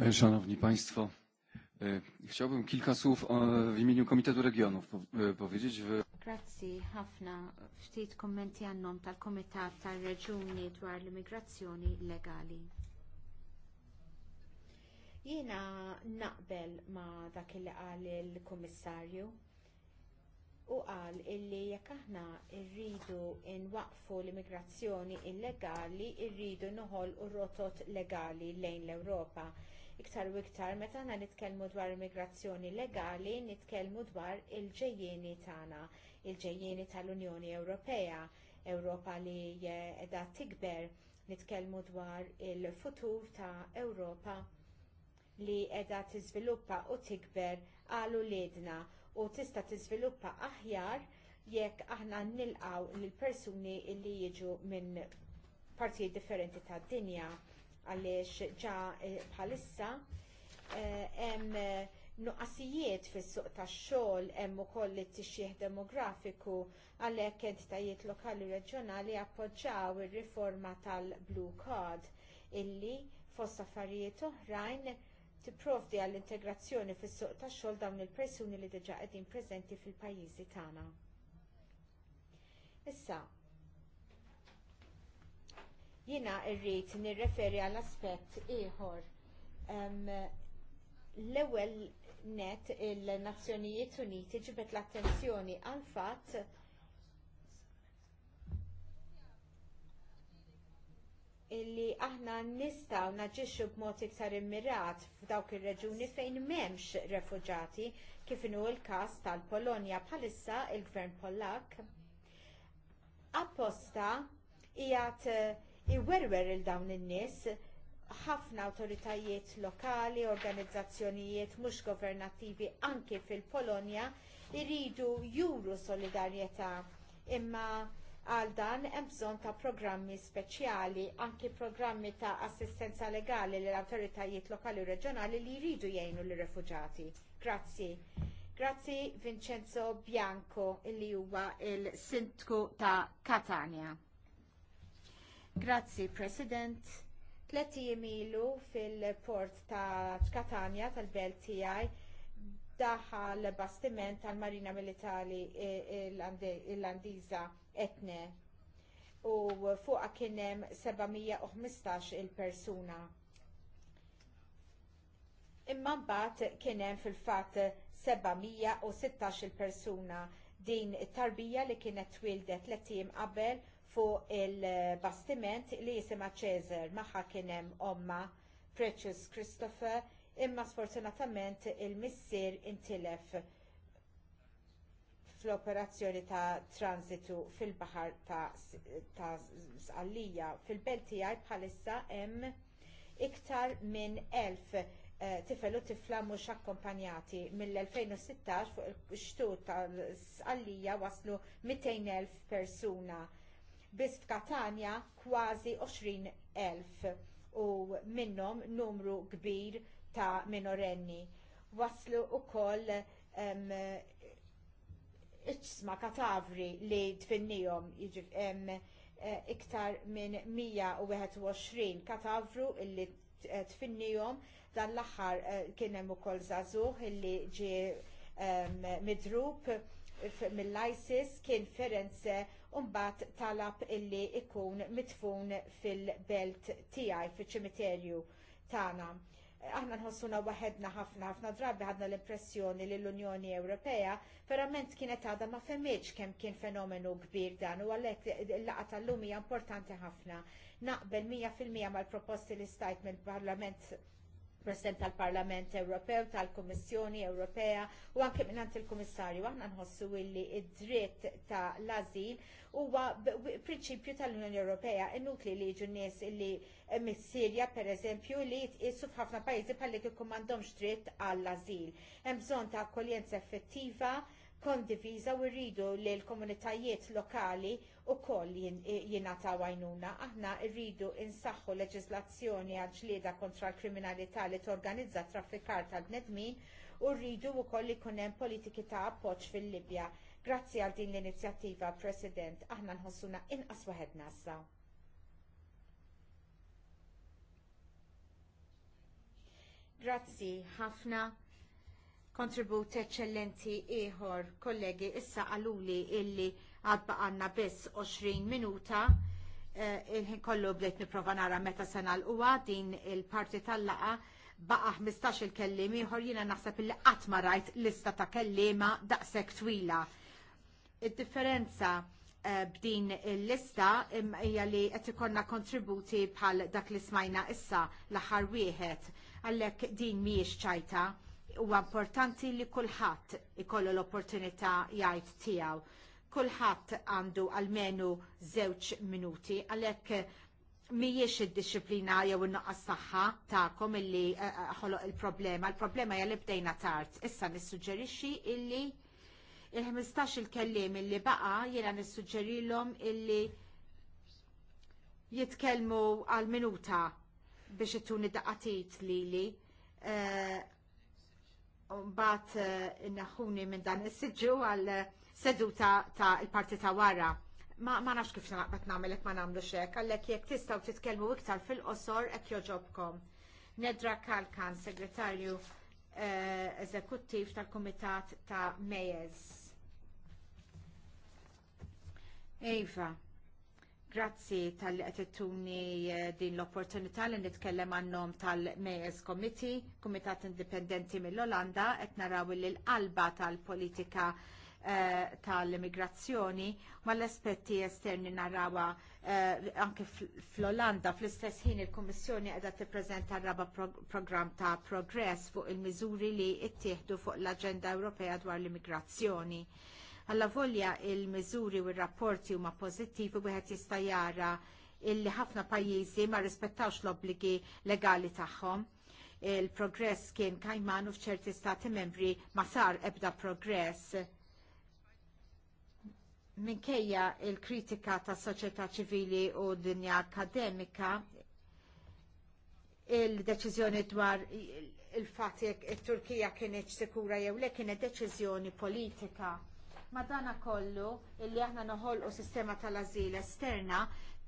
E, szanowni Państwo, e, chciałbym kilka słów e, w imieniu Komitetu Regionów powiedzieć. Grazie, Grazzi ħafna ftit kommenti għannom tal-Komitat tal-Reġuni dwar l-immigrazzjoni legali. Jiena naqbel ma dak il-qal il-Komissarju u qal illi jekk aħna rridu nwaqfu l-immigrazzjoni illegali rridu noħolqu rotot legali lejn l-Ewropa. Iktar u iktar meta aħna nitkellmu dwar immigrazzjoni legali nitkellmu dwar il-ġejjieni tagħna, il-ġejjieni tal-Unjoni Ewropea, Ewropa li qiegħda tikber, nitkellmu dwar il-futur ta' Ewropa li qiegħda tiżviluppa u tikber għalu lidna u tista' tiżviluppa aħjar jekk aħna nilqaw lill persuni li jiġu minn partijiet differenti tad dinja għaliex ġa eh, bħalissa eh, hemm eh, nuqqasijiet fis-suq tax-xogħol hemm ukoll it-tixjih demografiku għalhekk entitajiet lokali u reġjonali appoġġaw ir-riforma tal-Blue Card illi fost affarijiet oħrajn tipprovdi għall-integrazzjoni fis-suq tax-xogħol dawn il-persuni li diġà qegħdin preżenti fil-pajjiżi tagħna. Issa, jiena rrid nirreferi għal aspett ieħor. L-ewwel net il-Nazzjonijiet Uniti ġibet l-attenzjoni għal fatt illi aħna nistgħu naġixxu b'mod iktar immirat f'dawk ir-reġuni fejn m'hemmx refuġati kif inhu l-każ tal-Polonja bħalissa l gvern Pollak. Apposta qiegħed eh, iwerwer il dawn in-nies ħafna awtoritajiet lokali, organizzazzjonijiet mhux governattivi anke fil-Polonja jridu juru solidarjetà imma Għal dan hemm bżonn ta' programmi speċjali, anki programmi ta' assistenza legali lill awtoritajiet lokali u reġjonali li jridu jgħinu l refuġati Grazzi. Grazzi Vincenzo Bianco, illi huwa l il sintku ta' Katania. Grazzi, President. Tletti jimilu fil-port ta' Katania tal-Belt tiegħi daħal bastiment tal-Marina Militari eh, Irlandiża Etne u fuqa kien hemm 715 il-persuna. Imma mbagħad kien hemm fil-fatt 716 il-persuna din it-tarbija li kienet twildet tlettiem qabel fuq il-bastiment li jisima ċezer magħha kien hemm omma Precious Christopher imma sfortunatament il-missier intilef fl-operazzjoni ta' transitu fil baħar ta', ta Sqallija fil-belt tiegħi bħalissa hemm iktar minn elf eh, tifel u tifla mhux akkompanjati mill-2016 fuq il-xtut ta' Sqallija waslu 200,000 persuna. Biss f'Katania kważi 20,000 u minnhom numru kbir ta' minorenni. Waslu wkoll um, iċsma katavri li tfinnijom eh, iktar minn 121 katavru illi eh, tfinnijom dan l-axar eh, kien hemm ukoll żagħżugħ illi ġie midrup mill-ISIS kien Ferenze mbagħad talab illi ikun mitfun fil-belt tiegħi fiċ-ċimiterju tagħna aħna nħossuna waħedna ħafna ħafna drabi ħadna l-impressjoni li l-Unjoni Ewropea verament kienet għadha ma femmiġ kemm kien fenomenu kbir dan u għalhekk il-laqgħa tal-lum hija importanti ħafna. Naqbel 100% mal-proposti li stajt mill-Parlament president tal-Parlament Ewropew, tal-Kummissjoni Ewropea u anke minnant il-Kummissarju. Aħna nħossu illi id-dritt ta' l-azil huwa prinċipju tal-Unjoni Ewropea innukli li jiġu nies illi mis-Sirja pereżempju li jitqisu f'ħafna pajjiżi pallik kikun m'għandhomx dritt għall-azil. Hemm bżonn ta' akkoljenza effettiva kondiviża u rridu li l-komunitajiet lokali ukoll jingħataw għajnuna. Aħna rridu insaħħu leġiżlazzjoni għal ġlieda kontra l-kriminalità li torganizza traffikar tal-bnedmin u rridu wkoll li jkun hemm politiki ta' appoġġ fil-Libja. Grazzi għal din l-inizjattiva, President, aħna nħossuna inqas waħedna issa. Grazzi ħafna kontribut eċċellenti ieħor kollegi issa għaluli illi għad baqanna biss 20 minuta eh, il-ħin kollu bdejt niprofa nara meta sena l-uwa din il-parti tal-laqa baqa 15 il-kellim ieħor jina naħseb illi qatt ma rajt lista ta' kellima daqshekk twila. Id-differenza eh, b'din il-lista hija li qed ikollna kontributi bħal dak li smajna issa l-aħħar wieħed għalhekk din mhijiex ċajta huwa importanti li kulħadd ikollu l-opportunità jgħid tiegħu kulħadd għandu għalmenu żewġ minuti għalhekk mhijiex id-disciplina jew in-noqqas saħħa tagħkom illi eh, eh, ħoloq il-problema. Il-problema hija li bdejna tard. Issa nissuġġerixxi illi il-15 il-kellim illi baqa jiena nissuġġerilhom illi jitkellmu għal minuta biex ituni daqatit lili. Eh, Bat inneħħuni minn dan is-siġġu għal seduta ta' il-parti ta' wara. Ma, ma nafx kif naqbad nagħmel hekk ma nagħmlu xek, għalhekk jekk tistaw titkellmu iktar fil-qosor hekk joġobkom. Nedra Kalkan, segretarju eh, eżekuttiv tal-Kumitat ta' Mejez. Eva, grazzi tal-li għetettuni eh, din l-opportunità li nitkellem għannom tal-Mejez Committee, Kumitat Indipendenti mill-Olanda, etnaraw li l-qalba tal-politika tal politika Eh, tal-immigrazzjoni ma l-aspetti esterni narawa eh, anke fl-Olanda fl-istess ħin il-Kummissjoni qiegħda tippreżenta raba programm ta' progress fuq il-miżuri li ttieħdu fuq l-Aġenda Ewropea dwar l-immigrazzjoni. Alla volja il-miżuri u r-rapporti huma pożittivi wieħed jista' jara illi ħafna pajjiżi ma rispettawx l obbligi legali tagħhom il-progress kien kajman u fċerti stati membri ma sar ebda progress minkejja il-kritika ta' soċjetà ċivili u dinja akademika il-deċiżjoni dwar il-fatt jekk it-Turkija kienet sikura jew le kienet deċiżjoni politika. Ma dana kollu illi aħna noħolqu sistema tal-azil esterna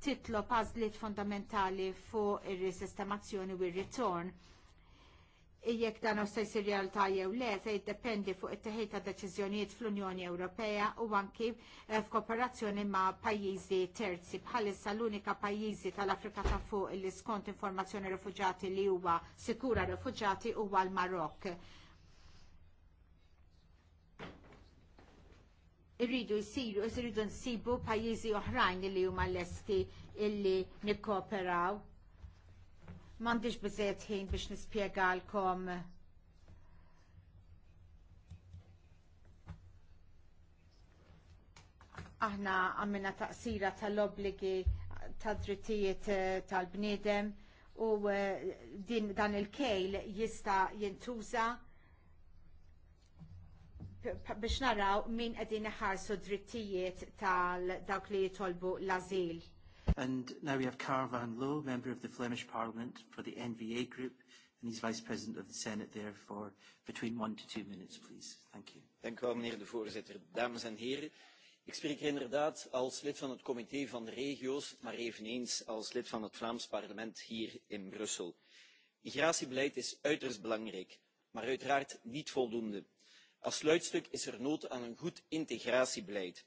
titlob għażliet fondamentali fuq ir-sistemazzjoni u r-ritorn jekk dan se jsir realtà jew le se jiddependi fuq it-teħid ta' deċiżjonijiet fl-Unjoni Ewropea u anki eh, f'kooperazzjoni ma' pajjiżi terzi. Bħalissa l-unika pajjiżi tal-Afrika ta' fuq li skont informazzjoni rifuġati li huwa sikura rifuġati huwa l-Marokk. irridu jsiru, irridu nsibu pajjiżi oħrajn li huma lesti illi nikkooperaw M'għandix biżejjed ħin biex nispjegalkom aħna għamilna taqsira tal-obligi tad drittijiet eh, tal-bniedem u eh, din dan il-kejl jista jintuża biex naraw min qegħdin iħarsu drittijiet tal dawk li jitolbu l-azil. And now we have Carl Van Loo, member of the Flemish Parliament for the NVA group, and he's vice president of the Senate there for between one to two minutes, please. Thank you. Dank u wel, meneer de voorzitter. Dames en heren, ik spreek inderdaad als lid van het comité van de regio's, maar eveneens als lid van het Vlaams parlement hier in Brussel. Migratiebeleid is uiterst belangrijk, maar uiteraard niet voldoende. Als sluitstuk is er nood aan een goed integratiebeleid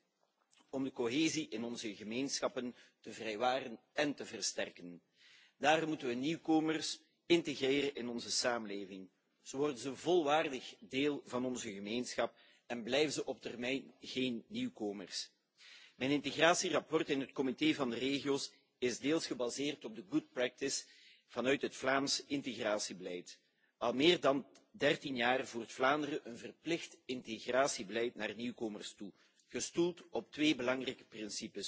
om de cohesie in onze gemeenschappen te vrijwaren en te versterken. Daarom moeten we nieuwkomers integreren in onze samenleving. Zo worden ze volwaardig deel van onze gemeenschap en blijven ze op termijn geen nieuwkomers. Mijn integratierapport in het comité van de regio's is deels gebaseerd op de good practice vanuit het Vlaams integratiebeleid. Al meer dan dertien jaar voert Vlaanderen een verplicht integratiebeleid naar nieuwkomers toe, gestoeld op twee belangrijke principes.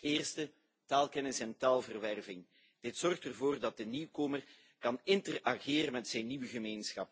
Eerste, taalkennis en taalverwerving. Dit zorgt ervoor dat de nieuwkomer kan interageren met zijn nieuwe gemeenschap.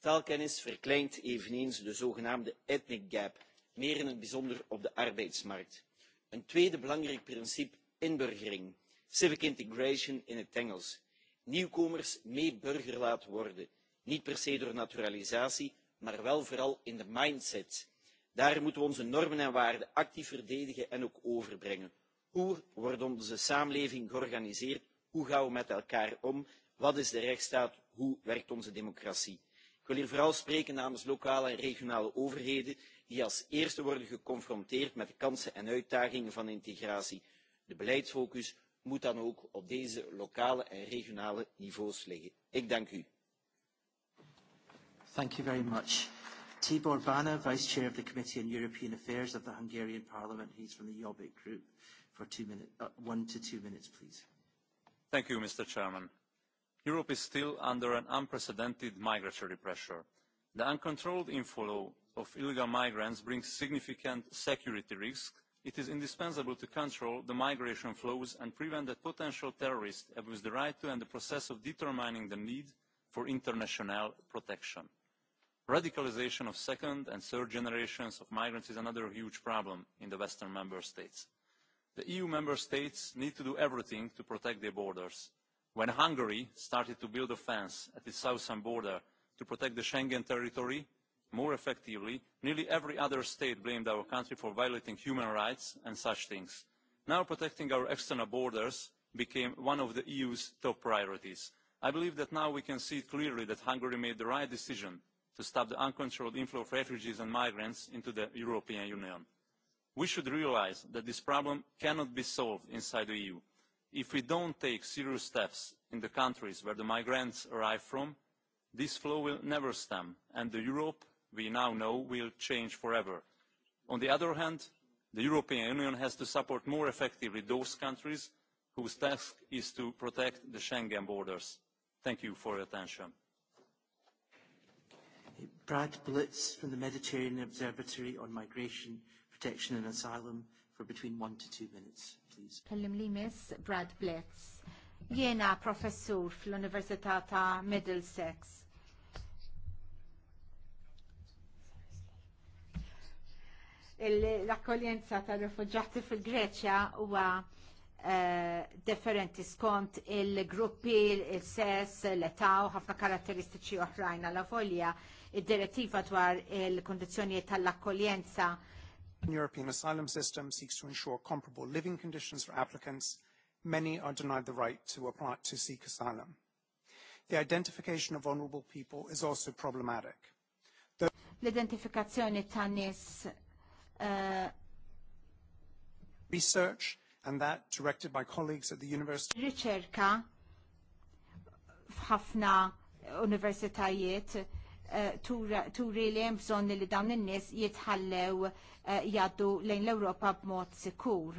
Taalkennis verkleint eveneens de zogenaamde ethnic gap, meer in het bijzonder op de arbeidsmarkt. Een tweede belangrijk principe, inburgering, civic integration in het Engels. Nieuwkomers mee burger laten worden, niet per se door naturalisatie, maar wel vooral in de mindset. Daar moeten we onze normen en waarden actief verdedigen en ook overbrengen. Hoe wordt onze samenleving georganiseerd? Hoe gaan we met elkaar om? Wat is de rechtsstaat? Hoe werkt onze democratie? Ik wil hier vooral spreken namens lokale en regionale overheden die als eerste worden geconfronteerd met de kansen en uitdagingen van integratie. De beleidsfocus moet dan ook op deze lokale en regionale niveaus liggen. Ik dank u. Thank you very much. Tibor Bana, Vice Chair of the Committee on European Affairs of the Hungarian Parliament. He's from the Jobbik Group. For two minute, uh, one to two minutes, please. Thank you, Mr. Chairman. Europe is still under an unprecedented migratory pressure. The uncontrolled inflow of illegal migrants brings significant security risks. It is indispensable to control the migration flows and prevent that potential terrorists abuse the right to and the process of determining the need for international protection. Radicalization of second and third generations of migrants is another huge problem in the Western member states. The EU member states need to do everything to protect their borders. When Hungary started to build a fence at its southern border to protect the Schengen territory more effectively, nearly every other state blamed our country for violating human rights and such things. Now protecting our external borders became one of the EU's top priorities. I believe that now we can see clearly that Hungary made the right decision to stop the uncontrolled inflow of refugees and migrants into the European Union. We should realise that this problem cannot be solved inside the EU. If we don't take serious steps in the countries where the migrants arrive from, this flow will never stem, and the Europe we now know will change forever. On the other hand, the European Union has to support more effectively those countries whose task is to protect the Schengen borders. Thank you for your attention. Brad Blitz from the Mediterranean Observatory on Migration, Protection and Asylum for between one to two minutes, please. Kellim li miss Brad Blitz. Jena professur fl-Università ta' Middlesex. l-akkoljenza ta' rifugġati fil-Greċja huwa eh, differenti skont il-gruppi, il-sess, l-età u ħafna karatteristiċi oħrajn għal avolja id-direttiva dwar il-kondizjonijiet tal-akkoljenza. The European asylum system seeks to ensure comparable living conditions for applicants. Many are denied the right to apply to seek asylum. The identification of vulnerable people is also problematic. L-identifikazzjoni ta' nis eh, research and that directed by colleagues at the university. ricerca f'ħafna universitajiet Eh, turi li hemm bżonn li dawn in-nies jitħallew eh, jgħaddu lejn l-Ewropa b'mod sikur.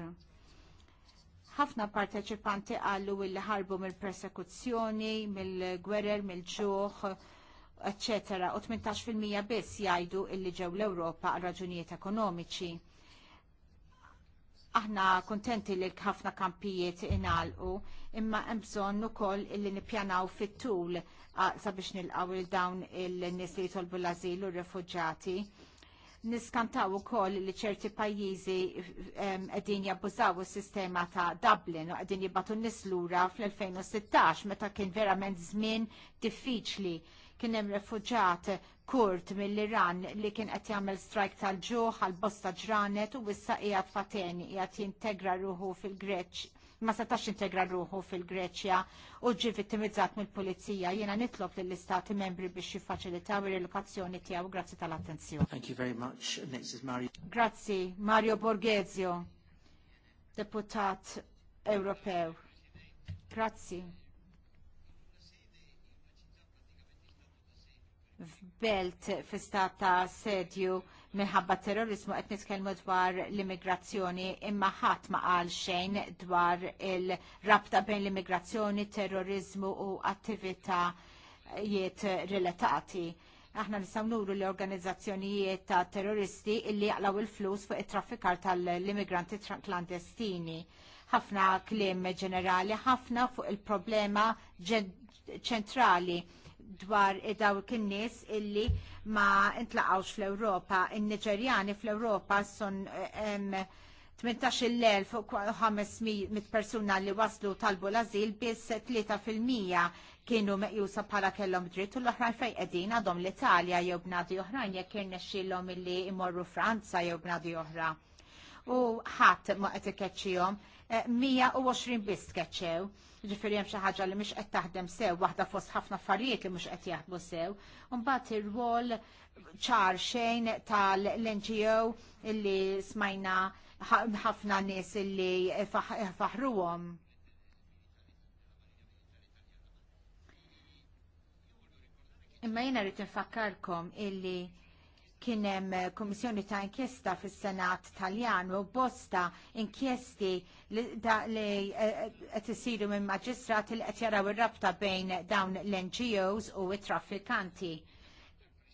Ħafna parteċipanti qalu li ħarbu mill-persekuzzjoni, mill-gwerer, mill-ġuħ, eccetera. u 18% biss jgħidu illi ġew l-Ewropa għal raġunijiet ekonomiċi Aħna kontenti li ħafna kampijiet inalqu, imma hemm bżonn ukoll illi nippjanaw fit-tul sabiex nilqaw il dawn il nis li jitolbu l-azil u r niskantaw u koll li ċerti pajjiżi għedin jabbużaw is sistema ta' Dublin u għedin jibbatu nislura fl-2016 meta kien verament żmien diffiċli kien hemm refuġat Kurt mill-Iran li kien qed jagħmel strajk tal-ġuħ għal bosta ġranet u issa qiegħed fateni qiegħed jintegra ruħu fil-Greċ ma setax integra ruħu fil-Greċja u ġi vittimizzat mill-Pulizija. Jiena nitlob lill-Istati membri biex jiffaċilitaw ir-relokazzjoni tiegħu. Grazzi tal-attenzjoni. Thank you very much. Next is Mario. Grazzi, Mario Borghezio, deputat Ewropew. Grazzi. f'belt f'istat ta' sedju minħabba terrorizmu qed nitkellmu dwar l-immigrazzjoni imma ħadd ma qal xejn dwar il-rabta bejn l-immigrazzjoni, terrorizmu u attivitajiet relatati. Aħna nistgħu nuru l-organizzazzjonijiet ta' terroristi illi jaqlaw il-flus fuq it-traffikar tal-immigranti klandestini. Ħafna kliem ġenerali, ħafna fuq il-problema ċentrali dwar dawk in-nies illi ma intlaqawx fl-Ewropa. In-Niġerjani fl-Ewropa son 18.000 eh, fuq 500 persuna li waslu talbu l-azil biss 3% kienu meqjusa bħala kellhom dritt u l-oħrajn fejn qegħdin għadhom l-Italja jew bnadi oħrajn jekk irnexxielhom illi imorru Franza jew bnadi oħra. U ħadd ma qed ikeċċihom 120 eh, biss tkeċċew ġifiri hemm xi ħaġa li mux qed taħdem sew, waħda fost ħafna affarijiet li mhux qed jaħdmu sew, mbagħad il rwol ċar xejn tal-NGO illi smajna ħafna nies illi faħruhom. Imma jiena rrid infakkarkom illi kienem eh, komissjoni ta' inkjesta fis senat Taljan u bosta inkjesti li eh, eh, qed isiru minn maġistrat li qed jaraw ir-rabta bejn dawn l-NGOs u t-traffikanti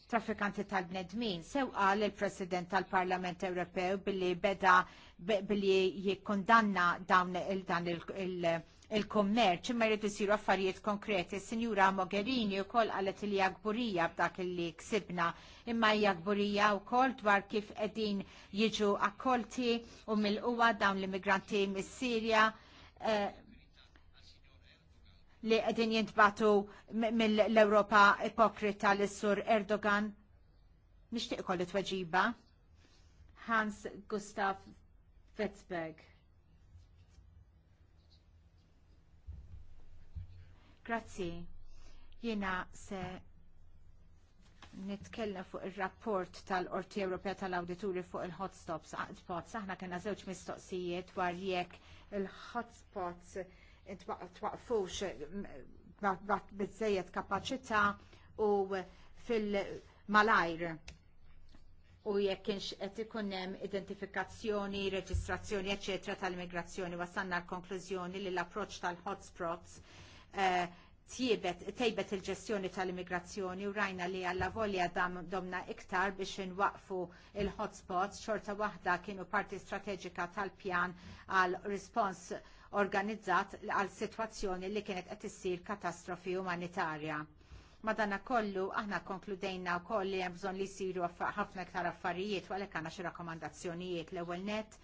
traffikanti tal-bnedmin. Sewqa lill president tal-Parlament Ewropew billi beda billi jikkondanna dawn il-dan il-, il, il il-kommerċ imma jridu jsiru affarijiet konkreti. Sinjura Mogherini wkoll qalet li jagburija b'dak li ksibna imma hija u wkoll dwar kif qegħdin jiġu akkolti u mill uwa dawn l-immigranti mis-Sirja eh, li qegħdin jintbatu mill-Ewropa ipokrita l sur Erdogan. Nixtieq kollu tweġiba. Hans Gustav Fetzberg. Grazzi. Jiena se nitkellem fuq ir rapport tal-Qorti Ewropea tal-Awdituri fuq il-hotspots, hotspots, ah, aħna kena żewġ mistoqsijiet dwar jekk il-hotspots twaqfux bizzejiet kapaċità u fil-malajr u jekk kienx qed ikun hemm identifikazzjoni, reġistrazzjoni, eċetera tal-immigrazzjoni wasanna l-konklużjoni li l-approċċ tal-hotspots Eh, tejbet il-ġestjoni tal-immigrazzjoni u rajna li għalla volja domna iktar biex nwaqfu il-hotspots xorta waħda kienu parti strateġika tal-pjan għal respons organizzat għal situazzjoni li kienet qed issir katastrofi umanitarja. Madana kollu aħna konkludejna wkoll li hemm bżonn li jsiru ħafna iktar affarijiet u għalhekk għandna xi rakkomandazzjonijiet l-ewwel nett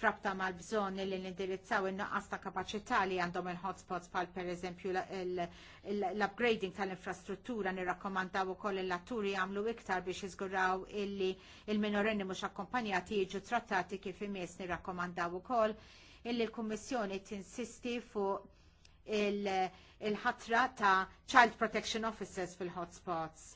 frabta mal-bżon li nindirizzaw in-nuqqas ta' kapaċità li għandhom il-hotspots pal per eżempju l-upgrading tal-infrastruttura nirrakkomandaw ukoll il-laturi għamlu iktar biex jiżguraw illi il-minorenni mhux akkompanjati jiġu trattati kif imiss nirrakkomandaw ukoll illi l-Kummissjoni tinsisti fuq il-ħatra ta' Child Protection Officers fil-hotspots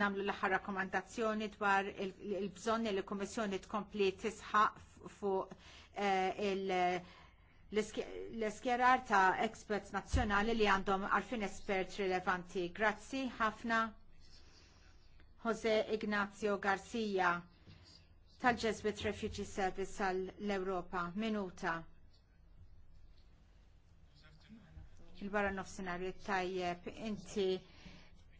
namlu l-aħħar rakkomandazzjoni dwar il-bżonn li l-Kummissjoni tkompli tisħaq fuq eh, l-iskjerar ta' experts nazzjonali li għandhom għarfin espert rilevanti. Grazzi ħafna. Jose Ignazio Garcia tal-Jesuit Refugee Service għall-Europa. Minuta. Il-barra nofsinarju tajjeb. Inti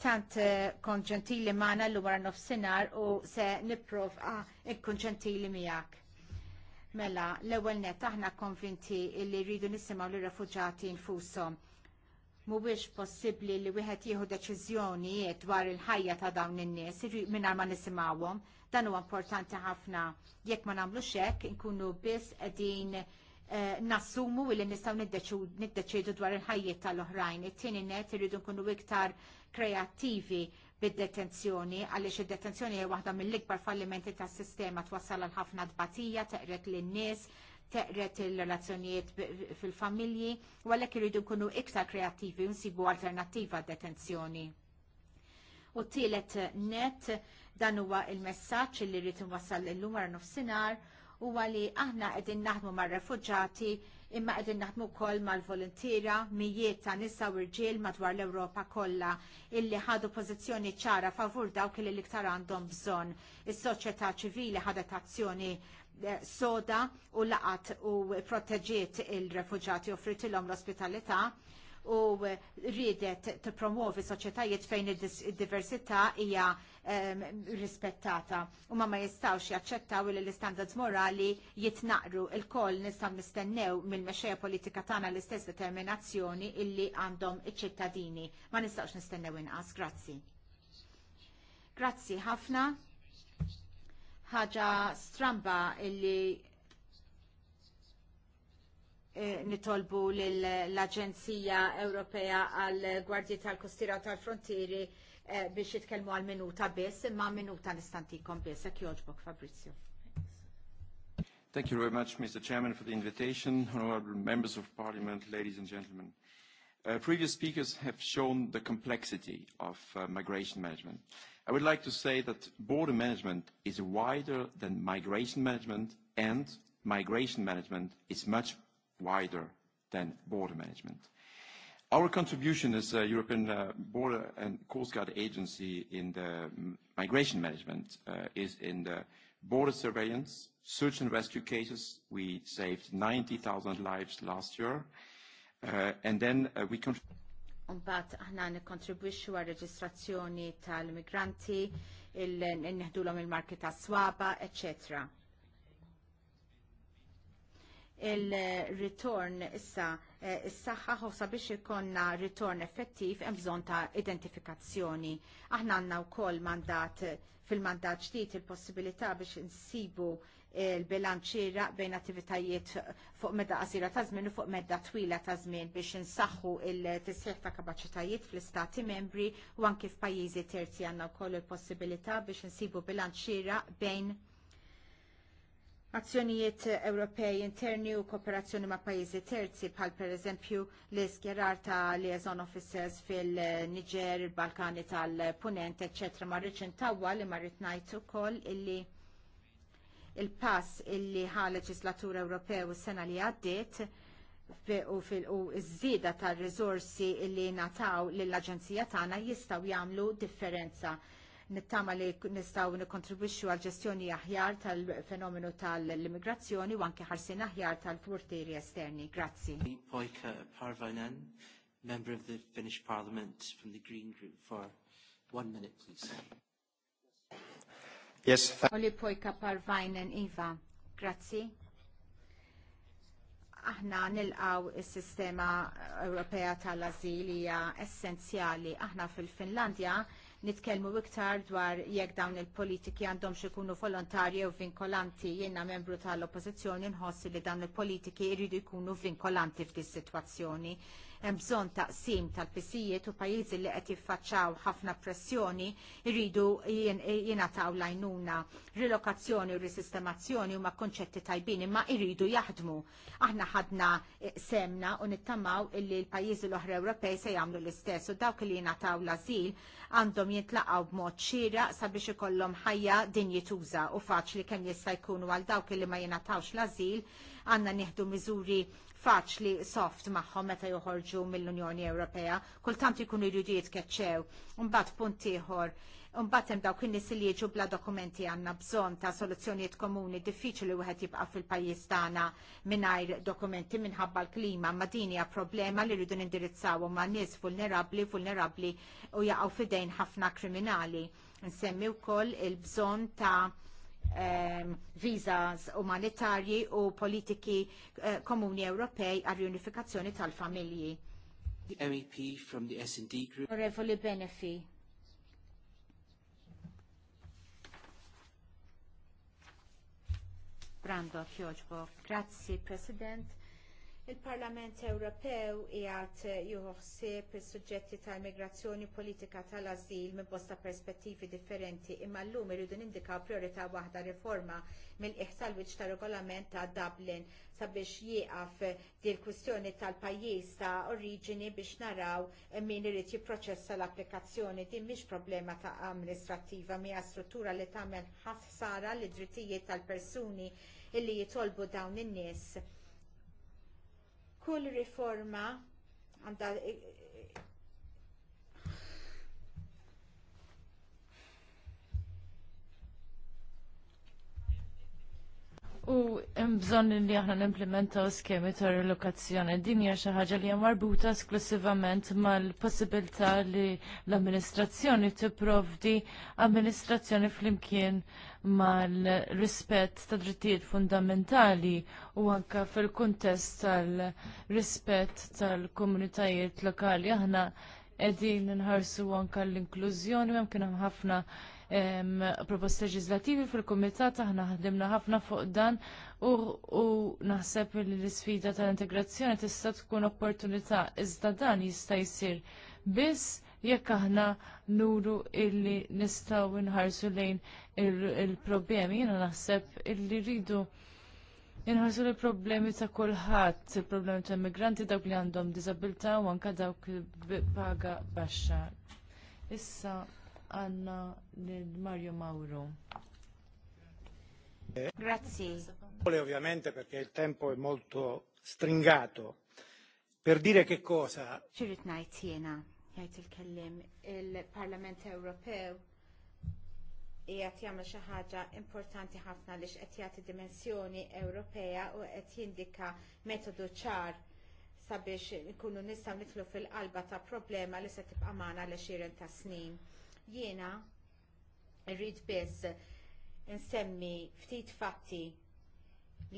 tant eh, kont ġentili maħna l għar nofsinar u se niprof ikkun ġentili miegħek. Mela, l ewwel net aħna konvinti li rridu nisimgħu l refuġati nfushom. Mhuwiex possibbli li wieħed jieħu deċiżjonijiet dwar il-ħajja ta' dawn in-nies mingħajr ma nisimgħuhom. Dan huwa importanti ħafna jekk ma nagħmlux hekk inkunu biss qegħdin eh, nassumu li nistgħu niddeċidu dwar il ħajjiet tal-oħrajn. It-tieni net irridu nkunu iktar kreattivi bid-detenzjoni, għaliex id-detenzjoni hija waħda mill-ikbar fallimenti tas-sistema twassal għal ħafna tbatija, teqret lin-nies, teqret il-relazzjonijiet fil-familji, u għalhekk iridu jkunu iktar kreattivi u nsibu alternattiva detenzjoni. U tielet net dan huwa il-messaġġ li rrid inwassal illum wara nofsinhar huwa li aħna qegħdin naħdmu mar-refuġġati imma qegħdin naħdmu wkoll mal volontira mijiet ta' nisa u rġiel madwar l-Ewropa kollha illi ħadu pożizzjoni ċara favur dawk li l-iktar għandhom bżonn. Is-soċjetà ċivili ħadet azzjoni eh, soda u laqat u proteġiet il-refuġati u l-ospitalità u eh, ridet t-promuovi soċetajiet fejn id-diversità hija ehm, rispettata u ma ma jistawx jaċċettaw li l-istandards morali jitnaqru il-koll nistaw mistennew mill-mexxejja politika tagħna l-istess determinazzjoni illi għandhom iċ-ċittadini. Ma nistawx nistennew inqas. Grazzi. Grazzi ħafna. Ħaġa stramba illi Eh, nitolbu l-Aġenzija Ewropea għal Gwardji tal-Kostira tal-Frontieri eh, biex jitkellmu għal minuta biss, imma minuta nistantikom biss, ek joġbok Fabrizio. Thank you very much, Mr. Chairman, for the invitation, honorable members of parliament, ladies and gentlemen. Uh, previous speakers have shown the complexity of uh, migration management. I would like to say that border management is wider than migration management and migration management is much wider than border management. Our contribution as a European uh, Border and Coast Guard Agency in the migration management uh, is in the border surveillance, search and rescue cases. We saved 90,000 lives last year. Uh, and then uh, we contribute. Unbat aħna nikontribwixxu għal reġistrazzjoni tal-migranti, il-neħdulhom il-marki ta' swaba, eċċetera il-return issa eh, s-saħħa il ħosa biex ikonna return effettiv hemm bżonn ta' identifikazzjoni. Aħna għandna wkoll mandat fil-mandat ġdid il-possibilità biex insibu il-bilanċira bejn attivitajiet fuq medda qasira ta' żmien u fuq medda twila ta' żmien biex insaħħu il-tisħiħ ta' kapaċitajiet fl-istati membri u anke f'pajjiżi terzi għandna wkoll il-possibilità biex insibu bilanċira bejn azzjonijiet Ewropej interni u kooperazzjoni ma' pajjiżi terzi bħal pereżempju l-iskjerar ta' liaison officers fil-Niger, il-Balkani tal-Punent, etc. ma' riċen tawwa li ma' ngħid ukoll illi il-pass illi ħa leġislatura Ewropew s-sena li għaddiet u ż żieda tar-riżorsi illi nataw lill-Aġenzija tagħna jistgħu jagħmlu differenza nittama li nistaw nikontribwixxu għal ġestjoni aħjar tal-fenomenu tal-immigrazzjoni u anke ħarsin aħjar tal-furtieri esterni. Grazzi. Poika Parvainen, member of the Finnish Parliament from the Green Group for one minute, please. Yes. Oli Pojka Parvainen, Iva. Grazzi. Aħna nilqaw is-sistema Ewropea tal-azil hija essenzjali. Aħna fil-Finlandja nitkellmu iktar dwar jekk dawn il-politiki għandhom ikunu volontarji u vinkolanti jiena membru tal-oppożizzjoni nħossi li dawn il-politiki jridu jkunu vinkolanti f'dis sitwazzjoni hemm bżonn taqsim tal-pisijiet u pajjiżi li qed jiffaċċaw ħafna pressjoni jridu jingħataw lajnuna. Rilokazzjoni u risistemazzjoni huma konċetti tajbin imma jridu jaħdmu. Aħna ħadna eh, semna u nittamaw illi l-pajjiżi l-oħra Ewropej se jagħmlu l-istess u dawk li jingħataw l-ażil għandhom jintlaqgħu b'mod xieraq sabiex ikollhom ħajja dinjituża u faċli kemm jista' jkunu għal dawk li ma jingħatawx l-ażil għandna nieħdu miżuri faċli soft magħhom meta joħorġu mill-Unjoni Ewropea, kultant ikunu jridu jitkeċċew. Mbagħad punt ieħor, mbagħad hemm dawk in-nies li jiġu bla dokumenti għandna bżonn ta' soluzzjonijiet komuni diffiċli wieħed jibqa' fil-pajjiż tagħna mingħajr dokumenti minħabba l-klima, ma din hija problema li rridu nindirizzaw ma' nies vulnerabbli, vulnerabbli u jaqgħu fidejn ħafna kriminali. Nsemmi wkoll il-bżonn ta' um, visas umanitarji u politiki uh, komuni Ewropej għal riunifikazzjoni tal-familji. The MEP from the S&D Group. Onorevoli Benefi. Brando Kjoġbo. Grazie, President. Il-Parlament Ewropew jgħat juħsib il-sujġetti tal-migrazzjoni politika tal-azil minn bosta perspettivi differenti imma l-lum irridu nindikaw priorità waħda riforma mill iħtal wiċ ta' regolament ta' Dublin sabiex jieqaf dil kwistjoni tal-pajjiż ta' oriġini biex naraw min irid jipproċessa l-applikazzjoni din mhix problema ta' amministrattiva mija struttura li tagħmel ħafsara li drittijiet tal-persuni illi jitolbu dawn in-nies Kull riforma għandha U hemm bżonn li aħna nimplementaw skemi ta' relokazzjoni. Din hija xi ħaġa li hija marbuta esklusivament mal-possibilità li l-amministrazzjoni tipprovdi amministrazzjoni flimkien mal-rispett ta' drittijiet fundamentali u anka fil-kuntest tal-rispett tal-komunitajiet lokali aħna qegħdin nħarsu anka l-inklużjoni hemm kien hemm ħafna propost leġislativi fil-Kumitat aħna ħdimna ħafna fuq dan u naħseb li l-isfida tal-integrazzjoni tista' tkun opportunità iżda dan jista' jsir biss jekk aħna nuru illi nistgħu nħarsu lejn il-problemi jiena naħseb illi rridu Inħarsu lill problemi ta' kulħadd, il-problemi ta' immigranti dawk li għandhom diżabilità u anke dawk paga baxxa. Issa, għanna lil Mario Mauro. Grazzi. ovviamente perché il tempo è molto stringato. Per dire che cosa? Ġirit ngħid jiena, jgħid il-kellim, il-Parlament Ewropew i jagħmel xi ħaġa importanti ħafna li qed jagħti dimensjoni Ewropea u qed jindika metodu ċar sabiex nkunu nistaw nidħlu fil-qalba ta' problema li se tibqa' magħna l xirin ta' snin. Jiena rrid biss nsemmi ftit fatti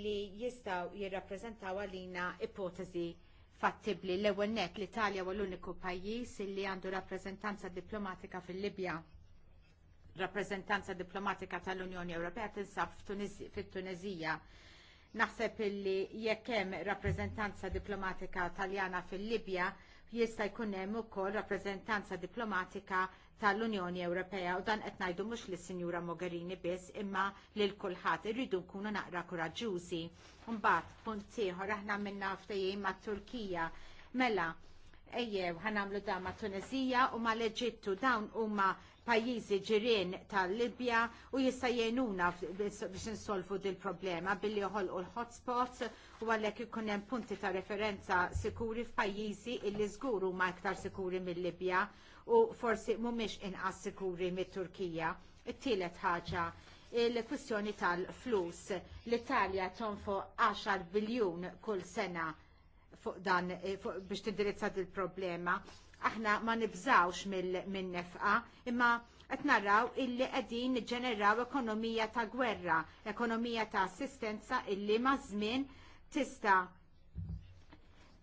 li jistaw jirrappreżentaw għalina ipotezi fattibli l ewwel nett l-Italja huwa l-uniku pajjiż li għandu rappreżentanza diplomatika fil-Libja. Rappreżentanza diplomatika tal-Unjoni Ewropea tinsab fit-Tunizija. Naħseb illi jekk hemm rappreżentanza diplomatika Taljana fil-Libja, jista' jkun hemm ukoll rappreżentanza diplomatika tal-Unjoni Ewropea u dan qed ngħidu mhux lis sinjura Mogherini biss imma lil kulħadd irridu nkunu naqra kuraġġjużi. Mbagħad punt ieħor aħna minna ftehim mat-Turkija mela ejjew ħanamlu dan ma' Tunezija u mal eġittu dawn huma pajjiżi ġirien tal-Libja u jista' jgħinuna biex insolvu dil problema billi joħolqu l-hotspots u għalhekk ikun hemm punti ta' referenza sikuri f'pajjiżi illi żgur huma iktar sikuri mill-Libja u forsi mhumiex inqas sikuri mit-Turkija. It-tielet ħaġa il-kwistjoni tal-flus. L-Italja tonfo 10 biljun kull sena fuq dan eh, biex tindirizza il problema aħna ma nibżawx mill-nefqa, imma qed naraw illi qegħdin niġġeneraw ekonomija ta' gwerra, ekonomija ta' assistenza illi ma' żmien tista'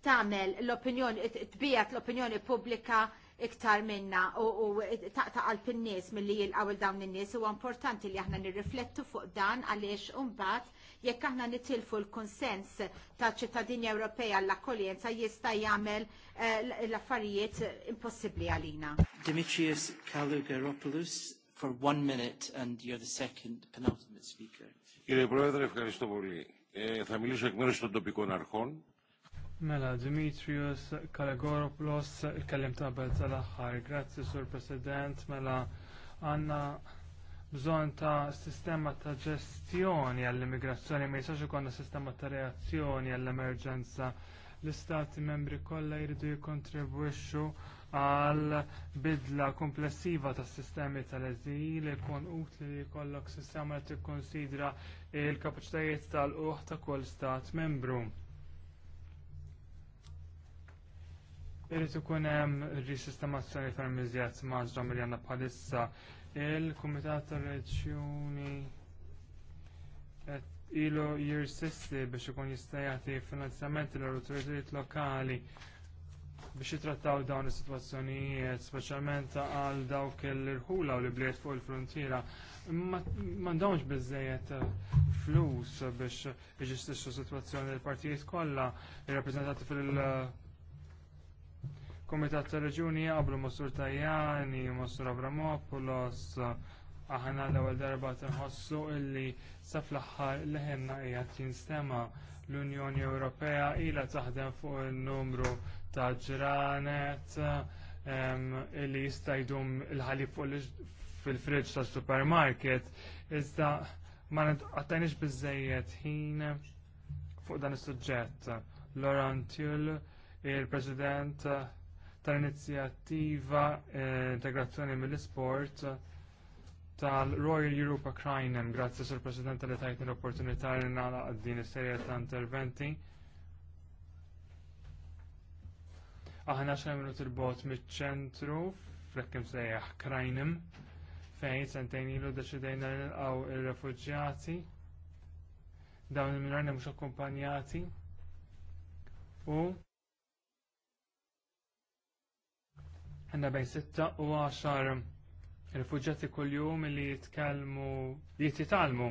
tagħmel l-opinjoni tbijat l-opinjoni pubblika iktar minna u taqta' qalb in-nies milli jilqaw il dawn in-nies huwa importanti li aħna nirriflettu fuq dan għaliex imbagħad Jekk aħna nitilfu l-konsens ta' ċittadini Ewropej l akkoljenza jista' jagħmel eh, l-affarijiet impossibbli għalina. Dimitrios Kalugaropoulos for one minute and you're the second penultimate speaker. Κύριε Πρόεδρε, ευχαριστώ πολύ. Ε, θα μιλήσω εκ μέρους των τοπικών αρχών. Mela, Dimitrios Kalagoropoulos, il-kellem tabel tal-axħar. Grazzi, Sur President. Mela, Anna bżonn ta' sistema ta' ġestjoni għall-immigrazzjoni, ma jistax ikonna sistema ta' reazzjoni għall-emerġenza. L-istati membri kollha jridu jikkontribwixxu għal bidla komplessiva tas sistemi tal-eżil ikun utli li jkollok sistema li tikkonsidra l-kapaċitajiet tal-uħ ta' kull stat membru. Irid ikun hemm risistemazzjoni fermiżjat maġra milljana bħalissa il-Kumitat tal-Reġjuni ilu jirsisti biex ikun jista' jagħti finanzjament l-autoritajiet lokali biex jitrattaw dawn is-sitwazzjonijiet, speċjalment għal dawk l-irħula u li bliet fuq il-frontiera, m'għandhomx biżżejjed flus biex jiġistixxu sitwazzjoni l-partijiet kollha irrappreżentati fil- Komitat ta' Reġuni qablu Mossur Tajani, Mossur Avramopoulos, aħna l-ewwel darba tinħossu illi sa fl-aħħar leħenna hija tinstema l-Unjoni Ewropea ilha taħdem fuq in-numru ta' ġranet illi jista' il-ħalib fil-friġġ tas-supermarket iżda ma għattajniex biżżejjed ħin fuq dan is-suġġett. Laurent Tull, il-President tal-inizjattiva eh, integrazzjoni mill-isport tal-Royal Europa Crinen. Grazzi sur President li tajt l-opportunità li nagħlaq din is-serje ta' interventi. Aħna xejn minut il-bot miċ-ċentru f'rekkim sejjaħ krajnim, fejn sentejn ilu deċidejna li nilqgħu r refuġjati dawn il-minorni mhux akkumpanjati u għanna bejn 6 u 10 rifugġati kull-jum li jitkellmu li jititalmu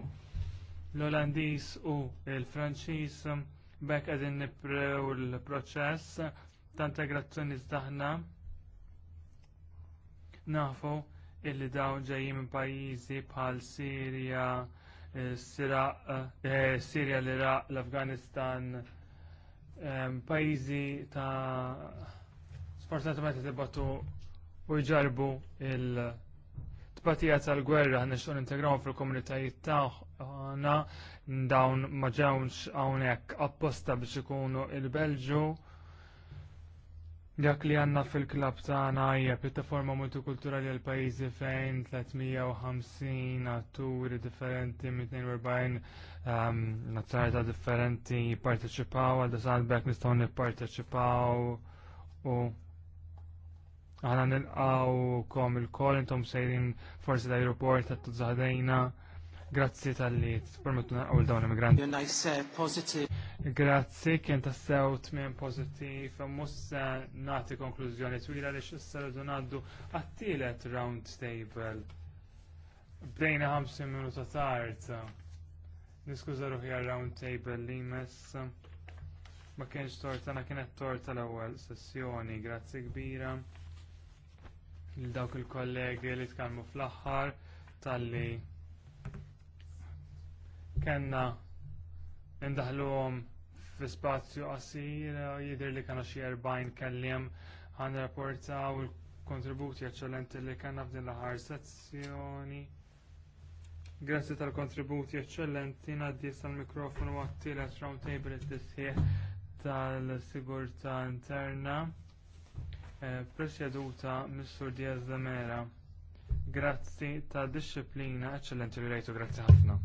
l-Olandis u l-Franċis bekk għedin niprew l-proċess ta' integrazzjoni zdaħna nafu illi daw ġejjin minn pajjiżi bħal Sirja, eh, eh, Sirja l-Iraq, l-Afganistan, eh, pajjiżi ta' sfortunatament tibatu u jġarbu il-tbatija tal-gwerra nixtun integraw fil-komunitajiet tagħna dawn ma ġewx hawnhekk apposta biex ikunu il-Belġu Dak li għanna fil-klab tagħna hija pjattaforma multikulturali għal pajjiżi fejn 350 atturi differenti 240 um, ehm, nazzjonalità differenti parteċipaw, għal bekk nistgħu nipparteċipaw u Aħna kom il-kol intom sejrin forsi l-aeroport għattu zaħdejna. Grazzi tal-li t-permettuna għaw dawna immigranti. Uh, grazzi, kien sew t-mien pozitiv, mussa nati konklużjoni twila li xissa rridu donaddu għattilet round table. Bdejna 50 minuta tard. Niskuza ruħi għal round table li mess. Ma kienx torta, na kienet torta l-ewwel sessjoni, grazzi kbira l-dawk il-kollegi li tkellmu fl-aħħar tal-li kena indaħluhom fi spazju qasir jidher li kena xi 40 kelliem għan rapporta u l-kontributi eċċellenti li kena f'din l-aħħar sezzjoni. Grazzi tal-kontributi eċċellenti ngħaddi tal-mikrofonu għattilet roundtable t tisħiħ tal-sigurtà interna. Eh, presjeduta Mr. Diaz de Mera. Grazzi ta' disciplina eccellenti li rejtu, grazzi ħafna.